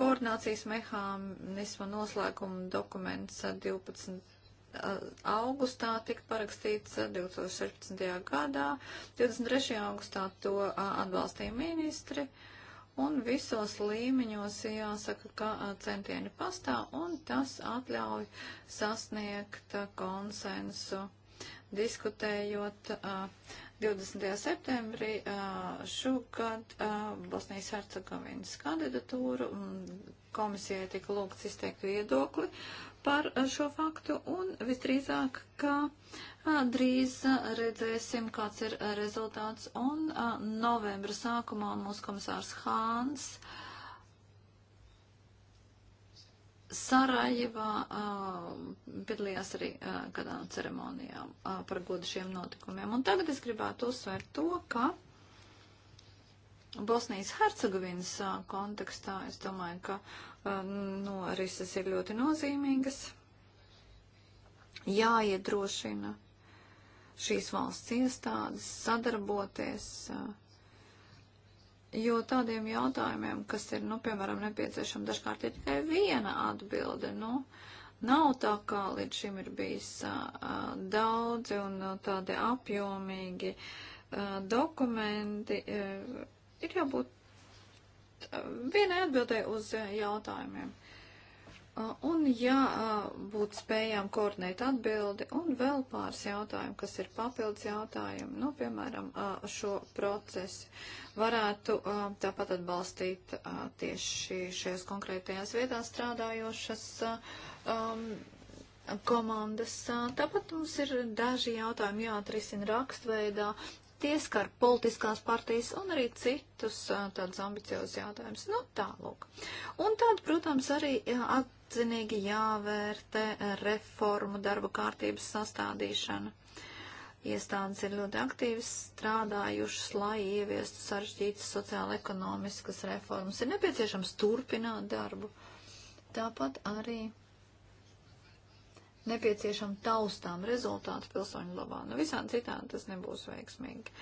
koordinācijas mehānisma noslēguma dokuments uh, 12. Uh, augustā tika parakstīts uh, 2016. gadā, 23. augustā to uh, atbalstīja ministri, un visos līmeņos jāsaka, ka centieni pastāv, un tas atļauj sasniegt konsensu diskutējot 20. septembrī šogad Bosnijas Hercegovinas kandidatūru. Komisijai tika lūgts izteikt viedokli par šo faktu un visdrīzāk, ka drīz redzēsim, kāds ir rezultāts. Un novembra sākumā mūsu komisārs Hāns. Uh, Sarajevā uh, piedalījās arī uh, kādā no ceremonijām uh, par godu šiem notikumiem. Un tagad es gribētu uzsvērt to, ka Bosnijas Hercegovinas uh, kontekstā es domāju, ka uh, norises nu, ir ļoti nozīmīgas. Jāiedrošina šīs valsts iestādes sadarboties. Uh, Jo tādiem jautājumiem, kas ir, nu, piemēram, nepieciešama dažkārt ir tikai viena atbilde, nu, nav tā, kā līdz šim ir bijis uh, daudzi un uh, tādi apjomīgi uh, dokumenti. Uh, ir jābūt vienai atbildēji uz e, jautājumiem. Uh, un jābūt spējām koordinēt atbildi, un vēl pāris jautājumu, kas ir papildus jautājumi, nu, piemēram, šo procesu varētu tāpat atbalstīt tieši šajās konkrētajās vietās strādājošas um, komandas. Tāpat mums ir daži jautājumi jāatrisina rakstveidā, tieskar politiskās partijas un arī citus tādus ambiciozus jautājumus. Nu, tālūk. Un tad, protams, arī at, atzinīgi jāvērtē reformu darba kārtības sastādīšana. Iestādes ir ļoti aktīvi strādājušas, lai ieviestu sarežģītas sociāla-ekonomiskas reformas. Ir nepieciešams turpināt darbu. Tāpat arī nepieciešama taustām rezultātu pilsoņu labā. Nu, visādi citādi tas nebūs veiksmīgi.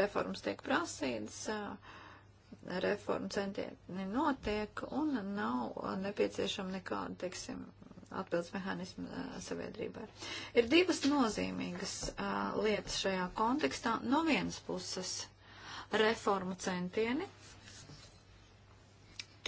Reformas tiek prasītas. Uh, reformu centieni notiek un nav nepieciešama nekāda, teiksim, atbildes mehānismu uh, sabiedrībai. Ir divas nozīmīgas uh, lietas šajā kontekstā. No vienas puses reformu centieni.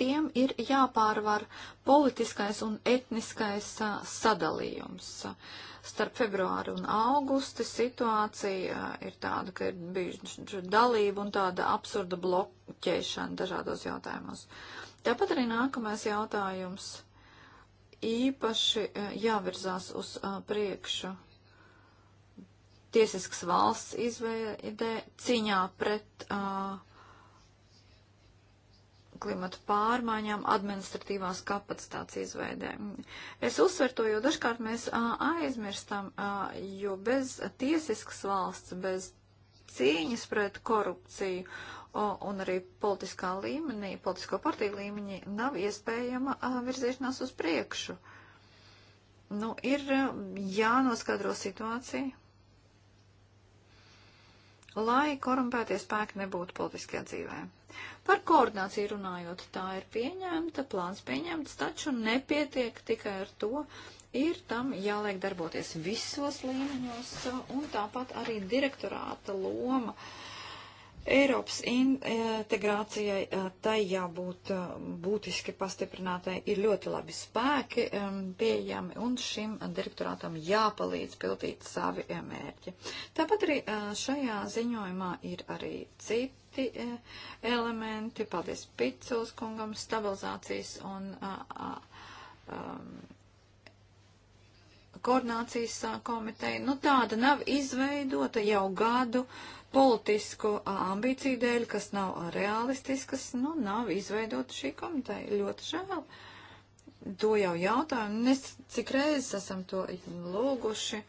Tiem ir jāpārvar politiskais un etniskais uh, sadalījums. Uh, Starp februāru un augusti situācija eh, ir tāda, ka ir bijuši dalība un tāda absurda bloķēšana dažādos jautājumos. Tāpat arī nākamais jautājums īpaši eh, jāvirzās uz eh, priekšu tiesisks valsts izveidē cīņā pret uh, klimatu pārmaiņām, administratīvās kapacitātes izveidē. Es uzsveru to, jo dažkārt mēs a, aizmirstam, a, jo bez tiesiskas valsts, bez cīņas pret korupciju o, un arī politiskā līmenī, politisko partiju līmenī nav iespējama a, virzīšanās uz priekšu. Nu, ir jānoskadro situācija, lai korumpētie spēki nebūtu politiskajā dzīvē. Par koordināciju runājot, tā ir pieņemta, plāns pieņemts, taču nepietiek tikai ar to. Ir tam jāliek darboties visos līmeņos, un tāpat arī direktorāta loma uh, Eiropas e, integrācijai e, tai jābūt e, būtiski pastiprinātai, ir ļoti labi spēki pieejami un šim direktorātam jāpalīdz pildīt savi mērķi. Tāpat arī šajā ziņojumā ir arī citi elementi, paldies Piculs kungam, stabilizācijas un koordinācijas komiteja. Nu tāda nav izveidota jau gadu politisku ambīciju dēļ, kas nav realistiskas, nu, nav izveidota šī komiteja. Ļoti žēl. To jau jautājumu. Mēs cik reizes esam to lūguši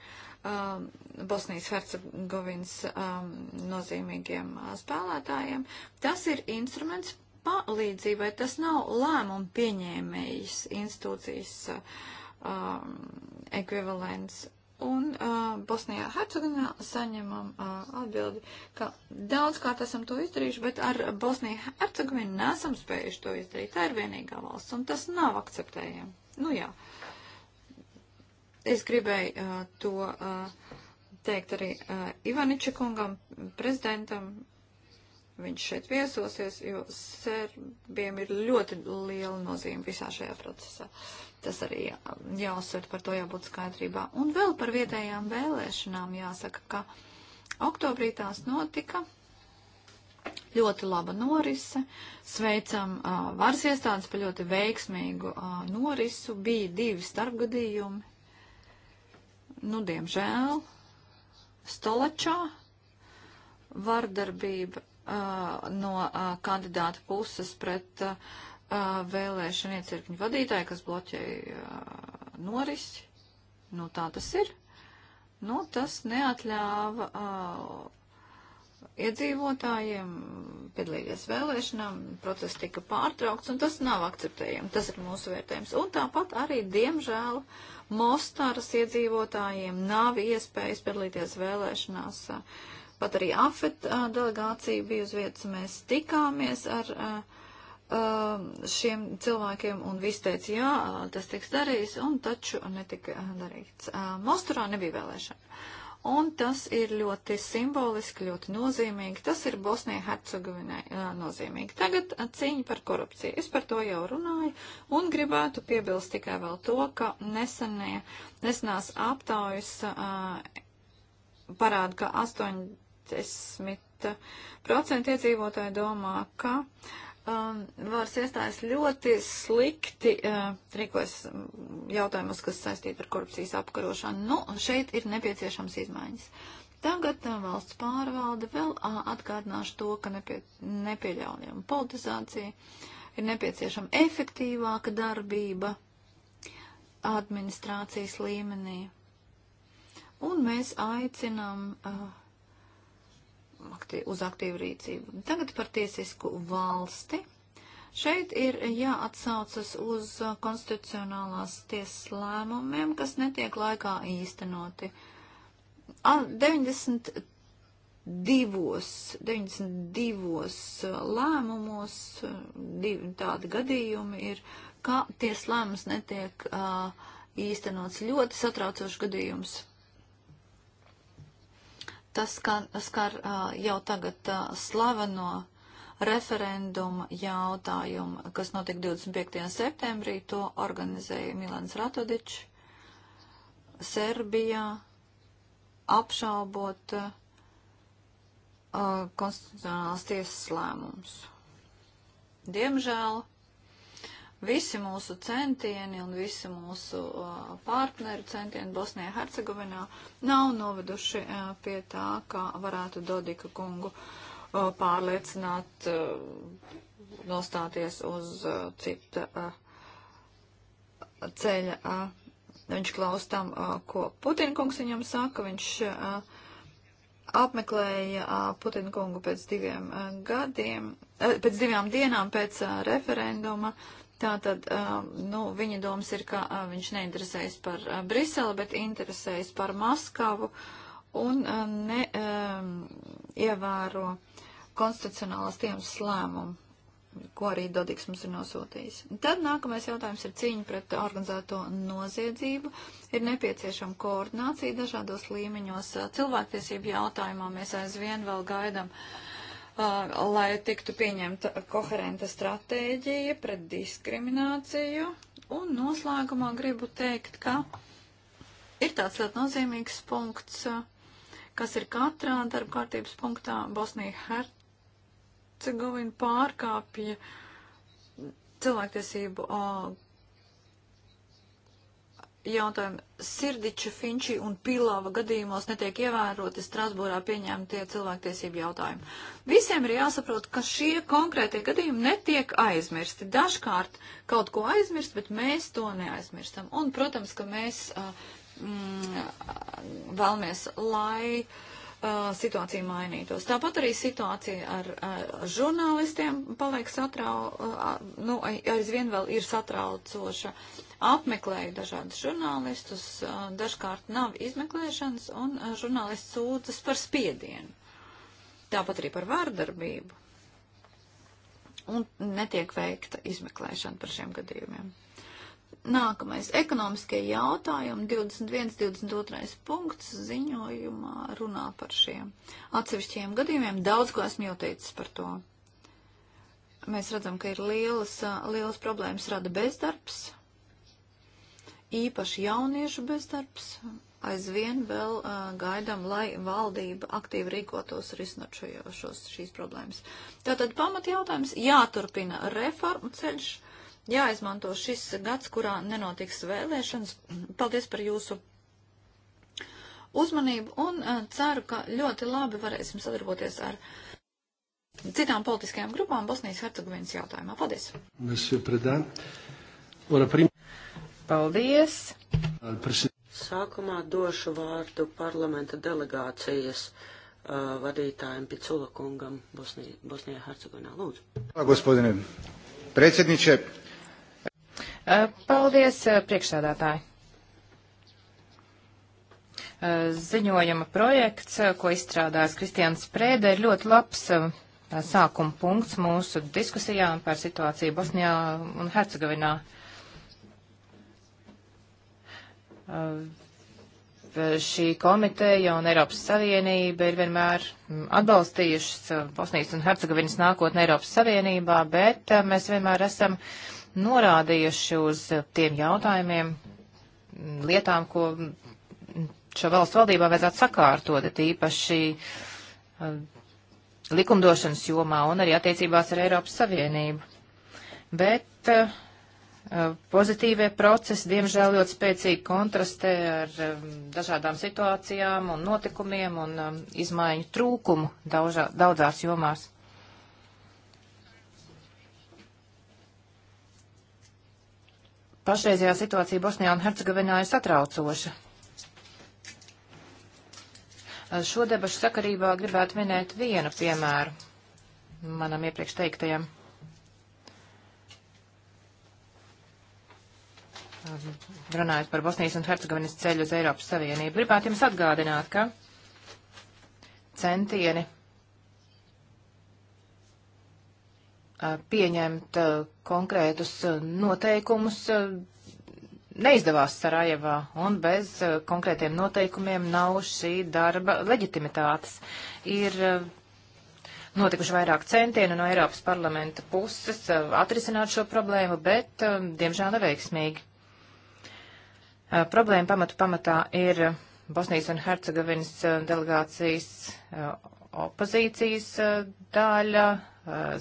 um, Bosnijas Hercegovinas um, nozīmīgiem uh, spēlētājiem. Tas ir instruments palīdzībai, tas nav lēmumu pieņēmējs institūcijas. Uh, um, ekvivalents. Un uh, Bosnijā Hercegovinā saņemam uh, atbildi, ka daudzkārt esam to izdarījuši, bet ar Bosniju Hercegovinu nesam spējuši to izdarīt. Tā ir vienīgā valsts, un tas nav akceptējami. Nu jā, es gribēju uh, to uh, teikt arī uh, Ivaniča kungam, prezidentam, viņš šeit viesosies, jo serbiem ir ļoti liela nozīme visā šajā procesā. Tas arī jā, jāuzsver, par to jābūt skaidrībā. Un vēl par vietējām vēlēšanām jāsaka, ka oktobrī tās notika ļoti laba norise. Sveicam uh, varas iestādes par ļoti veiksmīgu uh, norisu. Bija divi starpgadījumi. Nu, diemžēl, Stolačā vardarbība uh, no uh, kandidāta puses pret uh, vēlēšanu iecirkņu vadītāju, kas bloķēja uh, norisi. Nu, tā tas ir. Nu, tas neatļāva uh, iedzīvotājiem piedalīties vēlēšanām, process tika pārtraukts, un tas nav akceptējami. Tas ir mūsu vērtējums. Un tāpat arī, diemžēl, Mostaras iedzīvotājiem nav iespējas piedalīties vēlēšanās. Uh, Pat arī AFET uh, delegācija bija uz vietas, mēs tikāmies ar uh, šiem cilvēkiem un viss teica, jā, tas tiks darīts, un taču netika darīts. Mosturā nebija vēlēšana. Un tas ir ļoti simboliski, ļoti nozīmīgi. Tas ir Bosnijai Hercegovinai nozīmīgi. Tagad cīņa par korupciju. Es par to jau runāju un gribētu piebilst tikai vēl to, ka nesenie, nesenās aptaujas parāda, ka 8 70% iedzīvotāji domā, ka um, varas iestājas ļoti slikti uh, rīkojas um, jautājumus, kas saistīti ar korupcijas apkarošanu. Nu, šeit ir nepieciešams izmaiņas. Tagad uh, valsts pārvalde vēl uh, atgādināšu to, ka nepie, nepieļaujama politizācija, ir nepieciešama efektīvāka darbība administrācijas līmenī. Un mēs aicinām uh, aktīv, uz aktīvu rīcību. Tagad par tiesisku valsti. Šeit ir jāatsaucas uz konstitucionālās tiesas lēmumiem, kas netiek laikā īstenoti. Ar 92, 92 lēmumos divi tādi gadījumi ir, ka tiesas lēmums netiek uh, īstenots ļoti satraucošs gadījums Tas skar, skar jau tagad slaveno referenduma jautājumu, kas notika 25. septembrī. To organizēja Milans Ratodičs Serbijā, apšaubot uh, konstitucionālās tiesas lēmumus. Diemžēl Visi mūsu centieni un visi mūsu uh, partneru centieni Bosnijā Hercegovinā nav noveduši uh, pie tā, kā varētu Dodika kungu uh, pārliecināt, uh, nostāties uz uh, cita uh, ceļa. Uh, viņš klaus tam, uh, ko Putina kungs viņam saka. Viņš uh, apmeklēja uh, Putina kungu pēc diviem gadiem, pēc divām dienām pēc referenduma. Tātad, um, nu, viņa domas ir, ka uh, viņš neinteresējas par uh, Briseli, bet interesējas par Maskavu un uh, ne, um, ievēro konstitucionālās tiesas lēmumu, ko arī Dodiks mums ir nosūtījis. Tad nākamais jautājums ir cīņa pret organizēto noziedzību. Ir nepieciešama koordinācija dažādos līmeņos. Cilvēktiesību jautājumā mēs aizvien vēl gaidām. Uh, lai tiktu pieņemta koherenta stratēģija pret diskrimināciju. Un noslēgumā gribu teikt, ka ir tāds ļoti nozīmīgs punkts, kas ir katrā darbkārtības punktā Bosnija-Hercegovina pārkāpja cilvēktiesību jautājumu. Sirdiča, Finči un Pilava gadījumos netiek ievēroti Strasbūrā pieņemtie cilvēktiesību jautājumi. Visiem ir jāsaprot, ka šie konkrētie gadījumi netiek aizmirsti. Dažkārt kaut ko aizmirst, bet mēs to neaizmirstam. Un, protams, ka mēs uh, mm, vēlamies, lai uh, situācija mainītos. Tāpat arī situācija ar uh, žurnālistiem paliek satrau, uh, nu, aizvien vēl ir satraucoša apmeklēju dažādus žurnālistus, dažkārt nav izmeklēšanas, un žurnālists sūdzas par spiedienu. Tāpat arī par vārdarbību. Un netiek veikta izmeklēšana par šiem gadījumiem. Nākamais - ekonomiskie jautājumi. 21, 22. punkts ziņojumā runā par šiem atsevišķiem gadījumiem. Daudz ko esmu jau teicis par to. Mēs redzam, ka ir lielas, lielas problēmas rada bezdarbs, īpaši jauniešu bezdarbs. Aizvien vēl uh, gaidām, lai valdība aktīvi rīkotos risinot šīs problēmas. Tātad pamat jautājums - jāturpina reformu ceļš, jāizmanto šis gads, kurā nenotiks vēlēšanas. Paldies par jūsu uzmanību un uh, ceru, ka ļoti labi varēsim sadarboties ar citām politiskajām grupām Bosnijas Hercegovinas jautājumā. Paldies! Mēs jau predām. Ora prim... Paldies! Sākumā došu vārdu parlamenta delegācijas uh, vadītājiem Picula kungam Bosnijā, Bosnijā Hercegovinā. Lūdzu. Gospodine predsjedniče. Uh, paldies, uh, priekšsēdētāji. Uh, ziņojuma projekts, ko izstrādās Kristians Prēde, ir ļoti labs um, sākuma punkts mūsu diskusijām par situāciju Bosnijā un Hercegovinā. Uh, šī komiteja un Eiropas Savienība ir vienmēr mm, atbalstījušas Bosnijas un Hercegovinas nākotni Eiropas Savienībā, bet mēs vienmēr esam norādījuši uz tiem jautājumiem, mm, lietām, ko mm, šo valstu valdībā vajadzētu sakārtot, tīpaši likumdošanas jomā un arī attiecībās ar Eiropas Savienību. Bet uh, Eh, pozitīvie procesi, diemžēl, ļoti spēcīgi kontrastē ar dažādām situācijām un notikumiem un izmaiņu trūkumu daužā, daudzās jomās. Pašreizajā situācija Bosnijā un Hercegovinā ir satraucoša. Eh, šo debašu sakarībā gribētu minēt vienu piemēru manam iepriekš teiktajam. runājot par Bosnijas un Hercegovinas ceļu uz Eiropas Savienību. Gribētu jums atgādināt, ka centieni pieņemt konkrētus noteikumus neizdevās Sarajevā, un bez konkrētiem noteikumiem nav šī darba leģitimitātes. Ir notikuši vairāk centienu no Eiropas parlamenta puses atrisināt šo problēmu, bet, diemžēl, neveiksmīgi. Problēma pamatu pamatā ir Bosnijas un Hercegovinas delegācijas opozīcijas daļa,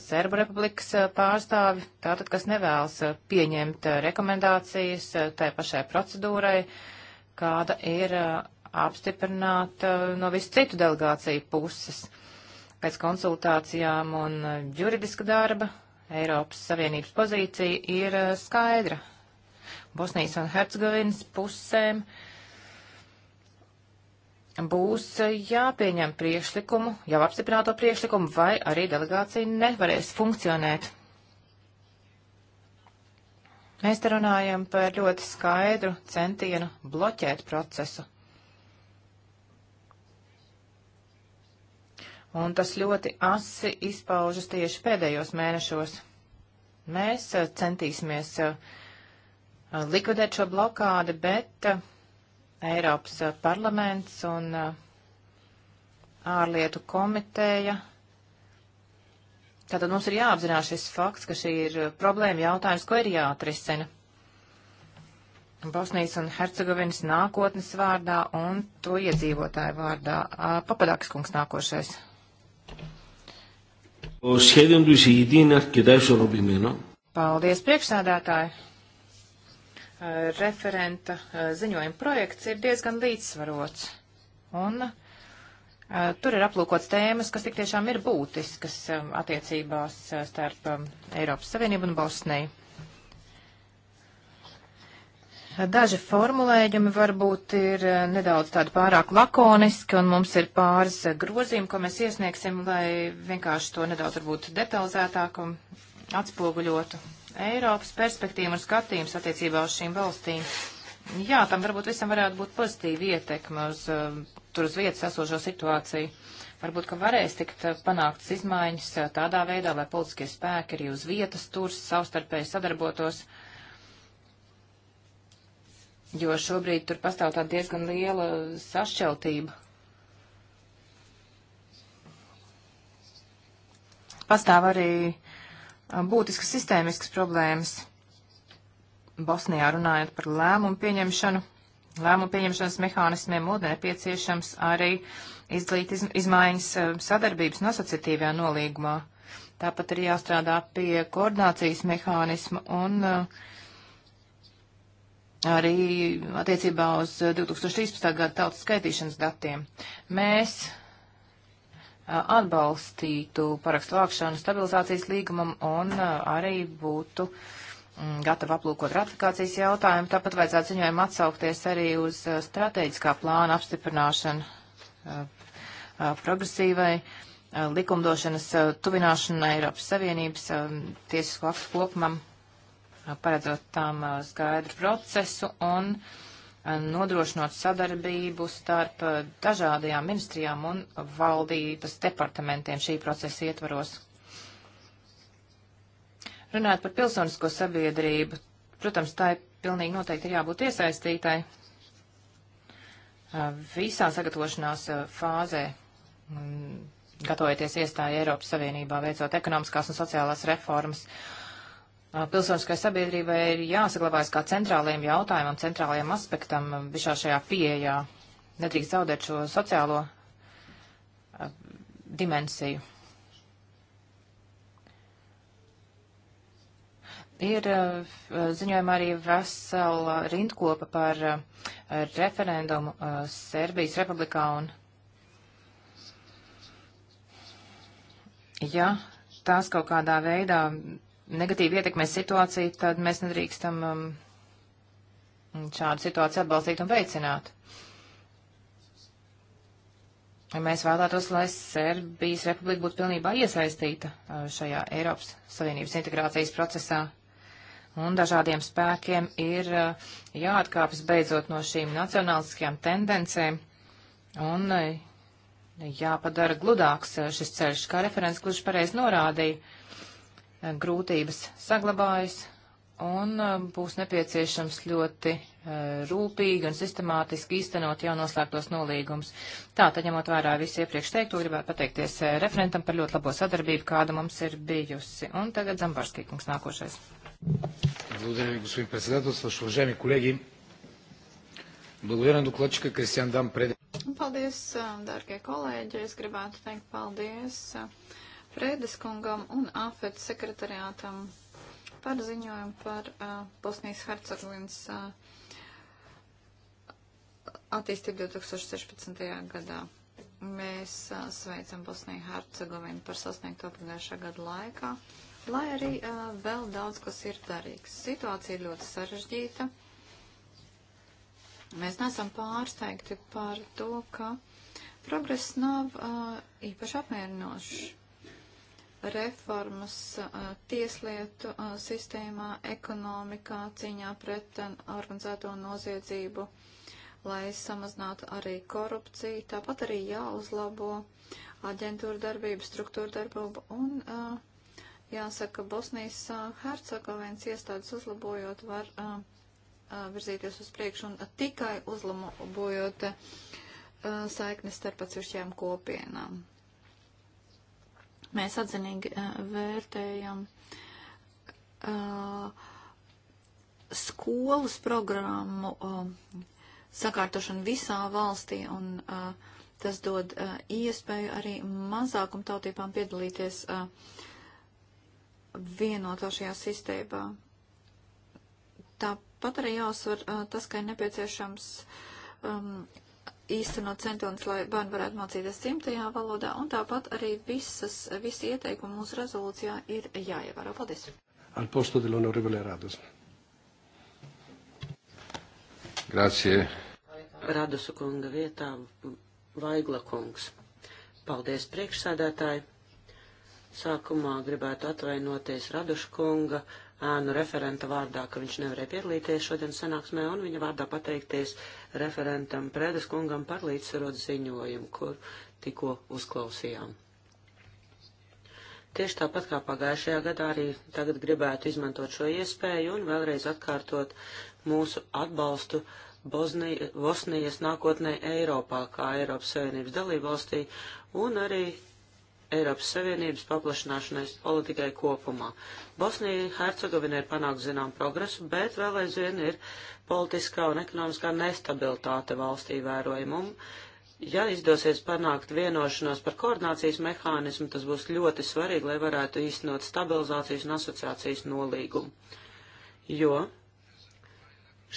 Serbu republikas pārstāvi, tātad, kas nevēlas pieņemt rekomendācijas tai pašai procedūrai, kāda ir apstiprināta no visu citu delegāciju puses. Pēc konsultācijām un juridiska darba Eiropas Savienības pozīcija ir skaidra. Bosnijas un Hercegovinas pusēm būs jāpieņem priekšlikumu, jau apstiprināto priekšlikumu, vai arī delegācija nevarēs funkcionēt. Mēs te runājam par ļoti skaidru centienu bloķēt procesu. Un tas ļoti asi izpaužas tieši pēdējos mēnešos. Mēs eh, centīsimies uh, Uh, likvidēt šo blokādi, bet uh, Eiropas uh, parlaments un ārlietu komiteja. Tātad mums ir jāapzinās šis fakts, ka šī ir problēma jautājums, ko ir jāatrisina. Bosnijas un Hercegovinas nākotnes vārdā un to iedzīvotāju vārdā. Papadāks kungs nākošais. Paldies priekšsādātāji! Eh, referenta eh, ziņojuma projekts ir diezgan līdzsvarots. Un eh, tur ir aplūkots tēmas, kas tik tiešām ir būtiskas attiecībās starp Eiropas Savienību un Bosniju. Daži formulējumi varbūt ir nedaudz tādi pārāk lakoniski, un mums ir pāris grozījumi, ko mēs iesniegsim, lai vienkārši to nedaudz varbūt detalizētāk un atspoguļotu. Eiropas perspektīva un skatījums attiecībā uz šīm valstīm. Jā, tam varbūt visam varētu būt pozitīva ietekme uz eh, tur uz vietas esošo situāciju. Varbūt, ka varēs tikt eh, panāktas izmaiņas eh, tādā veidā, lai politiskie spēki arī uz vietas tur savstarpēji sadarbotos, jo šobrīd tur pastāv tā diezgan liela sašķeltība pastāv arī būtiskas sistēmiskas problēmas. Bosnijā runājot par lēmumu pieņemšanu, lēmumu pieņemšanas mehānismiem un nepieciešams arī izglīt iz, izmaiņas sadarbības un asociatīvajā nolīgumā. Tāpat ir jāstrādā pie koordinācijas mehānisma un uh, arī attiecībā uz 2013. gada tautas skaitīšanas datiem. Mēs atbalstītu parakstu vākšanu stabilizācijas līgumam un uh, arī būtu mm, gatava aplūkot ratifikācijas jautājumu. Tāpat vajadzētu ziņojumu atsaukties arī uz uh, strateģiskā plāna apstiprināšanu uh, progresīvai likumdošanas tuvināšanai Eiropas Savienības um, tiesisko aktu kopumam, paredzot tam skaidru procesu un uh, nodrošinot sadarbību starp eh, dažādajām ministrijām un valdības departamentiem šī procesa ietvaros. Runājot par pilsonisko sabiedrību, protams, tā ir pilnīgi noteikti ir jābūt iesaistītai eh, visā sagatavošanās eh, fāzē, mm, gatavojoties iestāja Eiropas Savienībā, veicot ekonomiskās un sociālās reformas. Uh, pilsoniskai sabiedrībai ir jāsaglabājas kā centrālajiem jautājumam, centrālajiem aspektam visā šajā pieejā. Nedrīkst zaudēt šo sociālo a, dimensiju. Ir a, ziņojumā arī vesela rindkopa par a, referendumu Serbijas republikā un. Ja tās kaut kādā veidā negatīvi ietekmē situāciju, tad mēs nedrīkstam um, šādu situāciju atbalstīt un veicināt. Mēs vēlētos, lai Serbijas republika būtu pilnībā iesaistīta uh, šajā Eiropas Savienības integrācijas procesā. Un dažādiem spēkiem ir uh, jāatkāpjas beidzot no šīm nacionālistiskajām tendencēm un uh, jāpadara gludāks šis ceļš, kā referents gluži pareizi norādīja grūtības saglabājas un uh, būs nepieciešams ļoti uh, rūpīgi un sistemātiski īstenot jau noslēgtos nolīgumus. Tā, tad ņemot vērā visu iepriekš teikto, gribētu pateikties uh, referentam par ļoti labo sadarbību, kāda mums ir bijusi. Un tagad Zambarskī kungs nākošais. Благодаря ви, господин председателстващ. Уважаеми колеги, благодаря на докладчика Кристиан Дам Преде. Paldies, dārgie kolēģi. Es gribētu teikt paldies Frēdes kungam un AFET sekretariātam par ziņojumu par uh, Bosnijas Hercegovinas uh, attīstību 2016. gadā. Mēs uh, sveicam Bosniju Hercegovinu par sasniegto pagājušā gada laikā, lai arī uh, vēl daudz kas ir darīgs. Situācija ir ļoti sarežģīta. Mēs neesam pārsteigti par to, ka progress nav uh, īpaši apmierinošs reformas tieslietu sistēmā, ekonomikā, cīņā pret organizēto noziedzību, lai samazinātu arī korupciju. Tāpat arī jāuzlabo aģentūra darbību, struktūra darbību un, jāsaka, Bosnijas Hercegovins iestādes uzlabojot var virzīties uz priekšu un tikai uzlabojot saiknes starp atsevišķajām kopienām. Mēs atzinīgi eh, vērtējam uh, skolas programmu uh, sakārtošanu visā valstī, un uh, tas dod uh, iespēju arī mazākumtautībām piedalīties uh, vienotā šajā sistēmā. Tāpat arī jāuzsver uh, tas, ka ir nepieciešams um, īstenot centienus, lai bērni varētu mācīties dzimtajā valodā, un tāpat arī visas, visi ieteikumi mūsu rezolūcijā ir jāievēro. Paldies! Al posto dell'onorevole Rados. Grazie. Radosu kunga vietā Vaigla kungs. Paldies priekšsēdētāji. Sākumā gribētu atvainoties Radošu kunga ēnu referenta vārdā, ka viņš nevarēja piedalīties šodien sanāksmē, un viņa vārdā pateikties referentam Prēdas kungam par līdzsvarot ziņojumu, kur tikko uzklausījām. Tieši tāpat kā pagājušajā gadā arī tagad gribētu izmantot šo iespēju un vēlreiz atkārtot mūsu atbalstu Bosnijas nākotnē Eiropā, kā Eiropas Savienības dalībvalstī, un arī Eiropas Savienības paplašināšanais politikai kopumā. Bosnija Hercegovina ir panākt zinām progresu, bet vēl aizvien ir politiskā un ekonomiskā nestabilitāte valstī vērojumu. Ja izdosies panākt vienošanos par koordinācijas mehānismu, tas būs ļoti svarīgi, lai varētu īstenot stabilizācijas un asociācijas nolīgumu. Jo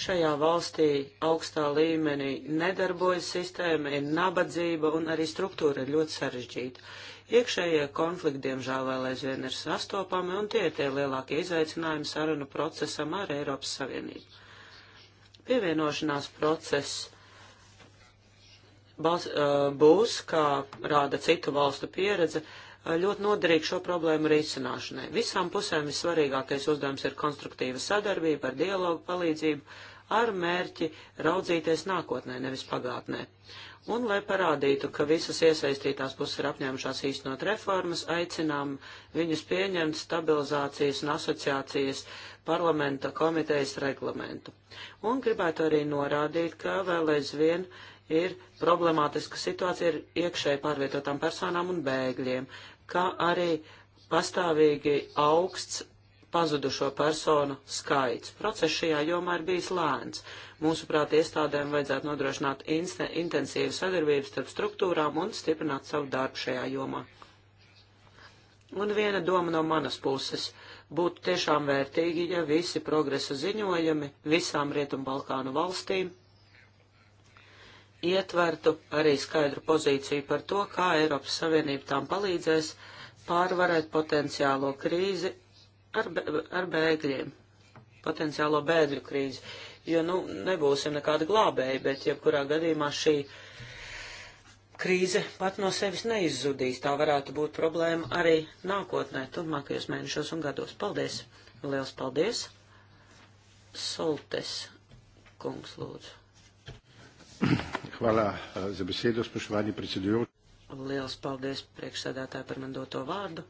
šajā valstī augstā līmenī nedarbojas sistēma, ir nabadzība un arī struktūra ir ļoti sarežģīta. Iekšējie konflikti, diemžēl, vēl aizvien ir sastopami, un tie ir tie lielākie izaicinājumi sarunu procesam ar Eiropas Savienību. Pievienošanās process bals, būs, kā rāda citu valstu pieredze, ļoti noderīgi šo problēmu risināšanai. Visām pusēm vissvarīgākais uzdevums ir konstruktīva sadarbība ar dialogu palīdzību ar mērķi raudzīties nākotnē, nevis pagātnē. Uh, Un, lai parādītu, ka visas iesaistītās puses ir apņēmušās īstenot reformas, aicinām viņus pieņemt stabilizācijas un asociācijas parlamenta komitejas reglamentu. Un gribētu arī norādīt, ka vēl aizvien ir problemātiska situācija ar iekšēji pārvietotām personām un bēgļiem, kā arī pastāvīgi augsts pazudušo personu skaits. Process šajā jomā ir bijis lēns. Mūsuprāt, iestādēm vajadzētu nodrošināt intensīvu sadarbību starp struktūrām un stiprināt savu darbu šajā jomā. Un viena doma no manas puses būtu tiešām vērtīgi, ja visi progresa ziņojumi visām Rietumbalkānu valstīm ietvertu arī skaidru pozīciju par to, kā Eiropas Savienība tām palīdzēs pārvarēt potenciālo krīzi ar, ar bēgļiem, potenciālo bēgļu krīzi, jo, nu, nebūsim nekādi glābēji, bet jebkurā gadījumā šī krīze pat no sevis neizzudīs. Tā varētu būt problēma arī nākotnē, turpmākajos mēnešos un gados. Paldies! Liels paldies! Soltes kungs lūdzu. Hvala eh, za besedo, spoštovani predsedujoči. Liels paldies priekšsēdētāji par man doto vārdu.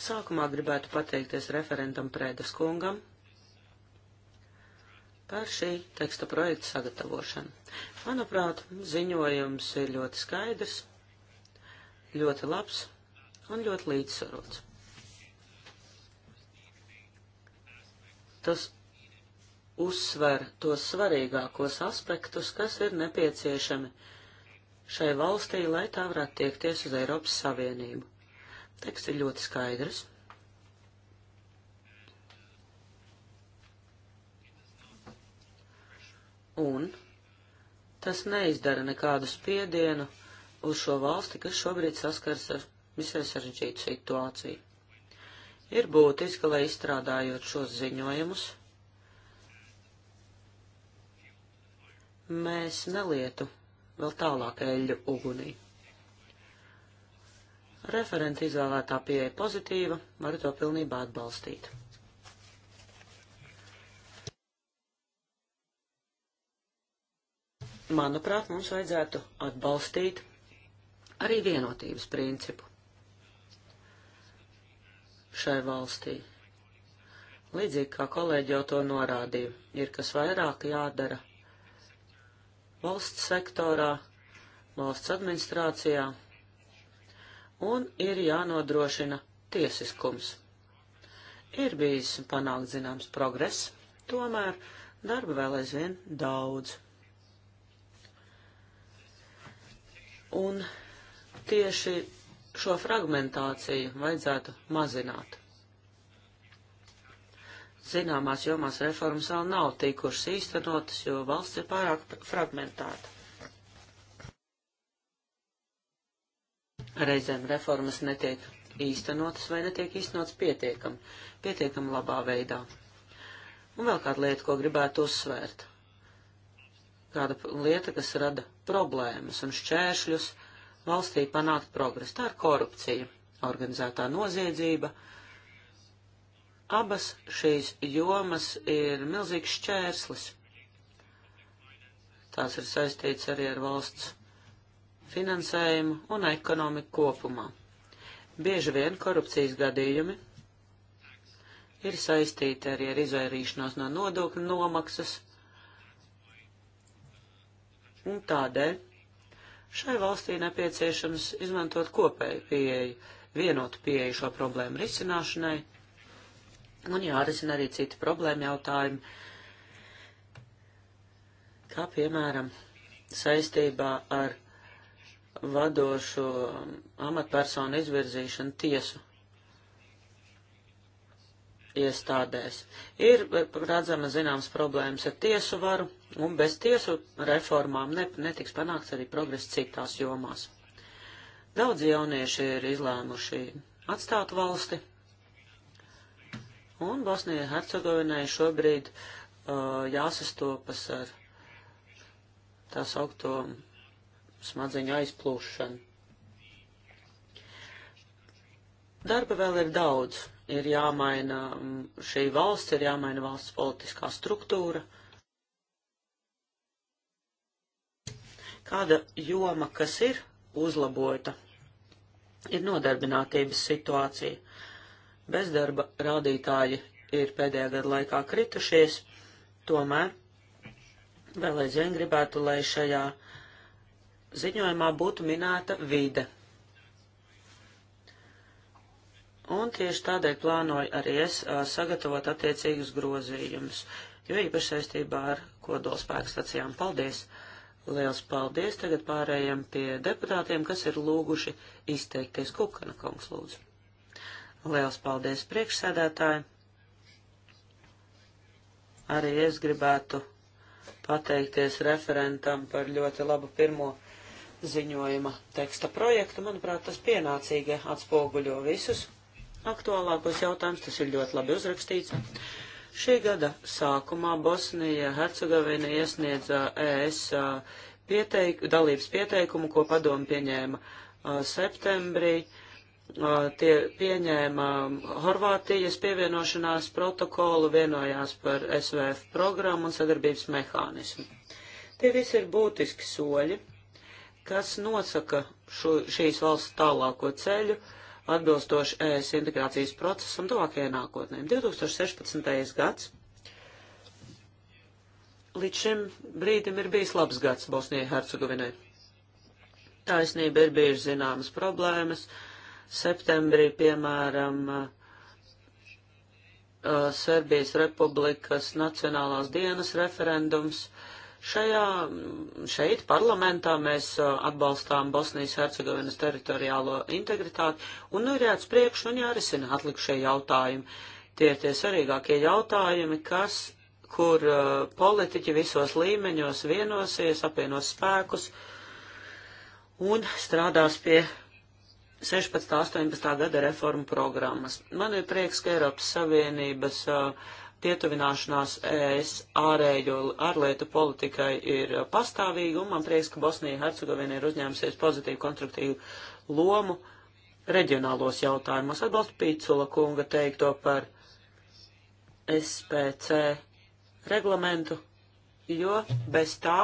Sākumā gribētu pateikties referentam Prēdas kungam par šī teksta projekta sagatavošanu. Manuprāt, ziņojums ir ļoti skaidrs, ļoti labs un ļoti līdzsvarots. Tas uzsver tos svarīgākos aspektus, kas ir nepieciešami šai valstī, lai tā varētu tiekties uz Eiropas Savienību. Teksts ir ļoti skaidrs. Un tas neizdara nekādu spiedienu uz šo valsti, kas šobrīd saskars ar visai sarežģītu situāciju. Ir būtiski, lai izstrādājot šos ziņojumus, mēs nelietu vēl tālāk eļļu ugunī. Referenta izvēlētā pieeja pozitīva, varu to pilnībā atbalstīt. Manuprāt, mums vajadzētu atbalstīt arī vienotības principu šai valstī. Līdzīgi kā kolēģi jau to norādīja, ir kas vairāk jādara valsts sektorā, valsts administrācijā, un ir jānodrošina tiesiskums. Ir bijis panākt zināms progress, tomēr darba vēl aizvien daudz. Un tieši šo fragmentāciju vajadzētu mazināt. Zināmās jomās reformas vēl nav tikušas īstenotas, jo valsts ir pārāk fragmentēta. reizēm reformas netiek īstenotas vai netiek īstenotas pietiekam, pietiekam labā veidā. Un vēl kāda lieta, ko gribētu uzsvērt. Kāda lieta, kas rada problēmas un šķēršļus valstī panākt progresu. Tā ir korupcija, organizētā noziedzība. Abas šīs jomas ir milzīgs šķērslis. Tās ir saistīts arī ar valsts finansējumu un ekonomiku kopumā. Bieži vien korupcijas gadījumi ir saistīti arī ar izvairīšanos no nodokļu nomaksas, un tādēļ šai valstī nepieciešams izmantot kopēju pieeju, vienotu pieeju šo problēmu risināšanai, un jārisina arī citi problēma jautājumi, kā piemēram saistībā ar vadošo um, amatpersonu izvirzīšanu tiesu iestādēs. Ir eh, redzama zināmas problēmas ar tiesu varu, un bez tiesu reformām ne, netiks panākts arī progress citās jomās. Daudz jaunieši ir izlēmuši atstāt valsti, un Bosnijai Hercegovinai šobrīd uh, jāsastopas ar tā saukto smadzeņu aizplūšanu. Darba vēl ir daudz. Ir jāmaina šī valsts, ir jāmaina valsts politiskā struktūra. Kāda joma, kas ir uzlabota, ir nodarbinātības situācija. Bezdarba rādītāji ir pēdējā gada laikā kritušies, tomēr vēl aizvien gribētu, lai šajā uh, ziņojumā būtu minēta vide. Un tieši tādēļ plānoju arī es sagatavot attiecīgus grozījumus, jo īpaši saistībā ar kodolspēku stacijām. Paldies! Liels paldies! Tagad pārējiem pie deputātiem, kas ir lūguši izteikties Kukana kungs lūdzu. Liels paldies priekšsēdētāji! Arī es gribētu pateikties referentam par ļoti labu pirmo ziņojuma teksta projektu. Manuprāt, tas pienācīgi atspoguļo visus aktuālākos jautājumus. Tas ir ļoti labi uzrakstīts. Šī gada sākumā Bosnija Hercegovina iesniedza ES pieteik, dalības pieteikumu, ko padomu pieņēma septembrī. Tie pieņēma Horvātijas pievienošanās protokolu, vienojās par SVF programmu un sadarbības mehānismu. Tie visi ir būtiski soļi, kas nosaka šo, šīs valsts tālāko ceļu atbilstoši ES integrācijas procesam tuvākajai nākotnē. 2016. gads. Līdz šim brīdim ir bijis labs gads Bosnijai Hercegovinai. Taisnība ir bijuši zināmas problēmas. Septembrī, piemēram, uh, Serbijas Republikas Nacionālās dienas referendums Šajā, šeit parlamentā mēs atbalstām Bosnijas Hercegovinas teritoriālo integritāti un nu ir jāc priekš un jārisina atlikšie jautājumi. Tie ir tie svarīgākie jautājumi, kas, kur uh, politiķi visos līmeņos vienosies, apvienos spēkus un strādās pie 16. 18. gada reformu programmas. Man ir prieks, ka Eiropas Savienības uh, Pietuvināšanās ES ārējo ārlietu politikai ir pastāvīga, un man prieks, ka Bosnija Hercegovina ir uzņēmusies pozitīvu, konstruktīvu lomu reģionālos jautājumos. Atbalstu Pīcula kunga teikto par SPC reglamentu, jo bez tā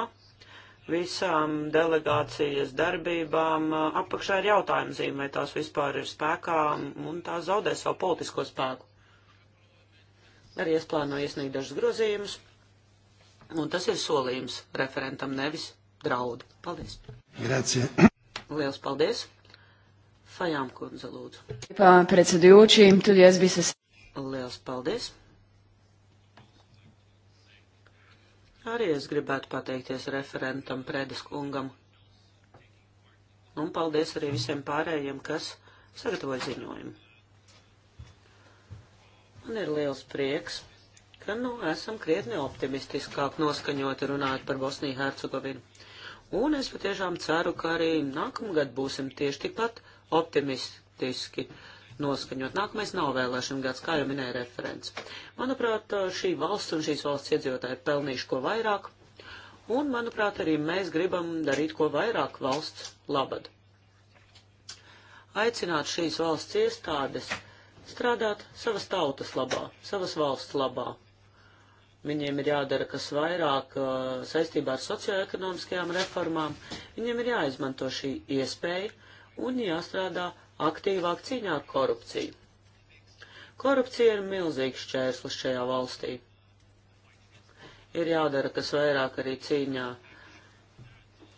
visām delegācijas darbībām apakšā ir jautājums zīme, vai tās vispār ir spēkā, un tās zaudē savu politisko spēku. Arī es plānoju iesniegt dažus grozījumus, un tas ir solījums referentam, nevis draudi. Paldies! Grazie! Liels paldies! Fajām kundze lūdzu. Predsedujočiem, tad es visas. Liels paldies! Arī es gribētu pateikties referentam Prēdas kungam. Un paldies arī visiem pārējiem, kas sagatavoja ziņojumu. Man ir liels prieks, ka nu esam krietni optimistiskāk noskaņoti runāt par Bosniju Hercegovinu. Un es patiešām ceru, ka arī nākamgad būsim tieši tikpat optimistiski noskaņot. Nākamais nav vēlēšana gads, kā jau minēja referents. Manuprāt, šī valsts un šīs valsts iedzīvotāji ir pelnījuši ko vairāk, un, manuprāt, arī mēs gribam darīt ko vairāk valsts labad. Aicināt šīs valsts iestādes strādāt savas tautas labā, savas valsts labā. Viņiem ir jādara kas vairāk uh, saistībā ar socioekonomiskajām reformām, viņiem ir jāizmanto šī iespēja un jāstrādā aktīvāk cīņā ar korupciju. Korupcija ir milzīgs šķērslis šajā valstī. Ir jādara kas vairāk arī cīņā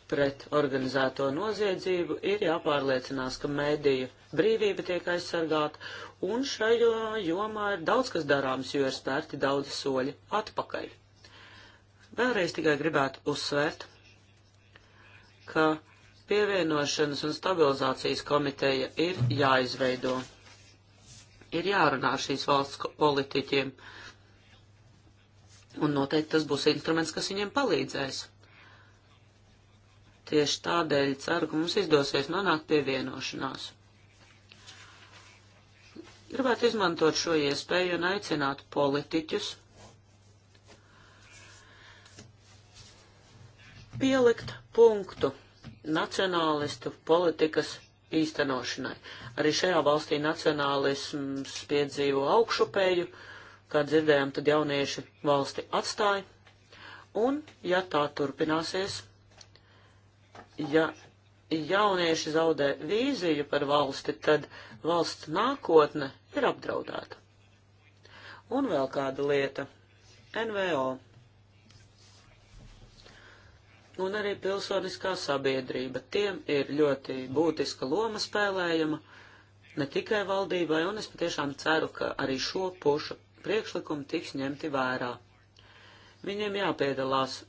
pret organizēto noziedzību, ir jāpārliecinās, ka mēdīju brīvība tiek aizsargāta, un šajā jomā ir daudz kas darāms, jo ir spērti daudzi soļi atpakaļ. Vēlreiz tikai gribētu uzsvērt, ka pievienošanas un stabilizācijas komiteja ir jāizveido. Ir jārunā šīs valsts politiķiem, un noteikti tas būs instruments, kas viņiem palīdzēs. Tieši tādēļ ceru, ka mums izdosies nonākt pie vienošanās. Gribētu izmantot šo iespēju un aicināt politiķus pielikt punktu nacionālistu politikas īstenošanai. Arī šajā valstī nacionālisms piedzīvo augšupēju, kā dzirdējām, tad jaunieši valsti atstāja. Un, ja tā turpināsies, ja jaunieši zaudē vīziju par valsti, tad valsts nākotne ir apdraudēta. Un vēl kāda lieta - NVO. Un arī pilsoniskā sabiedrība. Tiem ir ļoti būtiska loma spēlējama ne tikai valdībai, un es patiešām ceru, ka arī šo pušu priekšlikumu tiks ņemti vērā. Viņiem jāpiedalās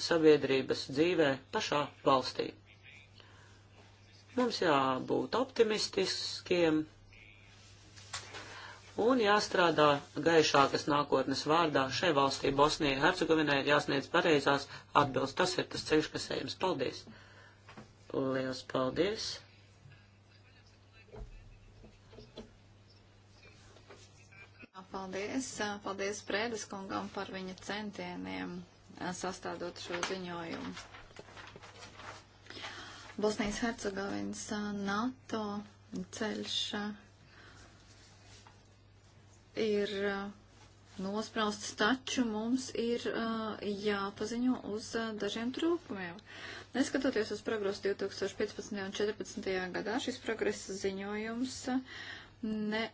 sabiedrības dzīvē pašā valstī. Mums jābūt optimistiskiem un jāstrādā gaišākas nākotnes vārdā šai valstī Bosnijai Hercegovinai ir jāsniedz pareizās atbildes. Tas ir tas ceļš, kas ejams. Paldies! Liels paldies! Paldies, paldies Prēdes kungam par viņa centieniem sastādot šo ziņojumu. Bosnijas Hercegovinas NATO ceļš uh, ir uh, nosprausts, taču mums ir uh, jāpaziņo uz dažiem trūkumiem. Neskatoties uz progresu 2015. un 2014. gadā, šis progresa ziņojums ne,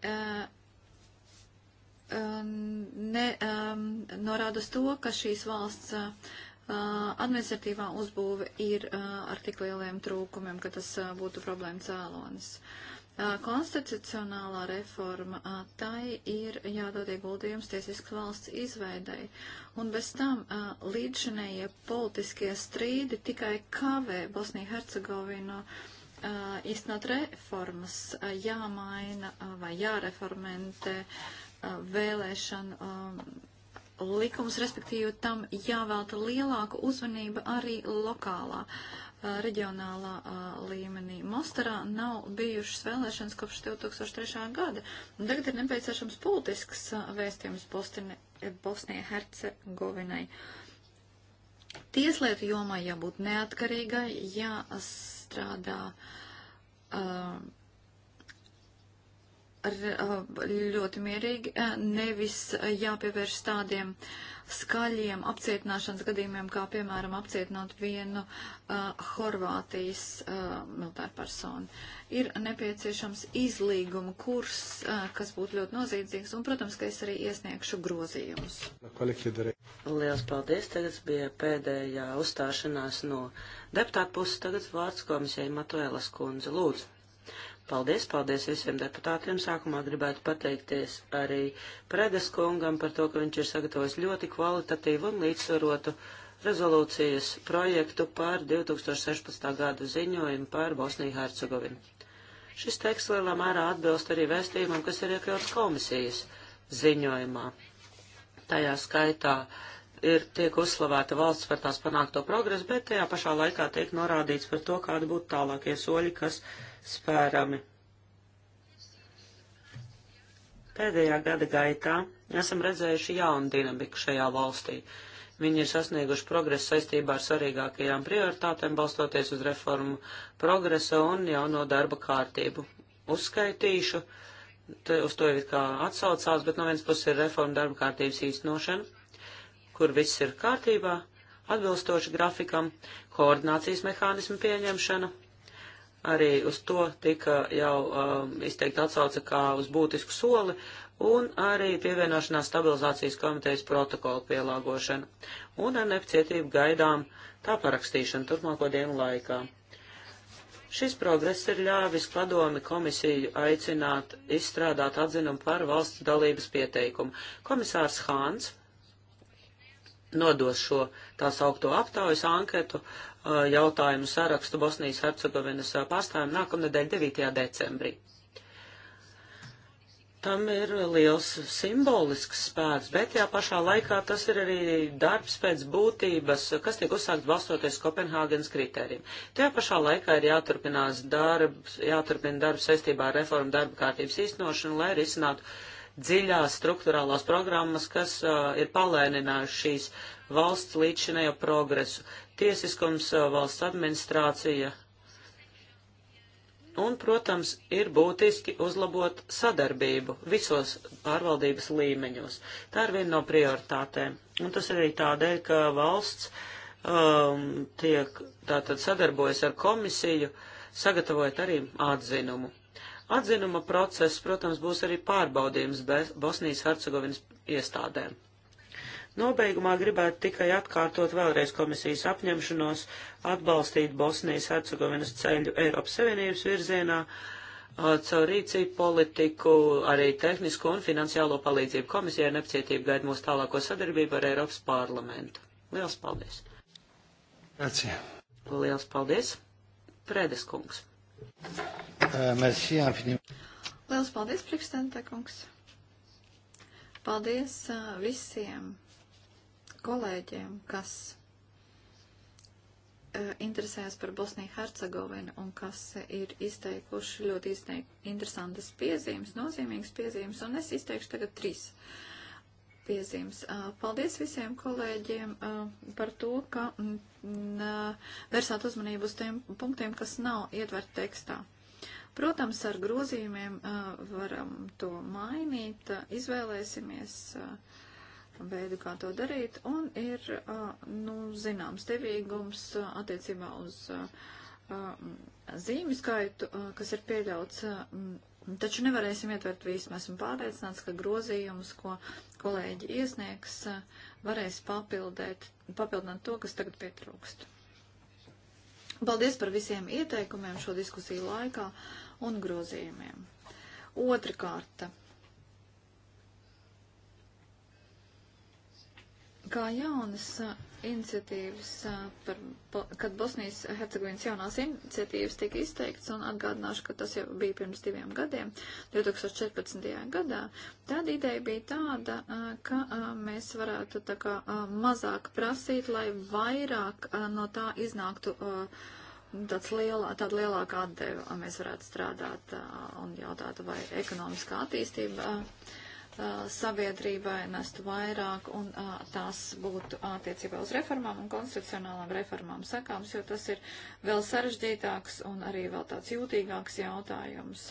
Um, ne, um, norāda uz to, ka šīs valsts uh, administratīvā uzbūve ir uh, ar tik lieliem trūkumiem, ka tas uh, būtu problēma cēlonis. Uh, konstitucionālā reforma uh, tai ir jādod ieguldījums tiesiskas valsts izveidai, un bez tam uh, līdzšanējie politiskie strīdi tikai kavē Bosniju-Hercegovinu īstenot reformas, jāmaina vai jāreformentē Uh, vēlēšanu um, likums, respektīvi tam jāvēlta lielāka uzmanība arī lokālā, uh, reģionālā uh, līmenī. Mostarā nav bijušas vēlēšanas kopš 2003. gada. Tagad ir nepieciešams politisks uh, vēstījums Bosnijai Hercegovinai. Tieslietu jomā jābūt neatkarīgai, jāstrādā. Uh, Uh, ļoti mierīgi, uh, nevis uh, jāpievērš tādiem skaļiem apcietināšanas gadījumiem, kā piemēram apcietinot vienu uh, Horvātijas uh, militāru personu. Ir nepieciešams izlīguma kurs, uh, kas būtu ļoti nozīdzīgs, un, protams, ka es arī iesniegšu grozījumus. Lielas paldies! Tagad bija pēdējā uzstāšanās no deputāta puses. Tagad vārds komisijai Matuēlas kundze. Lūdzu! Paldies, paldies visiem deputātiem. Sākumā gribētu pateikties arī Predes kungam par to, ka viņš ir sagatavojis ļoti kvalitatīvu un līdzsvarotu rezolūcijas projektu par 2016. gadu ziņojumu par Bosniju Hercegovinu. Šis teksts lielā mērā atbilst arī vēstījumam, kas ir iekļauts komisijas ziņojumā. Tajā skaitā ir tiek uzslavēta valsts par tās panākto progresu, bet tajā pašā laikā tiek norādīts par to, kāda būtu tālākie soļi, kas spērami. Pēdējā gada gaitā esam redzējuši jaunu dinamiku šajā valstī. Viņi ir sasnieguši progresu saistībā ar svarīgākajām prioritātēm, balstoties uz reformu progresa un jauno darba kārtību. Uzskaitīšu, te, uz to ir kā atsaucās, bet no vienas puses ir reforma darba kārtības īstenošana, kur viss ir kārtībā, atbilstoši grafikam, koordinācijas mehānismu pieņemšana, Arī uz to tika jau um, izteikti atsauce kā uz būtisku soli un arī pievienošanās stabilizācijas komitejas protokolu pielāgošana. Un ar nepacietību gaidām tā parakstīšana turpmāko dienu laikā. Šis progress ir ļāvis padomi komisiju aicināt izstrādāt atzinumu par valsts dalības pieteikumu. Komisārs Hāns nodos šo tā saukto aptaujas anketu Eh, jautājumu sarakstu Bosnijas Hercegovinas eh, pārstāvjiem nākamnedēļ 9. decembrī. Tam ir liels simbolisks spēks, bet tajā pašā laikā tas ir arī darbs pēc būtības, kas tiek uzsākts balstoties Kopenhāgenes kritērijiem. Tajā pašā laikā ir jāturpinās darbs, jāturpina darbs saistībā ar reformu darba kārtības īstenošanu, lai risinātu uh, dziļās struktūrālās programmas, kas uh, ir palēninājušas šīs valsts līdzšinējo progresu. Tiesiskums, uh, valsts administrācija. Un, protams, ir būtiski uzlabot sadarbību visos pārvaldības līmeņos. Tā ir viena no prioritātēm. Un tas arī tādēļ, ka valsts um, tiek tātad sadarbojas ar komisiju, sagatavojot arī atzinumu. Atzinuma process, protams, būs arī pārbaudījums Bosnijas Hercegovinas iestādēm. Nobeigumā gribētu tikai atkārtot vēlreiz komisijas apņemšanos atbalstīt Bosnijas Hercegovinas ceļu Eiropas Savienības virzienā caur rīcību politiku, arī tehnisko un finansiālo palīdzību komisijai nepacietību gaida mūsu tālāko sadarbību ar Eiropas parlamentu. Liels paldies! Grazie! Liels paldies! Prēdes kungs! Eh, merci infiniment. Liels paldies, priekšstādā kungs. Paldies eh, visiem kolēģiem, kas eh, interesējas par Bosniju Hercegovinu un kas ir izteikuši ļoti izteik, interesantas piezīmes, nozīmīgas piezīmes, un es izteikšu tagad trīs piezīmes. Paldies visiem kolēģiem par to, ka mm, vērsāt uzmanību uz tiem punktiem, kas nav ietverti tekstā. Protams, ar grozījumiem varam to mainīt, izvēlēsimies veidu, kā to darīt, un ir, nu, zināms, devīgums attiecībā uz zīmju skaitu, kas ir pieļauts Nu, taču nevarēsim ietvert visu. Esmu pārliecināts, ka grozījumus, ko kolēģi iesniegs, varēs papildēt, papildināt to, kas tagad pietrūkst. Paldies par visiem ieteikumiem šo diskusiju laikā un grozījumiem. Otra kārta. Kā jaunas iniciatīvas, par, kad Bosnijas Hercegovinas jaunās iniciatīvas tika izteikts, un atgādināšu, ka tas jau bija pirms diviem gadiem, 2014. gadā, tad ideja bija tāda, ka mēs varētu tā kā mazāk prasīt, lai vairāk no tā iznāktu tāds lielā, tāda lielāka atdeva, mēs varētu strādāt un jautāt, vai ekonomiskā attīstība. Uh, Uh, sabiedrībai nestu vairāk un a, uh, tās būtu attiecībā uz reformām un konstitucionālām reformām sakāms, jo tas ir vēl sarežģītāks un arī vēl tāds jūtīgāks jautājums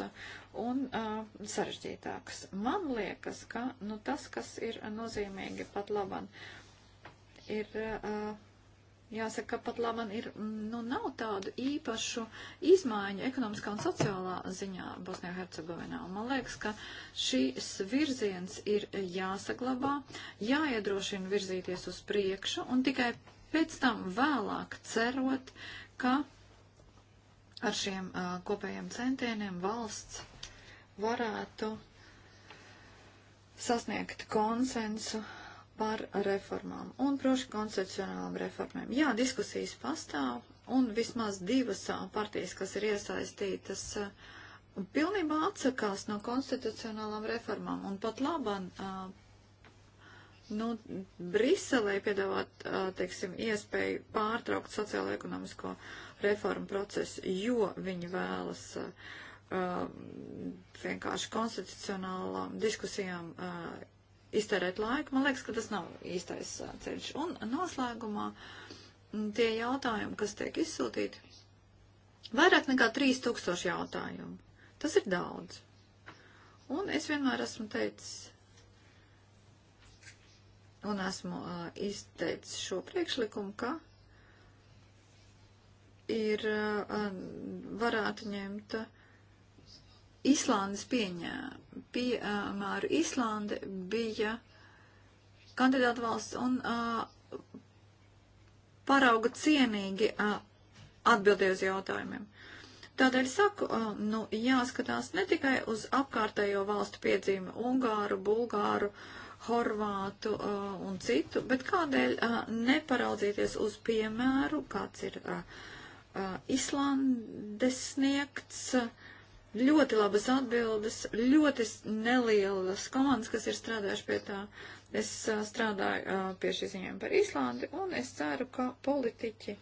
un a, uh, sarežģītāks. Man liekas, ka nu, tas, kas ir nozīmīgi pat laban, ir. A, Jāsaka, ka pat labi ir, mm, nu, nav tādu īpašu izmaiņu ekonomiskā un sociālā ziņā Bosnijā-Hercegovinā. Man liekas, ka šīs virziens ir jāsaglabā, jāiedrošina virzīties uz priekšu un tikai pēc tam vēlāk cerot, ka ar šiem uh, kopējiem centieniem valsts varētu sasniegt konsensu par reformām un proši koncepcionālām reformām. Jā, diskusijas pastāv un vismaz divas partijas, kas ir iesaistītas, pilnībā atsakās no konstitucionālām reformām un pat labam. Nu, Briselē piedāvāt, teiksim, iespēju pārtraukt sociālo-ekonomisko reformu procesu, jo viņi vēlas uh, vienkārši konstitucionālām diskusijām uh, iztērēt laiku. Man liekas, ka tas nav īstais uh, ceļš. Un noslēgumā mm, tie jautājumi, kas tiek izsūtīti, vairāk nekā 3000 jautājumu. Tas ir daudz. Un es vienmēr esmu teicis, un esmu uh, izteicis šo priekšlikumu, ka ir uh, varētu ņemt uh, Islandes pieņēma, piemēru Islande bija kandidāta valsts un uh, parauga cienīgi uh, atbildēja uz jautājumiem. Tādēļ saku, uh, nu, jāskatās ne tikai uz apkārtējo valstu piedzīmi - Ungāru, Bulgāru, Horvātu uh, un citu, bet kādēļ uh, neparaudzīties uz piemēru, kāds ir uh, uh, Islandes sniegts. Uh, Ļoti labas atbildes, ļoti nelielas komandas, kas ir strādājuši pie tā. Es a, strādāju a, pie šī ziņojuma par Īslandi, un es ceru, ka politiķi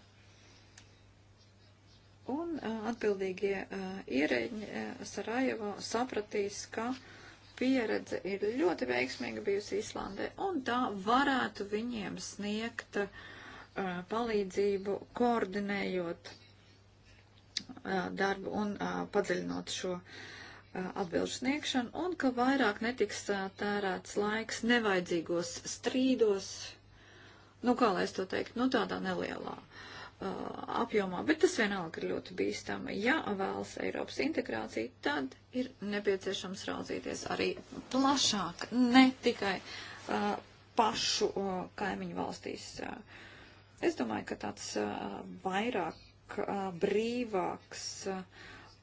un a, atbildīgie ierēģi Sarajevā sapratīs, ka pieredze ir ļoti veiksmīga bijusi Īslandē, un tā varētu viņiem sniegt palīdzību koordinējot darbu un padziļinot šo atbilžu sniegšanu, un ka vairāk netiks tērēts laiks nevajadzīgos strīdos, nu kā lai es to teiktu, nu tādā nelielā apjomā, bet tas vienalga ir ļoti bīstami. Ja vēlas Eiropas integrāciju, tad ir nepieciešams raudzīties arī plašāk, ne tikai uh, pašu uh, kaimiņu valstīs. Uh, es domāju, ka tāds uh, vairāk brīvāks,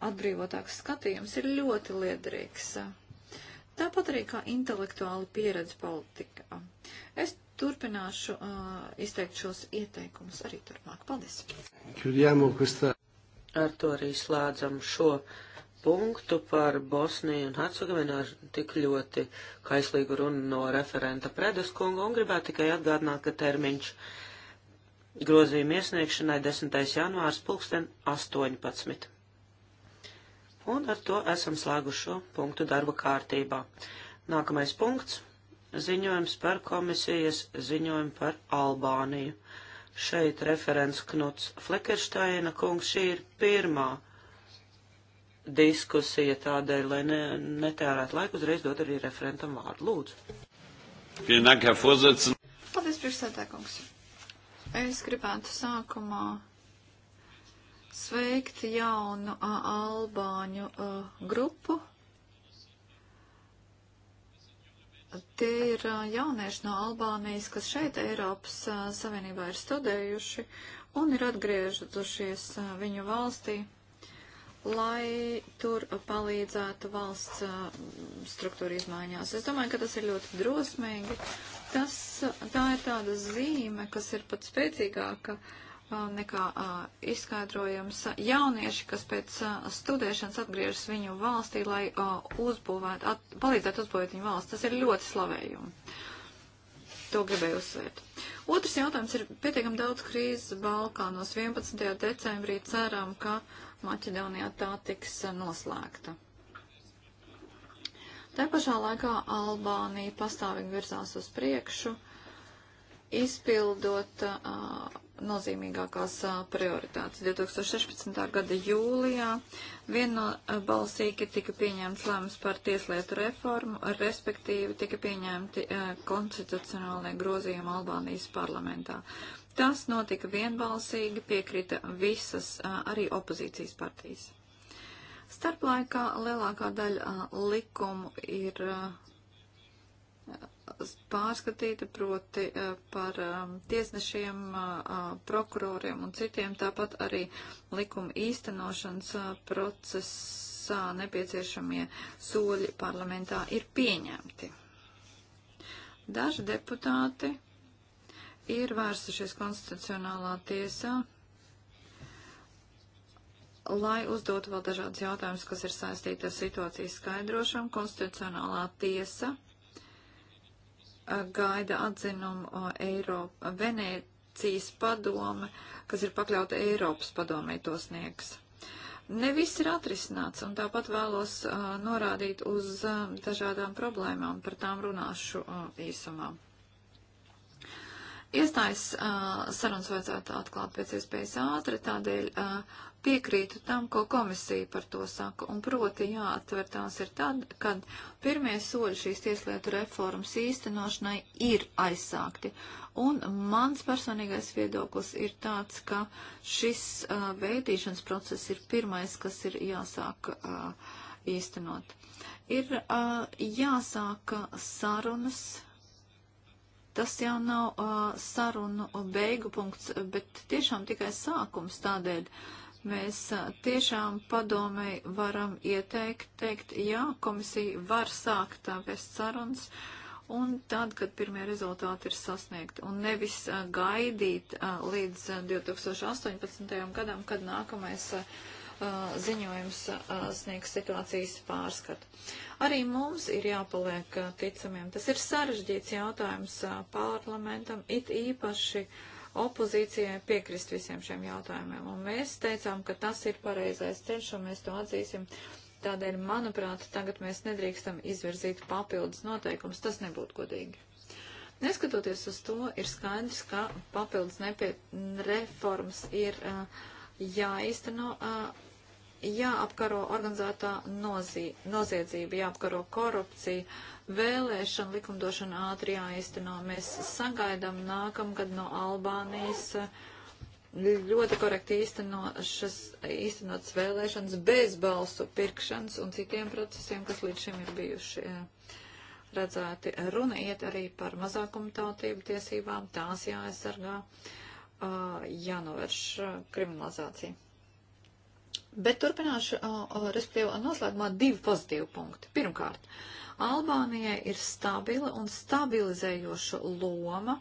atbrīvotāks skatījums ir ļoti liederīgs. Tāpat arī kā intelektuāla pieredze politikā. Es turpināšu uh, izteikt šos ieteikumus arī turpmāk. Paldies! Ar to arī slēdzam šo punktu par Bosniju un Hercegovinu ar tik ļoti kaislīgu runu no referenta Predes kunga un gribētu tikai atgādināt, ka termiņš Grozījuma iesniegšanai 10. janvārs pulksten 18. Un ar to esam slēguši šo punktu darba kārtībā. Nākamais punkts - ziņojums par komisijas ziņojumu par Albāniju. Šeit referents Knuts Flekeršteina kungs šī ir pirmā diskusija tādēļ, lai ne, netērētu laiku, uzreiz dot arī referentam vārdu. Lūdzu. Paldies, priekšsēdētājkungs. Es gribētu sākumā sveikt jaunu a, albāņu a, grupu. Tie ir a, jaunieši no Albānijas, kas šeit Eiropas a, Savienībā ir studējuši un ir atgriežušies a, viņu valstī, lai tur a, palīdzētu valsts a, struktūra izmaiņās. Es domāju, ka tas ir ļoti drosmīgi Tas, tā ir tāda zīme, kas ir pat spēcīgāka nekā izskaidrojums. Jaunieši, kas pēc studēšanas atgriežas viņu valstī, lai uzbūvētu, at, palīdzētu uzbūvēt viņu valsts, tas ir ļoti slavējumi. To gribēju uzsvērt. Otrs jautājums ir pietiekami daudz krīzes Balkānos. 11. decembrī ceram, ka Maķedonijā tā tiks noslēgta. Tā pašā laikā Albānija pastāvīgi virzās uz priekšu, izpildot uh, nozīmīgākās a, prioritātes. 2016. gada jūlijā vienbalsīgi tika pieņemts lēmums par tieslietu reformu, respektīvi tika pieņemti a, konstitucionālie grozījumi Albānijas parlamentā. Tas notika vienbalsīgi, piekrita visas a, arī opozīcijas partijas. Starplaikā lielākā daļa likumu ir pārskatīta proti par tiesnešiem, prokuroriem un citiem, tāpat arī likuma īstenošanas procesā nepieciešamie soļi parlamentā ir pieņemti. Daži deputāti ir vērsušies konstitucionālā tiesā lai uzdotu vēl dažādas jautājumas, kas ir saistīti ar situācijas skaidrošanu. Konstitucionālā tiesa gaida atzinumu Eiropa, Venēcijas padome, kas ir pakļauta Eiropas padomē to sniegs. Ne viss ir atrisināts, un tāpat vēlos uh, norādīt uz uh, dažādām problēmām, par tām runāšu uh, īsumā. Iestājas uh, sarunas vajadzētu atklāt pēc iespējas ātri, tādēļ uh, piekrītu tam, ko komisija par to saka, un proti jāatver tās ir tad, kad pirmie soļi šīs tieslietu reformas īstenošanai ir aizsākti. Un mans personīgais viedoklis ir tāds, ka šis uh, veidīšanas process ir pirmais, kas ir jāsāk uh, īstenot. Ir uh, jāsāk sarunas Tas jau nav uh, sarunu beigu punkts, bet tiešām tikai sākums tādēļ. Mēs uh, tiešām padomei varam ieteikt, teikt, jā, komisija var sākt tā vēst sarunas, un tad, kad pirmie rezultāti ir sasniegti, un nevis uh, gaidīt uh, līdz uh, 2018. gadam, kad nākamais. Uh, ziņojums sniegs situācijas pārskatu. Arī mums ir jāpaliek ticamiem. Tas ir sarežģīts jautājums parlamentam, it īpaši opozīcijai piekrist visiem šiem jautājumiem. Un mēs teicām, ka tas ir pareizais ceļš, un mēs to atzīsim. Tādēļ, manuprāt, tagad mēs nedrīkstam izvirzīt papildus noteikumus. Tas nebūtu godīgi. Neskatoties uz to, ir skaidrs, ka papildus nepie... reformas ir uh, jāizteno. Uh, jāapkaro organizētā nozī, noziedzība, jāapkaro korupcija, vēlēšana likumdošana ātri jāizteno. Mēs sagaidām nākamgad no Albānijas ļoti korekti īstenošas, īstenotas vēlēšanas bez balsu pirkšanas un citiem procesiem, kas līdz šim ir bijuši eh, redzēti. Runa iet arī par mazākumtautību tiesībām, tās jāaizsargā, eh, jānovērš eh, kriminalizācija. Bet turpināšu, respektīvi, noslēgumā divi pozitīvi punkti. Pirmkārt, Albānijai ir stabila un stabilizējoša loma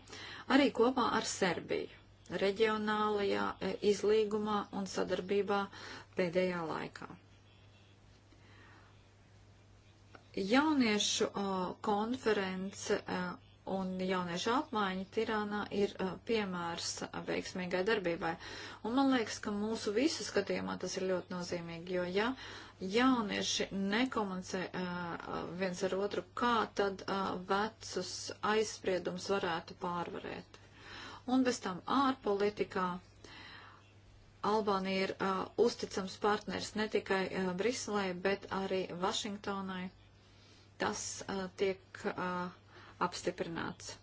arī kopā ar Serbiju reģionālajā izlīgumā un sadarbībā pēdējā laikā. Jauniešu konference un jauniešu apmaiņa Tirānā ir uh, piemērs veiksmīgai darbībai. Un man liekas, ka mūsu visu skatījumā tas ir ļoti nozīmīgi, jo ja jaunieši nekomunicē uh, viens ar otru, kā tad uh, vecus aizspriedums varētu pārvarēt. Un bez tam ārpolitikā. Albānija ir uh, uzticams partners ne tikai uh, Briselē, bet arī Vašingtonai. Tas uh, tiek uh, apstiprināts.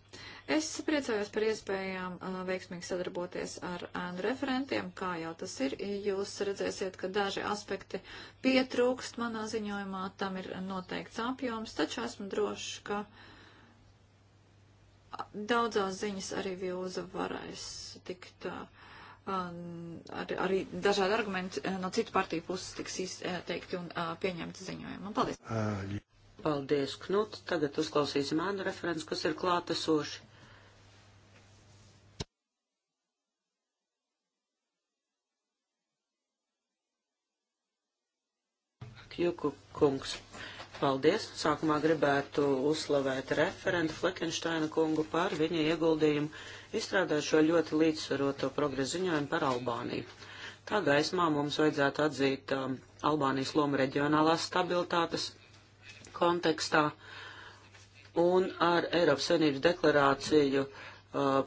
Es priecājos par iespējām uh, veiksmīgi sadarboties ar ēnu referentiem, kā jau tas ir. Jūs redzēsiet, ka daži aspekti pietrūkst manā ziņojumā, tam ir noteikts apjoms, taču esmu drošs, ka daudzās ziņas arī vīza varēs tikt. Uh, um, ar, arī dažādi argumenti uh, no citu partiju puses tiks izteikti un pieņemti ziņojumā. Paldies! Paldies, Knut. Tagad uzklausīsim ēnu referents, kas ir klātesoši. Juku kungs. Paldies! Sākumā gribētu uzslavēt referentu Fleckensteina kungu par viņa ieguldījumu izstrādāt šo ļoti līdzsvaroto progresu ziņojumu par Albāniju. Tā gaismā mums vajadzētu atzīt um, Albānijas lomu reģionālās stabilitātes kontekstā un ar Eiropas Savienības deklarāciju uh,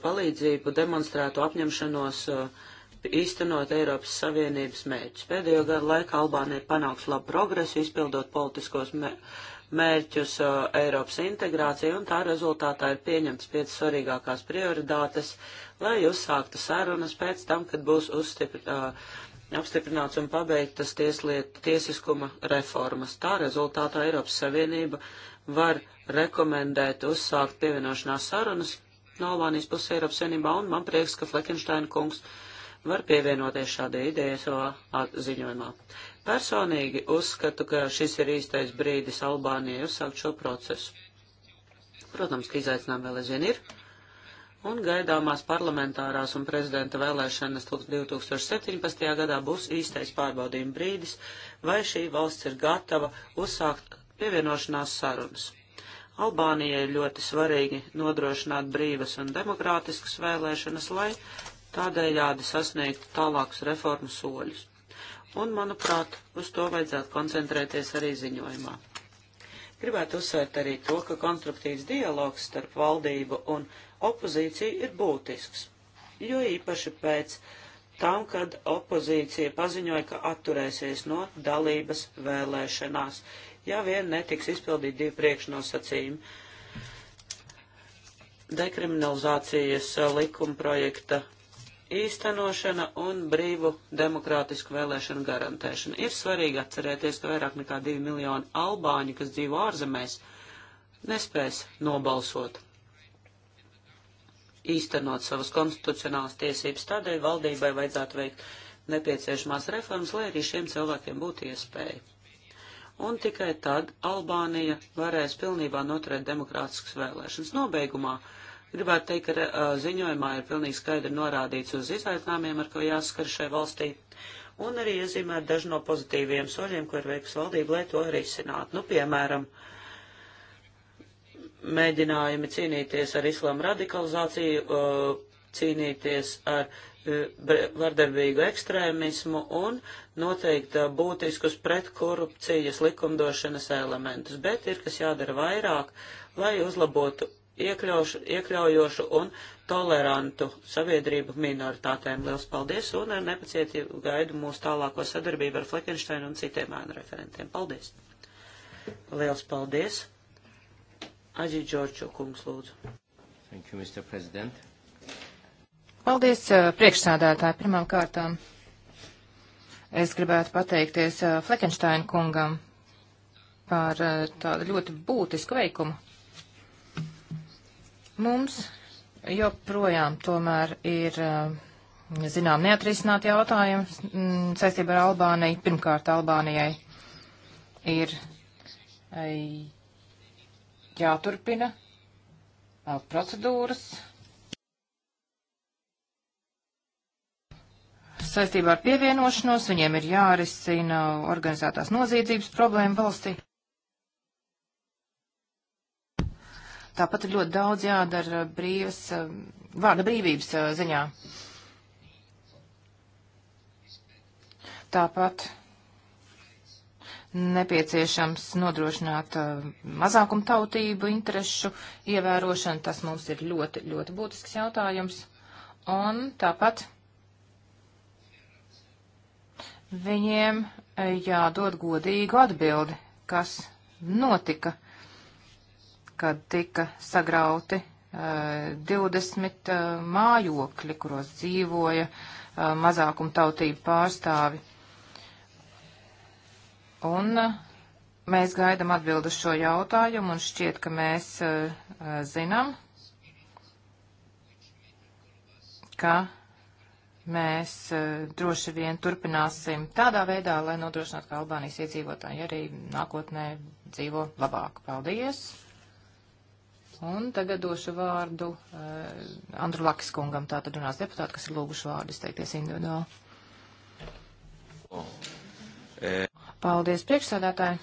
palīdzību demonstrētu apņemšanos uh, īstenot Eiropas Savienības mērķus. Pēdējo gadu laikā Albānija ir panāks labu progresu, izpildot politiskos mērķus uh, Eiropas integrācija, un tā rezultātā ir pieņemts piec svarīgākās prioritātes, lai uzsāktu sarunas pēc tam, kad būs uzstiprināt uh, apstiprināts un pabeigtas tieslietu tiesiskuma reformas. Tā rezultātā Eiropas Savienība var rekomendēt uzsākt pievienošanās sarunas no Albānijas puses Eiropas Savienībā, un man prieks, ka Fleckensteina kungs var pievienoties šādai idejai savā ziņojumā. Personīgi uzskatu, ka šis ir īstais brīdis Albānijai uzsākt šo procesu. Protams, ka izaicinājumi vēl aizvien ir un gaidāmās parlamentārās un prezidenta vēlēšanas 2017. gadā būs īstais pārbaudījuma brīdis, vai šī valsts ir gatava uzsākt pievienošanās sarunas. Albānijai ir ļoti svarīgi nodrošināt brīvas un demokrātiskas vēlēšanas, lai tādējādi sasniegtu tālākus reformu soļus. Un, manuprāt, uz to vajadzētu koncentrēties arī ziņojumā. Gribētu uzsvērt arī to, ka konstruktīvs dialogs starp valdību un opozīcija ir būtisks, jo īpaši pēc tam, kad opozīcija paziņoja, ka atturēsies no dalības vēlēšanās, ja vien netiks izpildīt divi priekšnosacījumi. Dekriminalizācijas likuma projekta īstenošana un brīvu demokrātisku vēlēšanu garantēšana. Ir svarīgi atcerēties, ka vairāk nekā divi miljoni albāņi, kas dzīvo ārzemēs, nespēs nobalsot īstenot savas konstitucionālas tiesības. Tādēļ valdībai vajadzētu veikt nepieciešamās reformas, lai arī šiem cilvēkiem būtu iespēja. Un tikai tad Albānija varēs pilnībā noturēt demokrātiskas vēlēšanas. Nobeigumā gribētu teikt, ka uh, ziņojumā ir pilnīgi skaidri norādīts uz izaicinājumiem, ar ko jāskar šai valstī, un arī iezīmēt daži no pozitīviem soļiem, ko ir veikusi valdība, lai to risinātu. Nu, piemēram, uh, mēģinājumi cīnīties ar islāma radikalizāciju, uh, cīnīties ar uh, vardarbīgu ekstrēmismu un noteikti uh, būtiskus pretkorupcijas likumdošanas elementus. Bet ir kas jādara vairāk, lai uzlabotu iekļaušu, iekļaujošu un tolerantu sabiedrību minoritātēm. Liels paldies un ar nepacietību gaidu mūsu tālāko sadarbību ar Fleckensteinu un citiem ēnu referentiem. Paldies! Liels paldies! Aģi Džorčo kungs lūdzu. Thank you, Mr. President. Paldies, uh, priekšsādātāji, pirmām kārtām. Es gribētu pateikties uh, Fleckensteina kungam par uh, tādu ļoti būtisku veikumu. Mums joprojām tomēr ir zinām neatrisināti jautājumi mm, saistībā ar Albāniju. Pirmkārt, Albānijai ir jāturpina vēl uh, procedūras saistībā ar pievienošanos, viņiem ir jārisina organizētās noziedzības problēma valstī. Tāpat ir ļoti daudz jādara brīvas, uh, vārda brīvības uh, ziņā. Tāpat nepieciešams nodrošināt uh, mazākumtautību interešu ievērošanu. Tas mums ir ļoti, ļoti būtisks jautājums. Un tāpat viņiem uh, jādod godīgu atbildi, kas notika, kad tika sagrauti uh, 20 uh, mājokļi, kuros dzīvoja uh, mazākumtautību pārstāvi. Un uh, mēs gaidam atbildu šo jautājumu un šķiet, ka mēs uh, uh, zinām, ka mēs uh, droši vien turpināsim tādā veidā, lai nodrošinātu, ka Albānijas iedzīvotāji arī nākotnē dzīvo labāk. Paldies! Un tagad došu vārdu uh, Andru Lakis kungam, tātad runās deputāti, kas ir lūguši vārdu izteikties individuāli. Oh. E Paldies, priekšsādātāji!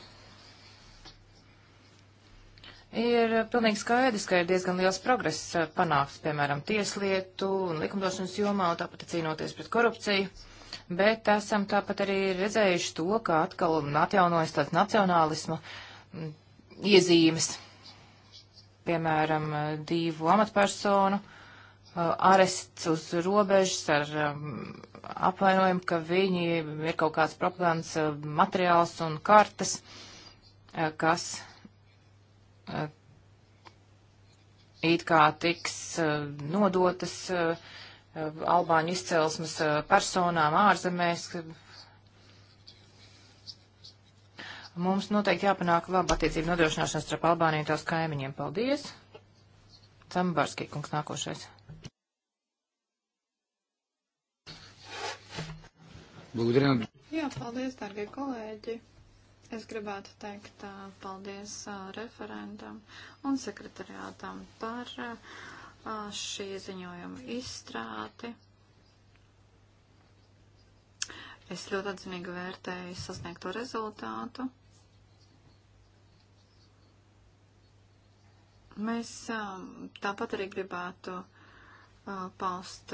Ir pilnīgi skaidrs, ka ir diezgan liels progress eh, panākts, piemēram, tieslietu un likumdošanas jomā, un tāpat cīnoties pret korupciju. Bet esam tāpat arī redzējuši to, ka atkal atjaunojas tāds nacionālisma mm, iezīmes. Piemēram, eh, divu amatpersonu eh, arests uz robežas ar mm, apvainojumi, ka viņi ir kaut kāds propagandas eh, materiāls un kartes, eh, kas eh, it kā tiks nodotas albāņu izcelsmes personām ārzemēs. Mums noteikti jāpanāk laba attiecība nodrošināšana starp Albāniju un tās kaimiņiem. Paldies! Cambārskī kungs nākošais. Благодаря. Jā, paldies, dārgie kolēģi. Es gribētu teikt uh, paldies uh, referentam un sekretariātam par uh, šī ziņojuma izstrāti. Es ļoti atzinīgi vērtēju sasniegto rezultātu. Mēs tāpat arī gribētu paust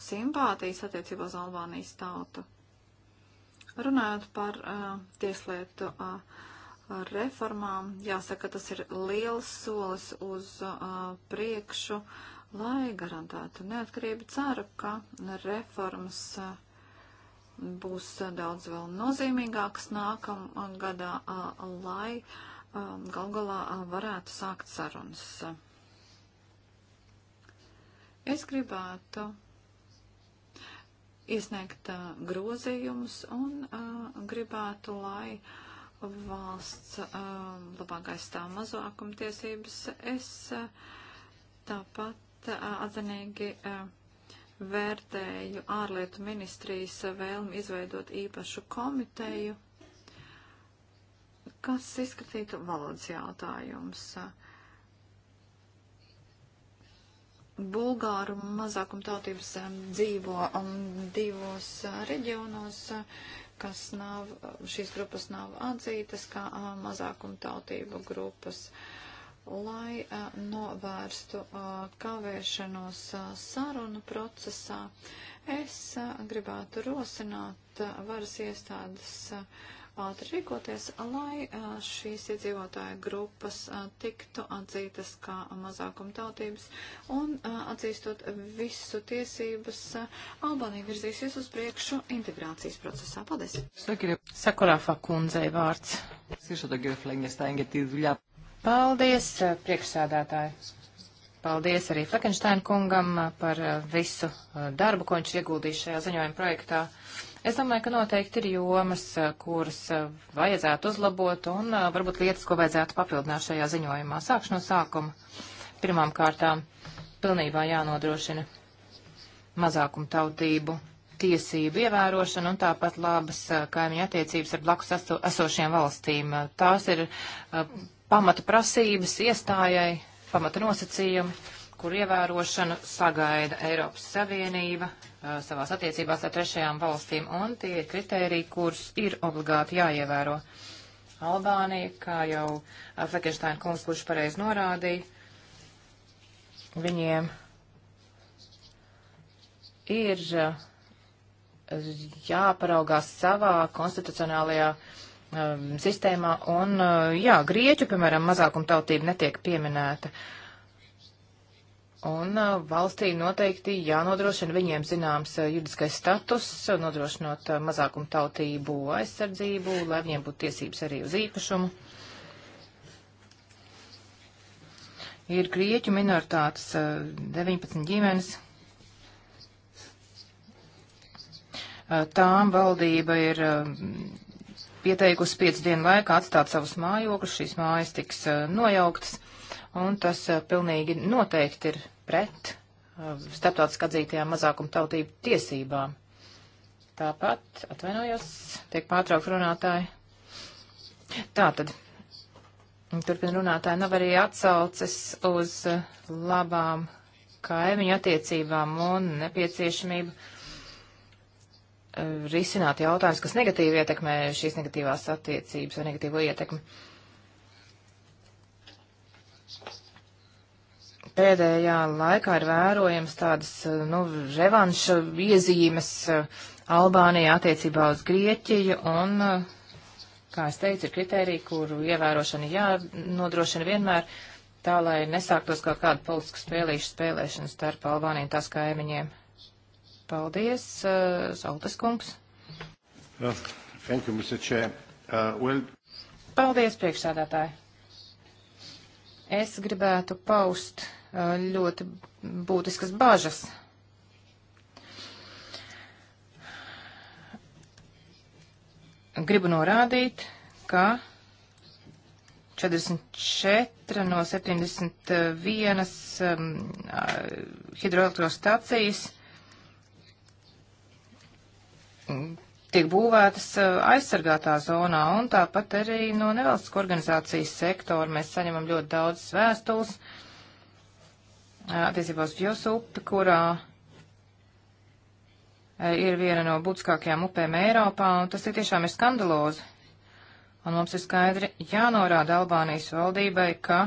simpātijas attiecībā uz Albānijas tautu. Runājot par uh, tieslietu uh, reformām, jāsaka, tas ir liels solis uz uh, priekšu, lai garantētu neatkarību. Ceru, ka reformas uh, būs uh, daudz vēl nozīmīgākas nākamgadā, uh, lai uh, gal galā uh, varētu sākt sarunas. Es gribētu iesniegt uh, grozījumus un uh, gribētu, lai valsts uh, labāk aizstāv mazākumtiesības. Es uh, tāpat uh, atzinīgi uh, vērtēju ārlietu ministrijas vēlmi izveidot īpašu komiteju, kas izskatītu valodas jautājumus. Uh, Bulgāru mazākumtautības dzīvo divos eh, reģionos, eh, kas nav, eh, šīs grupas nav atzītas kā mazākumtautību grupas. Lai novērstu kavēšanos sarunu procesā, es gribētu rosināt varas iestādes ātri rīkoties, lai šīs iedzīvotāju grupas tiktu atzītas kā mazākumtautības un atzīstot visu tiesības, Albānija virzīsies uz priekšu integrācijas procesā. Paldies! Sakurāfā kundzei vārds. Paldies, priekšsādātāji! Paldies arī Fleckensteina kungam par visu darbu, ko viņš ieguldīs šajā ziņojuma projektā. Uh, Es domāju, ka noteikti ir jomas, eh, kuras eh, vajadzētu uzlabot un eh, varbūt lietas, ko vajadzētu papildināt šajā ziņojumā. Sākšu no sākuma. Pirmām kārtām pilnībā jānodrošina mazākumu tautību tiesību ievērošana un tāpat labas kaimiņa attiecības ar blakus eso esošiem valstīm. Tās ir pamata prasības iestājai, pamata nosacījumi kur ievērošanu sagaida Eiropas Savienība uh, savās attiecībās ar trešajām valstīm, un tie ir kritēriji, kurus ir obligāti jāievēro. Albānija, kā jau uh, Flekenštāna kungs, kurš pareiz norādīja, viņiem ir uh, jāparaugās savā konstitucionālajā um, sistēmā, un, jā, grieķu, piemēram, mazākumtautība netiek pieminēta. Uh, Un valstī noteikti jānodrošina viņiem zināms juridiskais status, nodrošinot mazākumu tautību aizsardzību, lai viņiem būtu tiesības arī uz īpašumu. Ir grieķu minoritātes 19 ģimenes. Tām valdība ir pieteikusi 5 dienu laikā atstāt savus mājokļus, šīs mājas tiks nojauktas. Un tas pilnīgi noteikti ir pret uh, starptautiski atzītajām mazākuma tautību tiesībām. Tāpat, atvainojos, tiek pārtraukt runātāji. Tātad, turpin runātāji, nav arī atsauces uz uh, labām kaimiņu attiecībām un nepieciešamību uh, risināt jautājumus, kas negatīvi ietekmē šīs negatīvās attiecības vai negatīvo ietekmi pēdējā laikā ir vērojams tādas, eh, nu, revanša iezīmes eh, Albānijā attiecībā uz Grieķiju un, eh, kā es teicu, ir kriteriji, kuru ievērošana jānodrošina vienmēr tā, lai nesāktos kaut kāda politiska spēlīša spēlēšana starp Albāniju un tās kaimiņiem. Paldies, uh, Zoltas kungs. Uh, thank you, Mr. Chair. Uh, well... Paldies, priekšsādātāji. Es gribētu paust ļoti būtiskas bažas. Gribu norādīt, ka 44 no 71 um, hidroelektrostacijas mm, tiek būvētas aizsargātā zonā, un tāpat arī no nevalstiskā organizācijas sektora mēs saņemam ļoti daudz vēstules. Uh, attiecībā uz jūsu upi, kurā ir viena no būtiskākajām upēm Eiropā, un tas ir tiešām ir skandalozi. Un mums ir skaidri jānorāda Albānijas valdībai, ka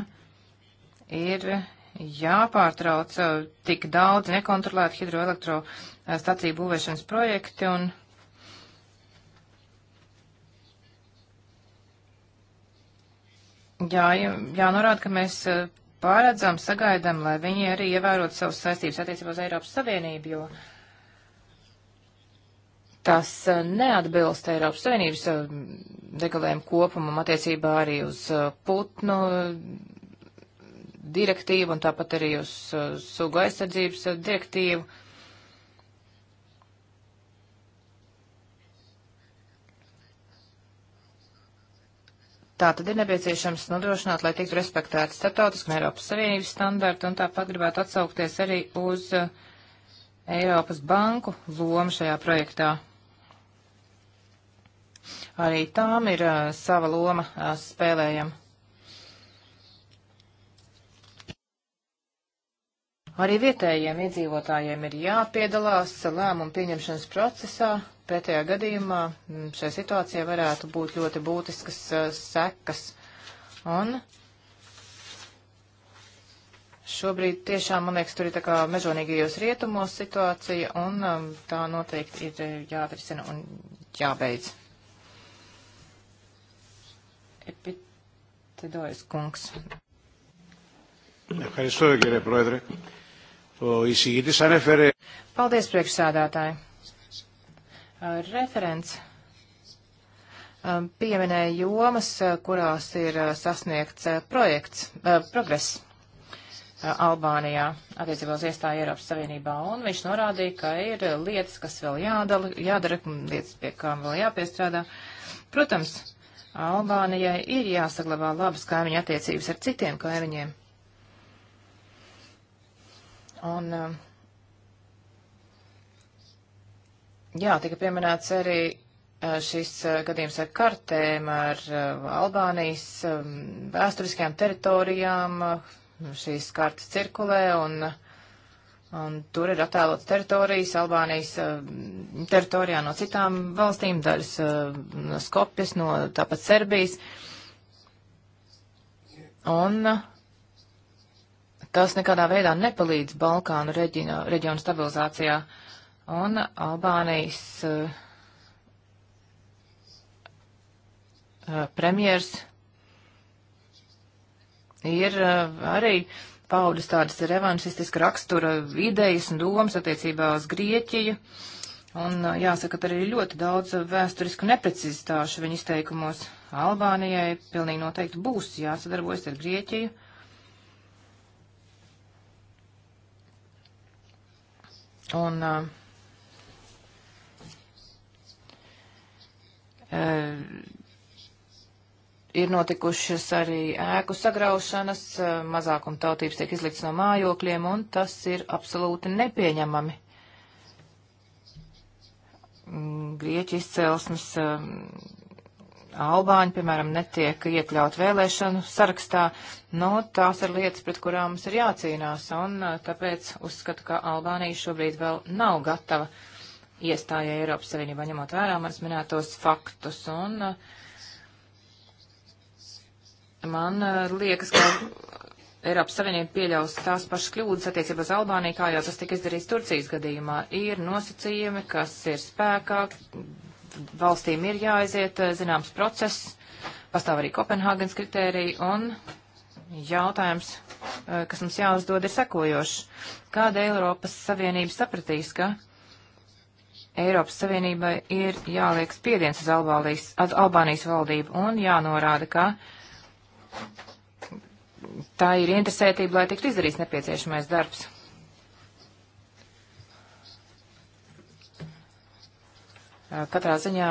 ir jāpārtrauc tik daudz nekontrolētu hidroelektrostaciju būvēšanas projekti un jā, jānorāda, ka mēs pārredzam, sagaidam, lai viņi arī ievērot savas saistības attiecībā uz Eiropas Savienību, jo tas eh, neatbilst Eiropas Savienības eh, regulējumu kopumam attiecībā arī uz eh, putnu direktīvu un tāpat arī uz sugu aizsardzības direktīvu. Tā tad ir nepieciešams nodrošināt, lai tiktu respektēti starptautiski un Eiropas Savienības standarti, un tāpat gribētu atsaukties arī uz eh, Eiropas banku lomu šajā projektā. Arī tām ir eh, sava loma eh, spēlējama. Arī vietējiem iedzīvotājiem ir jāpiedalās lēmumu pieņemšanas procesā, pretējā gadījumā mm, šai situācijai varētu būt ļoti būtiskas uh, sekas. Un Šobrīd tiešām, man liekas, tur ir tā kā mežonīgajos rietumos situācija, un um, tā noteikti ir jāatrisina un jābeidz. Epitedojas kungs. Ευχαριστώ κύριε Πρόεδρε. Paldies, priekšsādātāji. Referents pieminēja jomas, kurās ir sasniegts projekts, progress Albānijā attiecībā uz iestāju Eiropas Savienībā, un viņš norādīja, ka ir lietas, kas vēl jādala, jādara, lietas, pie kām vēl jāpiestrādā. Protams, Albānijai ir jāsaglabā labas kaimiņa attiecības ar citiem kaimiņiem. Un, um, jā, tika pieminēts arī uh, šis uh, gadījums ar kartēm, ar uh, Albānijas um, vēsturiskajām teritorijām. Šīs kartas cirkulē un, un tur ir attēlots teritorijas Albānijas teritorijā no citām valstīm, daļas no Skopjas, no tāpat Serbijas. Un uh, Tas nekādā veidā nepalīdz Balkānu reģino, reģionu stabilizācijā. Un Albānijas uh, premjers ir uh, arī paudis tādas revanšistiska rakstura idejas un domas attiecībā uz Grieķiju. Un uh, jāsaka, ka arī ir ļoti daudz vēsturisku neprecizitāšu viņa izteikumos. Albānijai pilnīgi noteikti būs jāsadarbojas ar Grieķiju. Un uh, uh, ir notikušas arī ēku sagraušanas, uh, mazākuma tautības tiek izlikts no mājokļiem, un tas ir absolūti nepieņemami. Mm, Grieķi izcelsmes um, Albāņi, piemēram, netiek iekļaut vēlēšanu sarakstā, nu, tās ir lietas, pret kurām mums ir jācīnās, un tāpēc uzskatu, ka Albānija šobrīd vēl nav gatava iestājai Eiropas Savienībā, ņemot vērā manas minētos faktus, un man liekas, ka Eiropas Savienība pieļaus tās pašas kļūdas attiecībā uz Albāniju, kā jau tas tika izdarīts Turcijas gadījumā. Ir nosacījumi, kas ir spēkā, valstīm ir jāaiziet eh, zināms process, pastāv arī Kopenhāgens kritērija, un jautājums, eh, kas mums jāuzdod, ir sekojošs. Kāda Eiropas Savienība sapratīs, ka Eiropas Savienībai ir jāliek spiediens uz Albānijas, Albānijas valdību un jānorāda, ka tā ir interesētība, lai tiktu izdarīts nepieciešamais darbs. Eh, katrā ziņā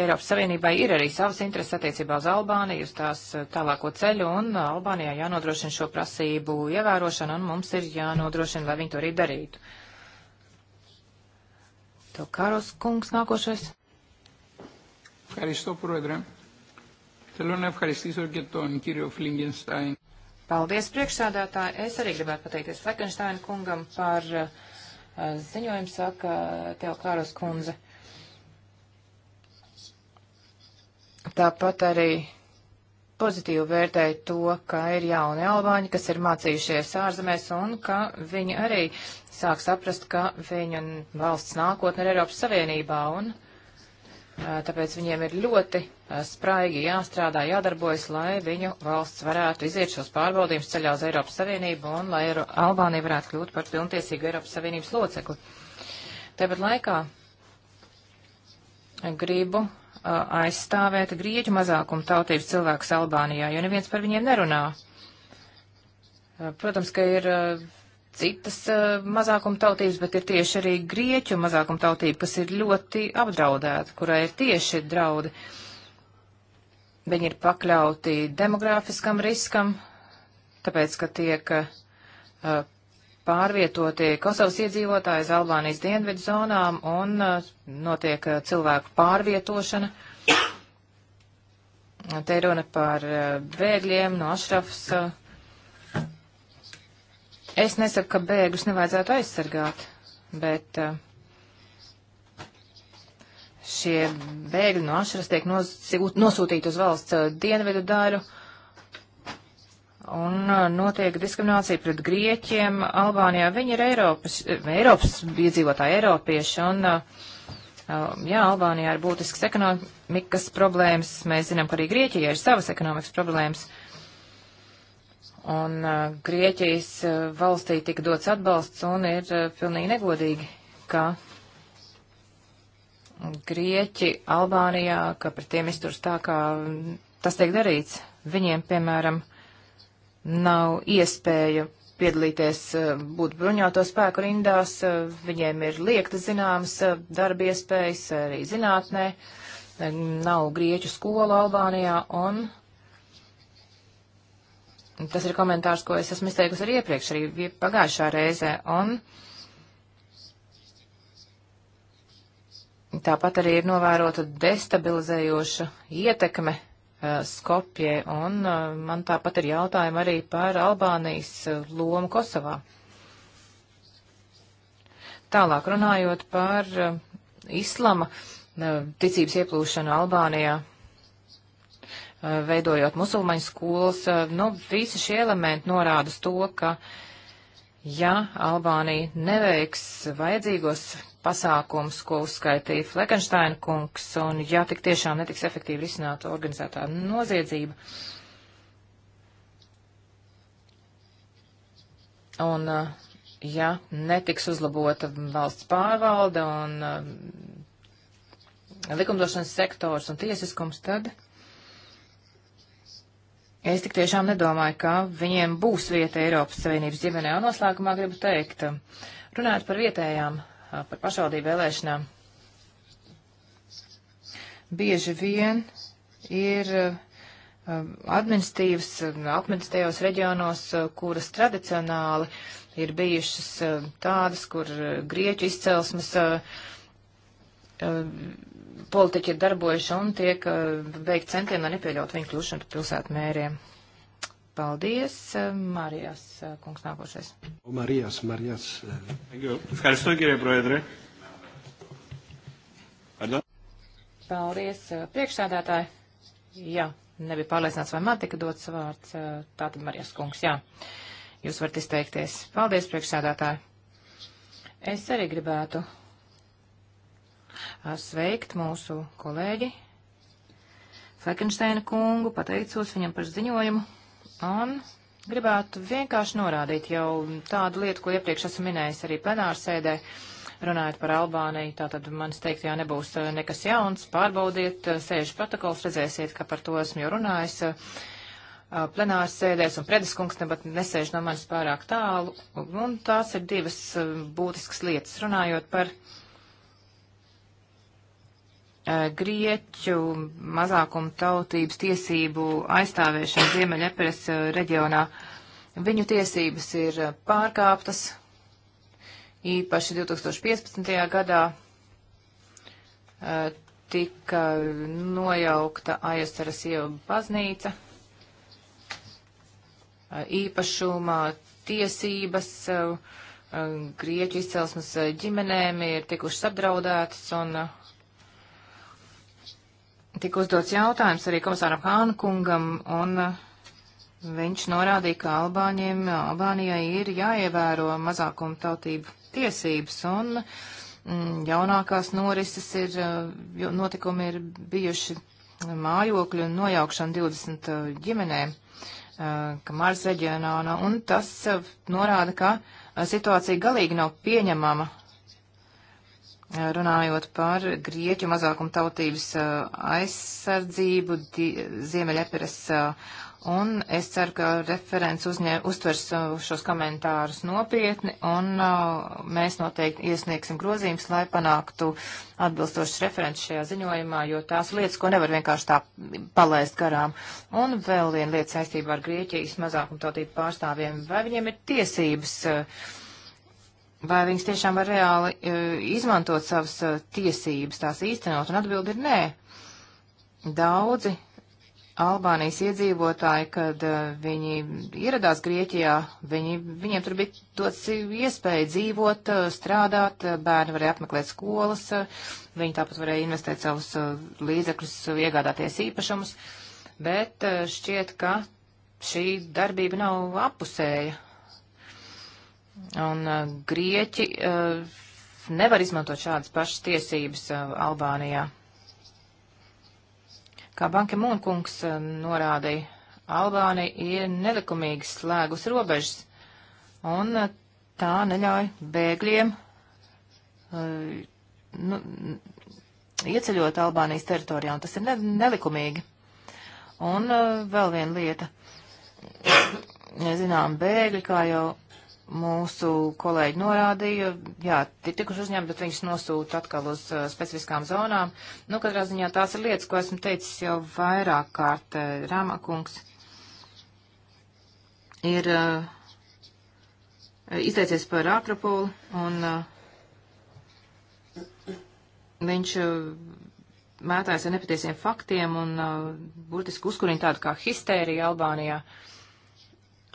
Eiropas Savienībai ir arī savas intereses attiecībā uz Albāniju, uz tās eh, tālāko ceļu, un eh, Albānijā jānodrošina šo prasību ievērošanu, un mums ir jānodrošina, lai viņi to arī darītu. To Kāros kungs nākošais. Ευχαριστώ, Πρόεδρε. Θέλω να ευχαριστήσω και τον κύριο Φλίγκενστάιν. Paldies, priekšsādātāji. Es arī gribētu pateikties Fleckensteina kungam par uh, ziņojumu, saka Teokāros kundze. Tāpat arī pozitīvi vērtēju to, ka ir jauni albāņi, kas ir mācījušies ārzemēs un ka viņi arī sāk saprast, ka viņu valsts nākotne ir Eiropas Savienībā un tāpēc viņiem ir ļoti spraigi jāstrādā, jādarbojas, lai viņu valsts varētu iziet šos pārbaudījumus ceļā uz Eiropas Savienību un lai Albānija varētu kļūt par pilntiesīgu Eiropas Savienības locekli. Tāpat laikā gribu Uh, aizstāvēt grieķu mazākumu tautības cilvēkus Albānijā, jo neviens par viņiem nerunā. Uh, protams, ka ir uh, citas mazākuma tautības, bet ir tieši arī grieķu mazākuma tautība, kas ir ļoti apdraudēta, kurai ir tieši draudi. Viņi ir pakļauti demogrāfiskam riskam, tāpēc, ka tiek pārvietoti Kosovas iedzīvotāji uz Albānijas dienvidu zonām un uh, notiek uh, cilvēku pārvietošana. Te ir runa par uh, bēgļiem no Ašrafs. Es nesaku, ka bēgļus nevajadzētu aizsargāt, bet šie bēgļi no Ašrafs tiek nosūtīti uz valsts dienvidu daļu. Uh, Un uh, notiek diskriminācija pret grieķiem Albānijā. Viņi ir Eiropas, Eiropas iedzīvotāji, Eiropieši. Un, uh, uh, jā, Albānijā ir būtisks ekonomikas problēmas. Mēs zinām, ka arī Grieķijai ir savas ekonomikas problēmas. Un Grieķijas valstī tika dots atbalsts un ir pilnīgi negodīgi, ka Grieķi Albānijā, ka pret tiem izturs tā, kā tas tiek darīts. Viņiem, piemēram, uh, nav iespēja piedalīties, eh, būt bruņoto spēku rindās, eh, viņiem ir liekta zināmas eh, darba iespējas arī zinātnē, nav grieķu skola Albānijā un. Tas ir komentārs, ko es esmu izteikusi arī iepriekš, arī pagājušā reizē. Un tāpat arī ir novērota destabilizējoša ietekme Uh, Skopje, un uh, man tāpat ir jautājumi arī par Albānijas uh, lomu Kosovā. Tālāk runājot par islama ticības ieplūšanu Albānijā, veidojot musulmaņu skolas, nu, visi šie elementi norāda uz to, ka, ja Albānija neveiks vajadzīgos pasākums, ko uzskaitīja Fleckensteina kungs, un ja tik tiešām netiks efektīvi risināta organizētā noziedzība. Un eh, ja netiks uzlabota valsts pārvalde un eh, likumdošanas sektors un tiesiskums, tad es tik tiešām nedomāju, ka viņiem būs vieta Eiropas Savienības ģimenē. Un noslēgumā gribu teikt, runājot par vietējām par pašvaldību vēlēšanām. Bieži vien ir administrīvas, administrējos reģionos, kuras tradicionāli ir bijušas tādas, kur grieķu izcelsmes politiķi ir darbojuši un tiek veikt centieni, lai nepieļaut viņu kļūšanu par pilsētu mēriem. Paldies, eh, Marijas eh, kungs nākošais. Oh, Marijas, Marijas. Eh. Ευχαριστώ κύριε Πρόεδρε. Paldies, priekšsādātāji. Jā, nebija pārliecināts, vai man tika dots vārds. Tātad, Marijas kungs, jā, jūs varat izteikties. Paldies, priekšsādātāji. Es arī gribētu sveikt mūsu kolēģi Fekensteina kungu, pateicos viņam par ziņojumu. Un gribētu vienkārši norādīt jau tādu lietu, ko iepriekš esmu minējis arī plenārsēdē, runājot par Albāniju. Tātad manis teiktajā nebūs eh, nekas jauns, pārbaudiet, eh, sēžu protokols, redzēsiet, ka par to esmu jau runājis eh, plenārsēdēs, un prediskungs nebat nesēž no manis pārāk tālu. Un tās ir divas būtiskas lietas, runājot par. Uh, Eh, Grieķu mazākuma tautības tiesību aizstāvēšana Ziemeļaperes eh, reģionā. Viņu tiesības ir eh, pārkāptas, īpaši 2015. gadā tika nojaukta Ajastaras ieva baznīca, īpašumā tiesības Grieķu izcelsmes ģimenēm ir tikušas apdraudētas un uh, Tik uzdots jautājums arī komisāram Hānkungam, un uh, viņš norādīja, ka Albāņiem, uh, Albānijai ir jāievēro mazākuma tautību tiesības, un mm, jaunākās norises ir, uh, notikumi ir bijuši mājokļu nojaukšana 20 ģimenēm, ka Mars reģionā, un tas norāda, ka situācija galīgi nav pieņemama runājot par grieķu mazākumtautības uh, aizsardzību Ziemeļeperes, uh, un es ceru, ka referents uzņē, uztvers uh, šos komentārus nopietni, un mēs noteikti iesniegsim grozījumus, lai panāktu atbilstošas referents šajā ziņojumā, jo tās lietas, ko nevar vienkārši tā palaist garām. Un vēl viena lieta saistībā ar Grieķijas mazākumtautību pārstāvjiem, vai viņiem ir tiesības uh, vai viņas tiešām var reāli e, izmantot savas e, tiesības, tās īstenot, un atbildi ir nē. Daudzi Albānijas iedzīvotāji, kad e, viņi ieradās Grieķijā, viņi, viņiem tur bija dots iespēja dzīvot, strādāt, bērni varēja apmeklēt skolas, viņi tāpat varēja investēt savus līdzekļus, iegādāties īpašumus, bet šķiet, ka šī darbība nav apusēja. Un uh, Grieķi uh, nevar izmantot šādas pašas tiesības uh, Albānijā. Kā Banka Mūnkungs uh, norādīja, Albānija ir nelikumīgi slēgus robežas, un uh, tā neļauj bēgļiem uh, nu, ieceļot Albānijas teritorijā, un tas ir ne nelikumīgi. Un uh, vēl viena lieta. Zinām, bēgļi, kā jau mūsu kolēģi norādīja, jā, ir tikuši uzņemti, bet viņus nosūta atkal uz uh, specifiskām zonām. Nu, katrā ziņā tās ir lietas, ko esmu teicis jau vairāk kārt, uh, Rāmakungs ir uh, izteicies par Akropolu, un uh, viņš uh, mētājas ar nepatiesiem faktiem un uh, burtiski uzkurina tādu kā histēriju Albānijā.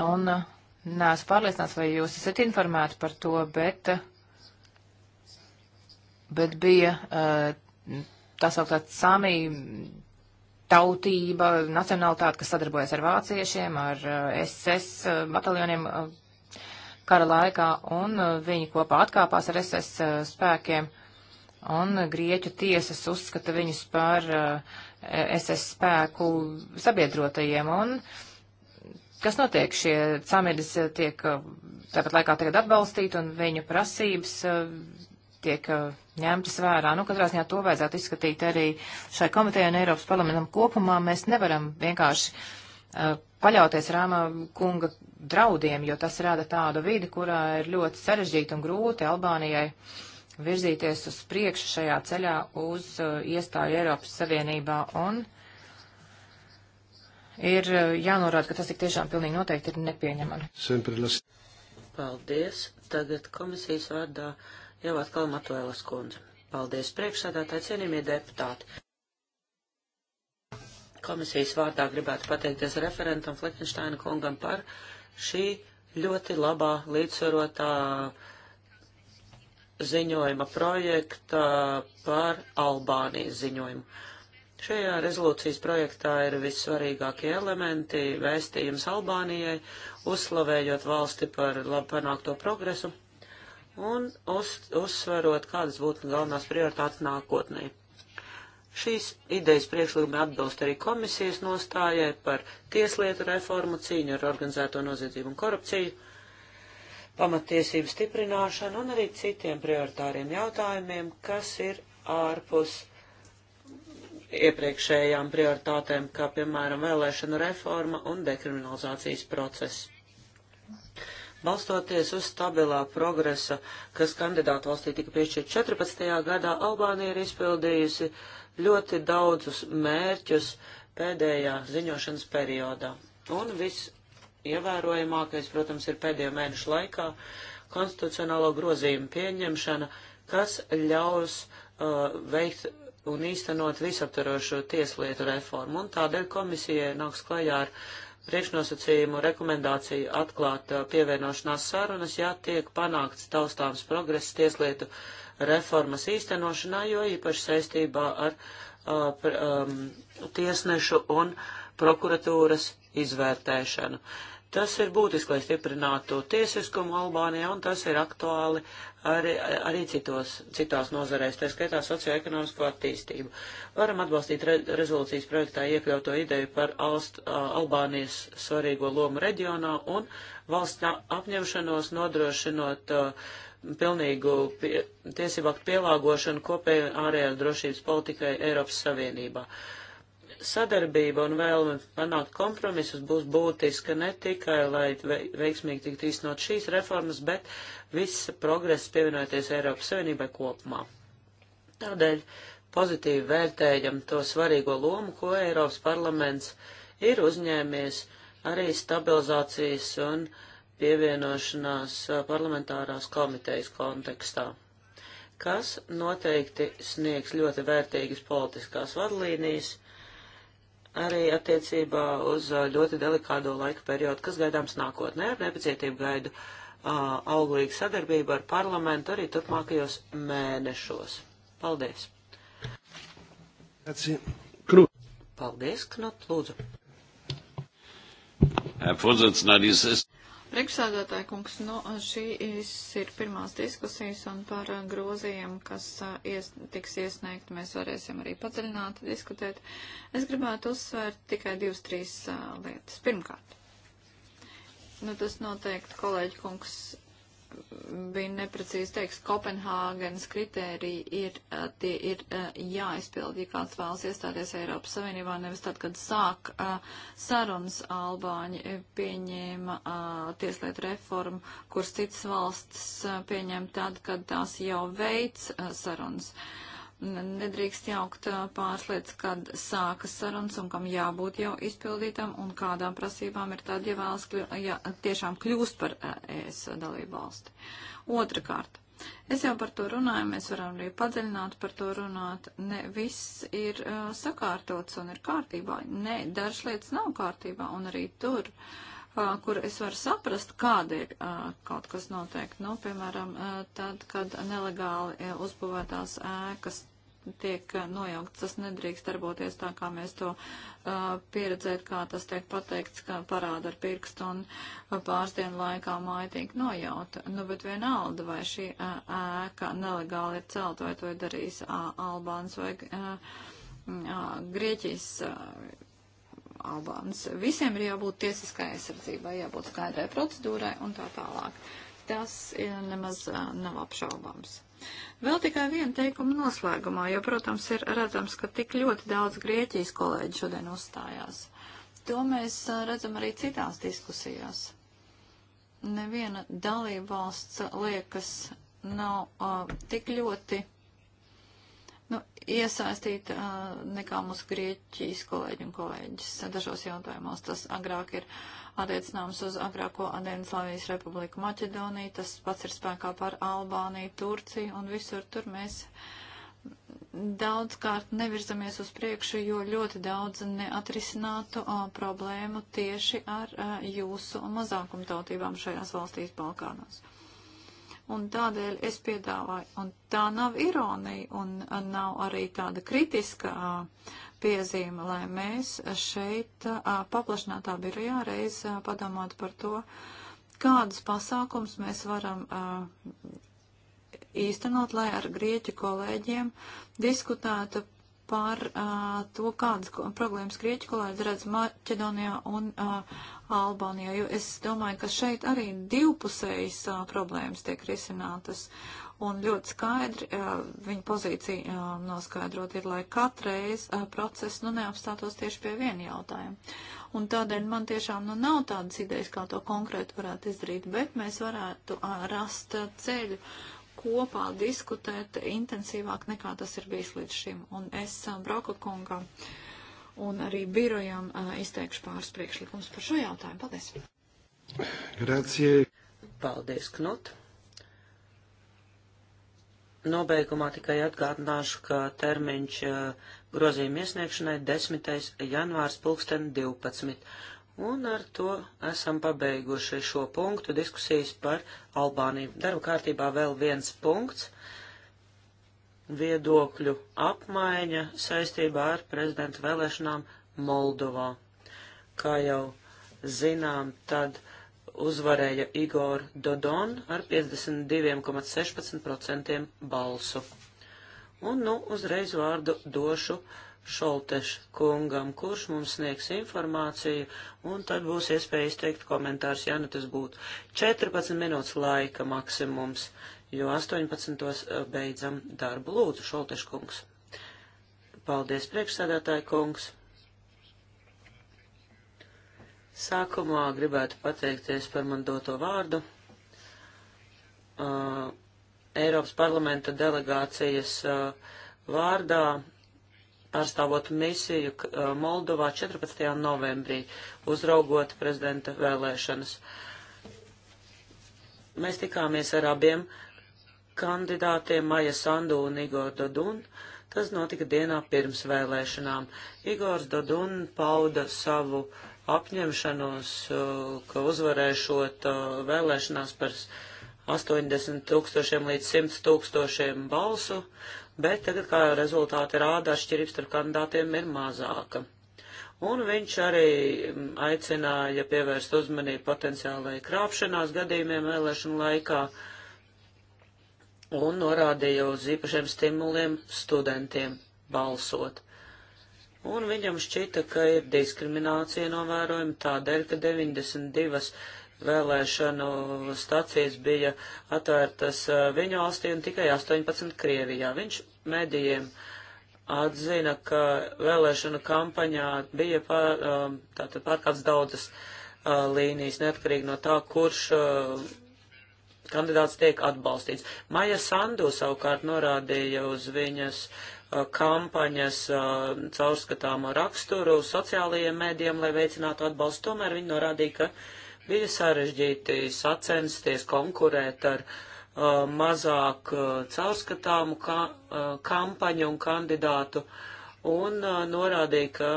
Un, uh, Nāc pārliecināts, vai jūs esat informēti par to, bet, bet bija eh, tā sauktā samī tautība, nacionālitāte, kas sadarbojas ar vāciešiem, ar SS eh, bataljoniem eh, kara laikā, un viņi kopā atkāpās ar SS spēkiem, un Grieķu tiesas uzskata viņus par SS spēku sabiedrotajiem, un uh, Kas notiek? Šie cameris tiek uh, tāpat laikā tagad atbalstīti un viņu prasības uh, tiek uh, ņemtas vērā. Nu, katrā ziņā to vajadzētu izskatīt arī šai komitejai un Eiropas parlamentam kopumā. Mēs nevaram vienkārši uh, paļauties Rāma kunga draudiem, jo tas rada tādu vidi, kurā ir ļoti sarežģīti un grūti Albānijai virzīties uz priekšu šajā ceļā uz uh, iestāju Eiropas Savienībā. Un, uh, ir eh, jānorāda, ka tas tik tiešām pilnīgi noteikti ir nepieņemami. Paldies. Tagad komisijas vārdā jau atkal Matuēlas kundze. Paldies priekšsādātāji, cienījamie deputāti. Komisijas vārdā gribētu pateikties referentam Fleckensteina kungam par šī ļoti labā līdzsvarotā ziņojuma projekta par Albānijas ziņojumu. Šajā rezolūcijas projektā ir vissvarīgākie elementi, vēstījums Albānijai, uzslavējot valsti par labu panākto progresu un uz, uzsverot, kādas būtu galvenās prioritātes nākotnē. Šīs idejas priekšlikumi atbilst arī komisijas nostājai par tieslietu reformu, cīņu ar organizēto noziedzību un korupciju, pamatiesību stiprināšanu un arī citiem prioritāriem jautājumiem, kas ir ārpus iepriekšējām prioritātēm, kā piemēram vēlēšanu reforma un dekriminalizācijas process. Balstoties uz stabilā progresa, kas kandidātu valstī tika piešķirt 14. gadā, Albānija ir izpildījusi ļoti daudzus mērķus pēdējā ziņošanas periodā. Un viss ievērojamākais, protams, ir pēdējo mēnešu laikā konstitucionālo grozījumu pieņemšana, kas ļaus uh, veikt un īstenot visaptarošu tieslietu reformu. Un tādēļ komisijai nāks klajā ar priekšnosacījumu rekomendāciju atklāt uh, pievienošanās sarunas, ja tiek panākts taustāms progress tieslietu reformas īstenošanā, jo īpaši saistībā ar uh, pr, um, tiesnešu un prokuratūras izvērtēšanu. Uh, Tas ir būtiski, lai stiprinātu tiesiskumu Albānijā, un tas ir aktuāli arī, arī citos, citās nozarēs, tā skaitā socioekonomisko attīstību. Varam atbalstīt re, rezolūcijas projektā iekļauto ideju par Alst, Albānijas svarīgo lomu reģionā un valsts apņemšanos nodrošinot uh, pilnīgu pie, tiesību aktu pielāgošanu kopēju ārējās drošības politikai Eiropas Savienībā. Uh, sadarbība un vēlme panākt kompromisus būs būtiska ne tikai, lai veiksmīgi tiktu īstenot šīs reformas, bet viss progress pievienoties Eiropas Savienībai kopumā. Tādēļ pozitīvi vērtējam to svarīgo lomu, ko Eiropas parlaments ir uzņēmies arī stabilizācijas un pievienošanās parlamentārās komitejas kontekstā kas noteikti sniegs ļoti vērtīgas politiskās vadlīnijas arī attiecībā uz uh, ļoti delikādo laika periodu, kas gaidāms nākotnē. Ar nepacietību gaidu uh, auglīgu sadarbību ar parlamentu arī turpmākajos mēnešos. Paldies! Paldies, Knut, lūdzu. Herr Vorsitzender, dies ist Priekšsādātāja kungs, nu, šīs ir pirmās diskusijas un par uh, grozījumu, kas uh, ies, tiks iesniegt, mēs varēsim arī padziļināt, diskutēt. Es gribētu uzsvērt tikai divas, trīs uh, lietas. Pirmkārt, nu, tas noteikti kolēģi kungs bija neprecīzi teiks, Kopenhāgenes kritēriji ir, tie ir jāizpild, ja kāds vēlas iestāties Eiropas Savienībā, nevis tad, kad sāk sarunas Albāņi pieņēma tieslietu reformu, kuras citas valsts pieņem tad, kad tās jau veids sarunas. Uh, nedrīkst jaukt pāris lietas, kad sākas sarunas un kam jābūt jau izpildītam un kādām prasībām ir tad, ja vēlas kļu, ja tiešām kļūst par ES dalību valsti. Otrakārt, es jau par to runāju, mēs varam arī padziļināt par to runāt. Ne viss ir uh, sakārtots un ir kārtībā. Nē, dažas lietas nav kārtībā un arī tur. Uh, kur es varu saprast, kādēļ kaut kas notiek. Nu, piemēram, tad, kad nelegāli uzbūvētās ēkas tiek eh, nojaukts, tas nedrīkst darboties tā, kā mēs to uh, pieredzēt, kā tas tiek pateikts, ka parāda ar pirkstu un eh, pāris dienu laikā māja tiek nojauta. Nu, bet vienalga, vai šī uh, ēka nelegāli ir celt, vai to ir darījis uh, Albāns vai uh, uh, Grieķijas. Uh, Albāns. Visiem ir jābūt tiesiskai aizsardzībai, jābūt skaidrai procedūrai un tā tālāk. Tas uh, nemaz uh, nav apšaubāms. Vēl tikai viena teikuma noslēgumā, jo, protams, ir redzams, ka tik ļoti daudz Grieķijas kolēģi šodien uzstājās. To mēs redzam arī citās diskusijās. Neviena dalība valsts liekas nav uh, tik ļoti nu, iesaistīt uh, nekā mūsu Grieķijas kolēģi un kolēģis. Dažos jautājumos tas agrāk ir attiecināms uz agrāko Adenslavijas republiku Maķedoniju, tas pats ir spēkā par Albāniju, Turciju un visur tur mēs daudzkārt nevirzamies uz priekšu, jo ļoti daudz neatrisinātu uh, problēmu tieši ar uh, jūsu mazākumtautībām šajās valstīs Balkānos. Un tādēļ es piedāvāju, un tā nav ironija, un nav arī tāda kritiska a, piezīme, lai mēs šeit a, paplašinātā birojā reiz a, padomātu par to, kādus pasākums mēs varam īstenot, lai ar grieķu kolēģiem diskutētu par uh, to, kādas problēmas grieķu kolēģi redz Maķedonijā un uh, Albānijā, jo es domāju, ka šeit arī divpusējas a, problēmas tiek risinātas. Un ļoti skaidri a, viņa pozīcija a, noskaidrot ir, lai katreiz process nu, neapstātos tieši pie viena jautājuma. Un tādēļ man tiešām nu, nav tādas idejas, kā to konkrēti varētu izdarīt, bet mēs varētu rast ceļu kopā diskutēt intensīvāk nekā tas ir bijis līdz šim. Un es Brauka kungam. Uh, un arī birojam izteikšu pāris priekšlikums par šo jautājumu. Paldies! Grazie! Paldies, Knut! Nobeigumā tikai atgādināšu, ka termiņš grozījuma iesniegšanai 10. janvārs 2012. Un ar to esam pabeiguši šo punktu diskusijas par Albāniju. Darba kārtībā vēl viens punkts viedokļu apmaiņa saistībā ar prezidenta vēlēšanām Moldovā. Kā jau zinām, tad uzvarēja Igor Dodon ar 52,16% balsu. Un nu uzreiz vārdu došu Šoltešu kungam, kurš mums sniegs informāciju, un tad būs iespēja izteikt komentārs, ja nu tas būtu 14 minūtes laika maksimums jo 18. E, beidzam darbu. Lūdzu, Šolteškungs. Paldies, priekšsēdētāji kungs. Sākumā gribētu pateikties par man doto vārdu. Uh, Eiropas parlamenta delegācijas uh, vārdā pārstāvot misiju uh, Moldovā 14. novembrī, uzraugot prezidenta vēlēšanas. Mēs tikāmies ar abiem uh, kandidātiem Maja Sandu un Igor Dodun. Tas notika dienā pirms vēlēšanām. Igors Dodun pauda savu apņemšanos, uh, ka uzvarēšot uh, vēlēšanās par 80 tūkstošiem līdz 100 tūkstošiem balsu, bet tagad, kā rezultāti rāda, atšķirības starp kandidātiem ir mazāka. Un viņš arī mm, aicināja pievērst uzmanību potenciālai krāpšanās gadījumiem vēlēšanu laikā. Uh, un norādīja uz īpašiem stimuliem studentiem balsot. Un viņam šķita, ka ir diskriminācija novērojama tādēļ, ka 92 vēlēšanu stacijas bija atvērtas viņa valstī un tikai 18 Krievijā. Viņš medijiem atzina, ka vēlēšanu kampaņā bija pār, tātad pārkāpts daudzas līnijas, neatkarīgi no tā, kurš kandidāts tiek atbalstīts. Maija Sandu savukārt norādīja uz viņas uh, kampaņas uh, caurskatāmo raksturu sociālajiem mēdiem, lai veicinātu atbalstu. Tomēr viņa norādīja, ka bija sarežģīti sacensties, konkurēt ar uh, mazāk uh, caurskatāmu ka, uh, kampaņu un kandidātu un uh, norādīja, ka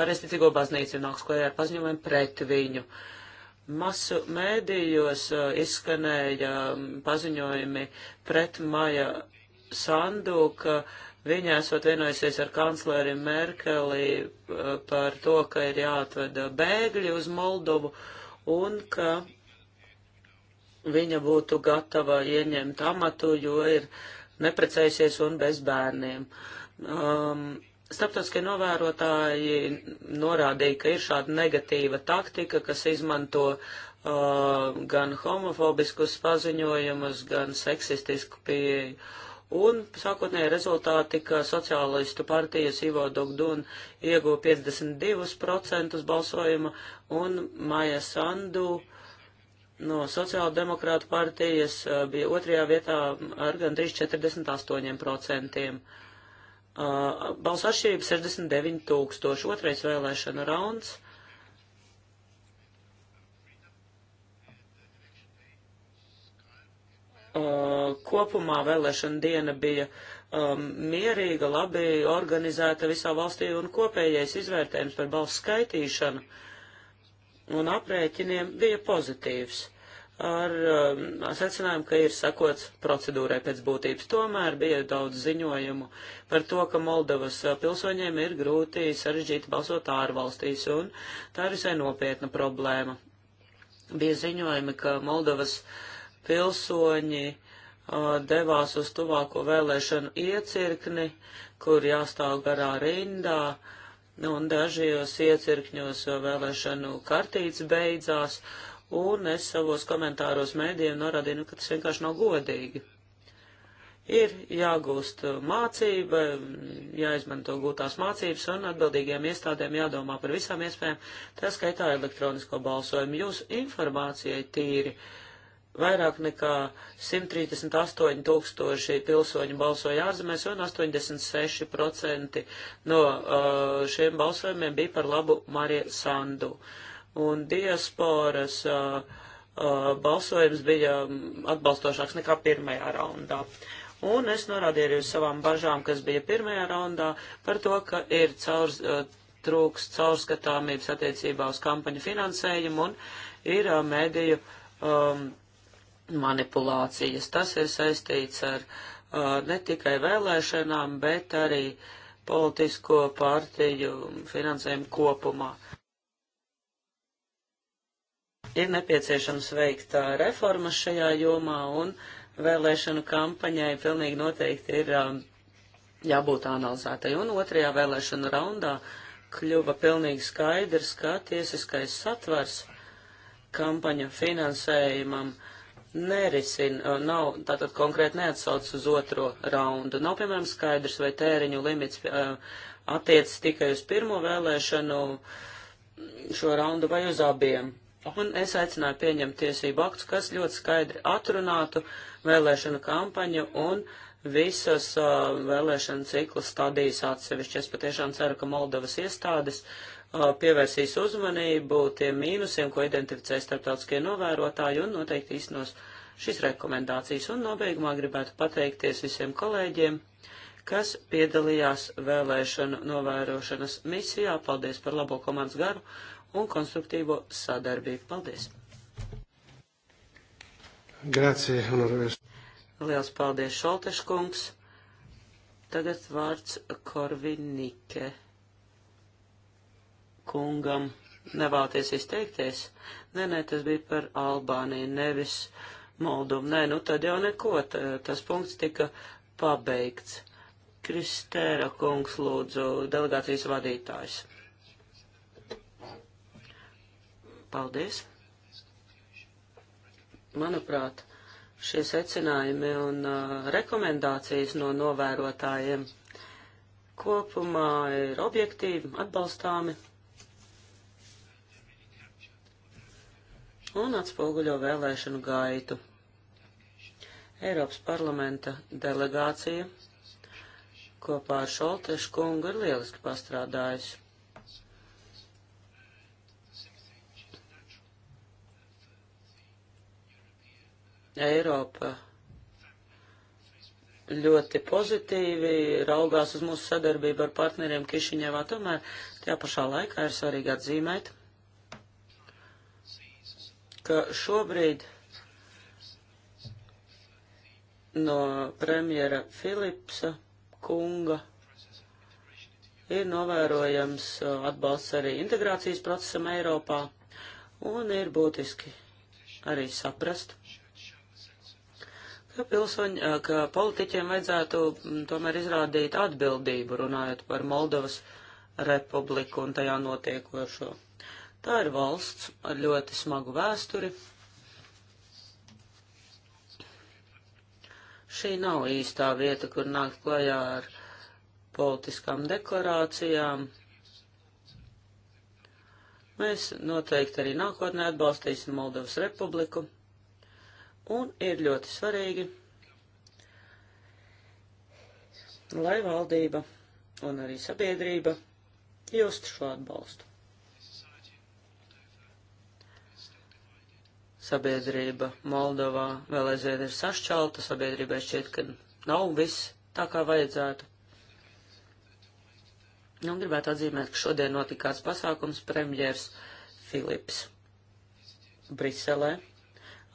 pareizticīgo baznīca nāks klajā ar paziņojumu pret viņu. Uh, Masu mēdījos uh, izskanēja um, paziņojumi pret Maja Sandu, ka viņa esot vienojusies ar kancleri Merkeli uh, par to, ka ir jāatveda bēgļi uz Moldovu un ka viņa būtu gatava ieņemt amatu, jo ir neprecējusies un bez bērniem. Um, Starptautiskie novērotāji norādīja, ka ir šāda negatīva taktika, kas izmanto uh, gan homofobiskus paziņojumus, gan seksistisku pieeju. Un sākotnēji rezultāti, ka sociālistu partijas Ivo Dogdun ieguva 52% balsojuma un Maija Sandu no sociāldemokrātu partijas uh, bija otrajā vietā ar gandrīz 48%. Uh, balsu atšķirība 69 tūkstoši. Otrais vēlēšana rauns. Uh, kopumā vēlēšana diena bija um, mierīga, labi organizēta visā valstī un kopējais izvērtējums par balsu skaitīšanu un aprēķiniem bija pozitīvs ar um, secinājumu, ka ir sakots procedūrai pēc būtības. Tomēr bija daudz ziņojumu par to, ka Moldovas uh, pilsoņiem ir grūti sarežģīti balsot ārvalstīs, un tā ir visai nopietna problēma. Bija ziņojumi, ka Moldovas pilsoņi uh, devās uz tuvāko vēlēšanu iecirkni, kur jāstāv garā rindā, un dažos iecirkņos uh, vēlēšanu kartītes beidzās, uh, un es savos komentāros mēdījiem norādīju, nu, ka tas vienkārši nav godīgi. Ir jāgūst mācība, jāizmanto gūtās mācības un atbildīgiem iestādēm jādomā par visām iespējām, tā skaitā elektronisko balsojumu. Jūsu informācijai tīri vairāk nekā 138 tūkstoši pilsoņu balsoja ārzemēs un 86% no uh, šiem balsojumiem bija par labu Mariju Sandu. Uh, un diasporas uh, uh, balsojums bija atbalstošāks nekā pirmajā raundā. Un es norādīju arī uz savām bažām, kas bija pirmajā raundā, par to, ka ir caurs, uh, trūks caurskatāmības attiecībā uz kampaņu finansējumu un ir uh, mediju um, manipulācijas. Tas ir saistīts ar uh, ne tikai vēlēšanām, bet arī politisko partiju finansējumu kopumā. Uh, ir nepieciešams veikt uh, reformas šajā jomā un vēlēšanu kampaņai pilnīgi noteikti ir um, jābūt analizētai. Un otrajā vēlēšanu raundā kļuva pilnīgi skaidrs, ka tiesiskais satvers kampaņu finansējumam nerisina, uh, nav, tātad konkrēti neatsauc uz otro raundu. Nav, piemēram, skaidrs, vai tēriņu limits uh, attiec tikai uz pirmo vēlēšanu šo raundu vai uz abiem. Un es aicināju pieņemt tiesību aktus, kas ļoti skaidri atrunātu vēlēšanu kampaņu un visas uh, vēlēšanu cikla stadijas atsevišķi. Es patiešām ceru, ka Moldovas iestādes uh, pievērsīs uzmanību tiem mīnusiem, ko identificē starptautiskie novērotāji un noteikti īstenos šīs rekomendācijas. Un nobeigumā gribētu pateikties visiem kolēģiem, kas piedalījās vēlēšanu novērošanas misijā. Paldies par labo komandas garu un konstruktīvo sadarbību. Paldies! Grācie, honorēs. Liels paldies, Šolteškungs. Tagad vārds Korvinike kungam. Nevēlties izteikties? Nē, nē, tas bija par Albāniju, nevis Moldovu. Nē, nu tad jau neko, tā, tas punkts tika pabeigts. Kristēra kungs lūdzu, delegācijas vadītājs. Paldies! Manuprāt, šie secinājumi un uh, rekomendācijas no novērotājiem kopumā ir objektīvi, atbalstāmi un atspoguļo vēlēšanu gaitu. Eiropas parlamenta delegācija kopā ar Šoltešu kungu ir lieliski pastrādājusi. Eiropa ļoti pozitīvi raugās uz mūsu sadarbību ar partneriem Kišiņevā, tomēr tajā pašā laikā ir svarīgi atzīmēt, ka šobrīd no premjera Filipsa kunga ir novērojams atbalsts arī integrācijas procesam Eiropā, un ir būtiski arī saprast, ka, nu, pilsoņ, ka politiķiem vajadzētu mm, tomēr izrādīt atbildību runājot par Moldovas republiku un tajā notiekošo. Tā ir valsts ar ļoti smagu vēsturi. Šī nav īstā vieta, kur nākt klajā ar politiskām deklarācijām. Mēs noteikti arī nākotnē atbalstīsim Moldovas republiku, un ir ļoti svarīgi, lai valdība un arī sabiedrība justu šo atbalstu. Sabiedrība Moldovā vēl aizvien ir sašķelta, sabiedrībai šķiet, ka nav viss tā, kā vajadzētu. Nu, gribētu atzīmēt, ka šodien notika kāds pasākums premjers Filips Briselē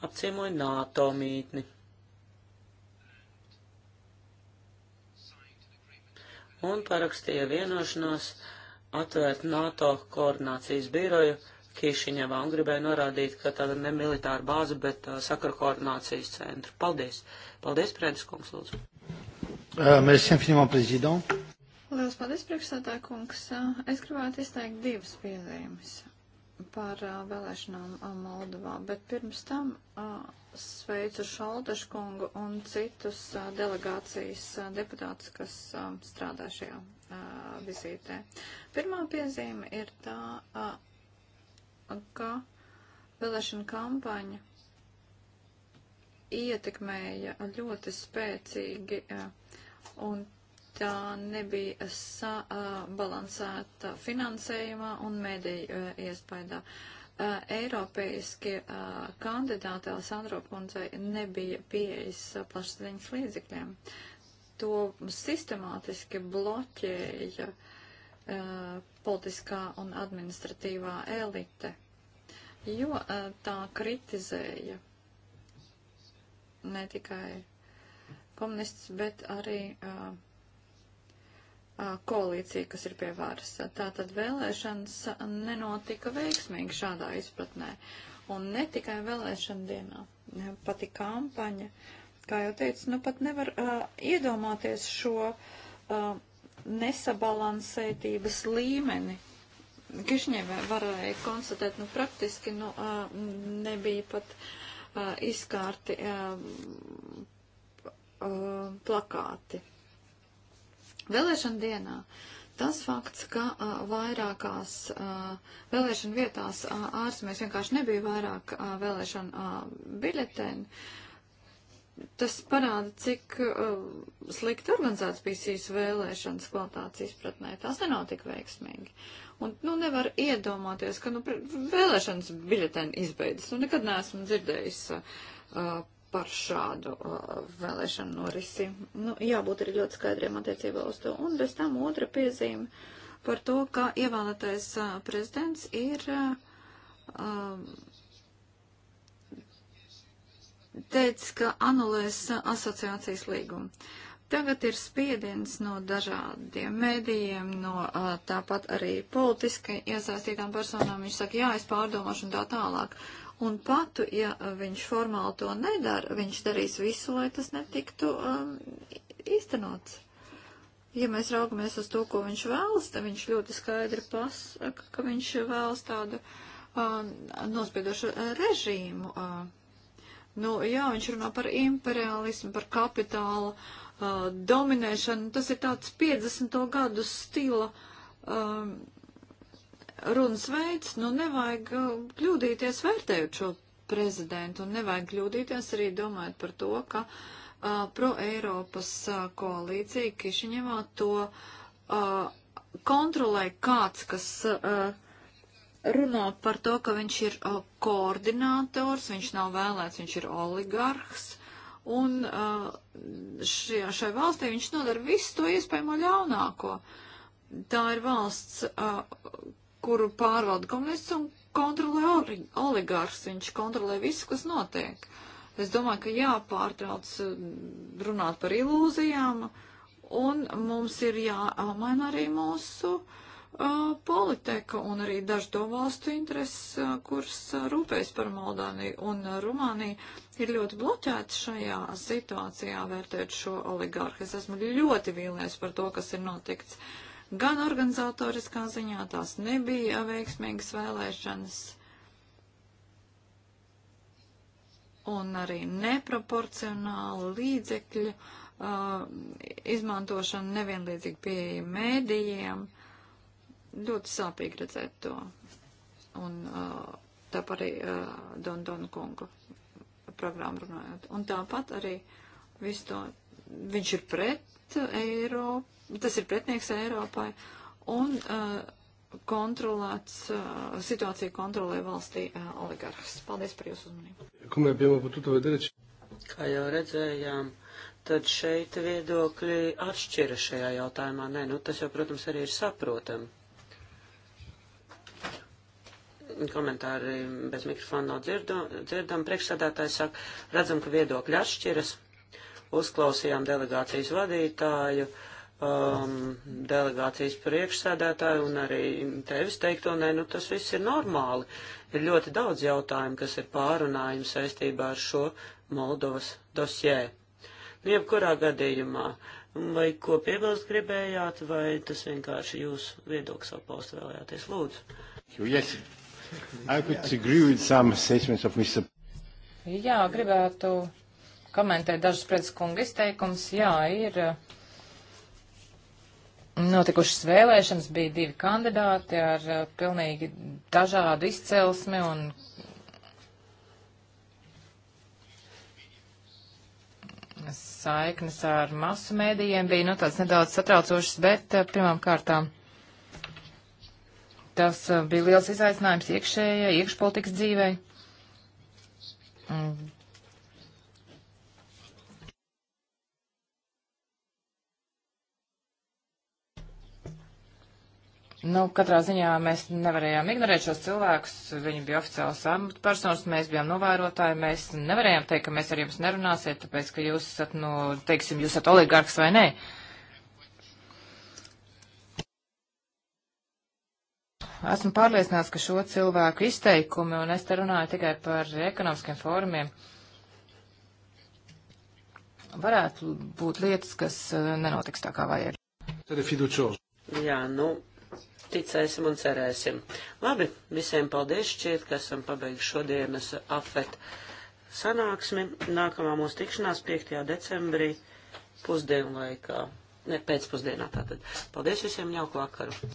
apciemoja NATO mītni. Un parakstīja vienošanos atvērt NATO koordinācijas biroju Kīšiņevā un gribēja norādīt, ka tāda ne militāra bāze, bet uh, sakaru koordinācijas centra. Paldies! Paldies, Prēdis kungs, lūdzu! Uh, merci infiniment, président! Lielas paldies, priekšsētā kungs. Uh, es gribētu izteikt divas piezīmes par uh, vēlēšanām uh, Moldovā, bet pirms tam uh, sveicu Šaldašu kungu un citus uh, delegācijas uh, deputātus, kas uh, strādā šajā uh, vizītē. Pirmā piezīme ir tā, uh, ka vēlēšana kampaņa ietekmēja ļoti spēcīgi uh, un tā nebija sabalansēta finansējumā un mediju eh, iespaidā. Eh, Eiropeiskie eh, kandidāti Alessandro kundzei nebija pieejas plašsaziņas līdzekļiem. To sistemātiski bloķēja politiskā un administratīvā elite, jo tā kritizēja ne tikai komunists, bet arī uh, koalīcija, kas ir pie varas. Tātad vēlēšanas nenotika veiksmīgi šādā izpratnē. Un ne tikai vēlēšana dienā, pati kampaņa, kā jau teicu, nu pat nevar uh, iedomāties šo uh, nesabalansētības līmeni. Kišņevē varēja konstatēt, nu praktiski nu, uh, nebija pat uh, izkārti uh, uh, plakāti. Vēlēšana dienā tas fakts, ka a, vairākās a, vēlēšana vietās a, ārzemēs vienkārši nebija vairāk a, vēlēšana a, biļetēni, tas parāda, cik a, slikti organizēts bija šīs vēlēšanas kvalitātes izpratnē. Tās nenotika veiksmīgi. Un, nu, nevar iedomāties, ka, nu, vēlēšanas biļetēni izbeidzas. Nu, nekad neesmu dzirdējis. A, par šādu uh, vēlēšanu norisi. Nu, jābūt arī ļoti skaidriem attiecībā uz to. Un bez tam otra piezīme par to, ka ievēlētais uh, prezidents ir. Uh, um, teica, ka anulēs uh, asociācijas līgumu. Tagad ir spiediens no dažādiem mēdījiem, no uh, tāpat arī politiski iesaistītām personām. Viņš saka, jā, es pārdomāšu un tā tālāk. Uh, Un pat, ja eh, viņš formāli to nedara, viņš darīs visu, lai tas netiktu um, īstenots. Ja mēs raugamies uz to, ko viņš vēlas, tad viņš ļoti skaidri pasaka, eh, ka viņš vēlas tādu um, nospiedošu eh, režīmu. Uh. Nu, jā, viņš runā par imperialismu, par kapitāla uh, dominēšanu. Tas ir tāds 50. gadu stila. Um, runas veids, nu nevajag uh, kļūdīties vērtējot šo prezidentu un nevajag kļūdīties arī domājot par to, ka uh, pro-Eiropas uh, koalīcija Kišiņevā to uh, kontrolē kāds, kas uh, runā par to, ka viņš ir uh, koordinators, viņš nav vēlēts, viņš ir oligarhs. Un uh, šajā, šai valstī viņš nodara visu to iespējamo ļaunāko. Tā ir valsts, uh, kuru pārvalda komunists un kontrolē oligārs, viņš kontrolē visu, kas notiek. Es domāju, ka jāpārtrauc eh, runāt par ilūzijām, un mums ir jāmaina arī mūsu uh, politika un arī dažu to valstu intereses, uh, kuras uh, rūpēs par Moldāniju un Rumāniju ir ļoti bloķēti šajā situācijā vērtēt šo oligārhu. Es esmu ļoti vīlies par to, kas ir notikts. Uh, Gan organizatoriskā ziņā tās nebija veiksmīgas vēlēšanas, un arī neproporcionāla līdzekļu uh, izmantošana, nevienlīdzīga pieeja mēdījiem. Ļoti sāpīgi redzēt to. Un uh, tāpat arī uh, Don Don kungu programmu runājot. Un tāpat arī visu to, viņš ir pret Eiropu tas ir pretnieks Eiropai, un uh, kontrolēts, uh, situācija kontrolē valstī uh, oligarhs. Paldies par jūsu uzmanību. Kā jau redzējām, tad šeit viedokļi atšķira šajā jautājumā. Nē, nu tas jau, protams, arī ir saprotami. Komentāri bez mikrofona nav dzirdam. dzirdam. Priekšsādātājs saka, redzam, ka viedokļi atšķiras. Uzklausījām delegācijas vadītāju. Uh, um, delegācijas priekšsēdētāju un arī tevis teikto, nē, nu tas viss ir normāli. Ir ļoti daudz jautājumu, kas ir pārunājumi saistībā ar šo Moldovas dosjē. Nu, jebkurā gadījumā, vai ko piebilst gribējāt, vai tas vienkārši jūs viedoklis apaust vēlējāties, lūdzu. Yes. I could agree with some statements of Mr. Jā, gribētu komentēt dažus pretskunga izteikums. Jā, ir uh, notikušas vēlēšanas, bija divi kandidāti ar uh, pilnīgi dažādu izcelsmi un. Saiknes ar masu mēdījiem bija nu, tāds nedaudz satraucošs, bet uh, pirmām kārtām tas uh, bija liels izaicinājums iekšējai, iekšpolitikas dzīvei. Nu, katrā ziņā mēs nevarējām ignorēt šos cilvēkus, viņi bija oficiāls amatpersonas, mēs bijām novērotāji, mēs nevarējām teikt, ka mēs ar jums nerunāsiet, tāpēc, ka jūs esat, nu, teiksim, jūs esat oligarks vai nē. Esmu pārliecināts, ka šo cilvēku izteikumi, un es te runāju tikai par ekonomiskiem fórumiem, varētu būt lietas, kas eh, nenotiks tā kā vajag. Jā, nu, ticēsim un cerēsim. Labi, visiem paldies šķiet, ka esam pabeiguši šodienas afet sanāksmi. Nākamā mūsu tikšanās 5. decembrī pusdienlaikā, ne pēcpusdienā tātad. Paldies visiem, jauku vakaru!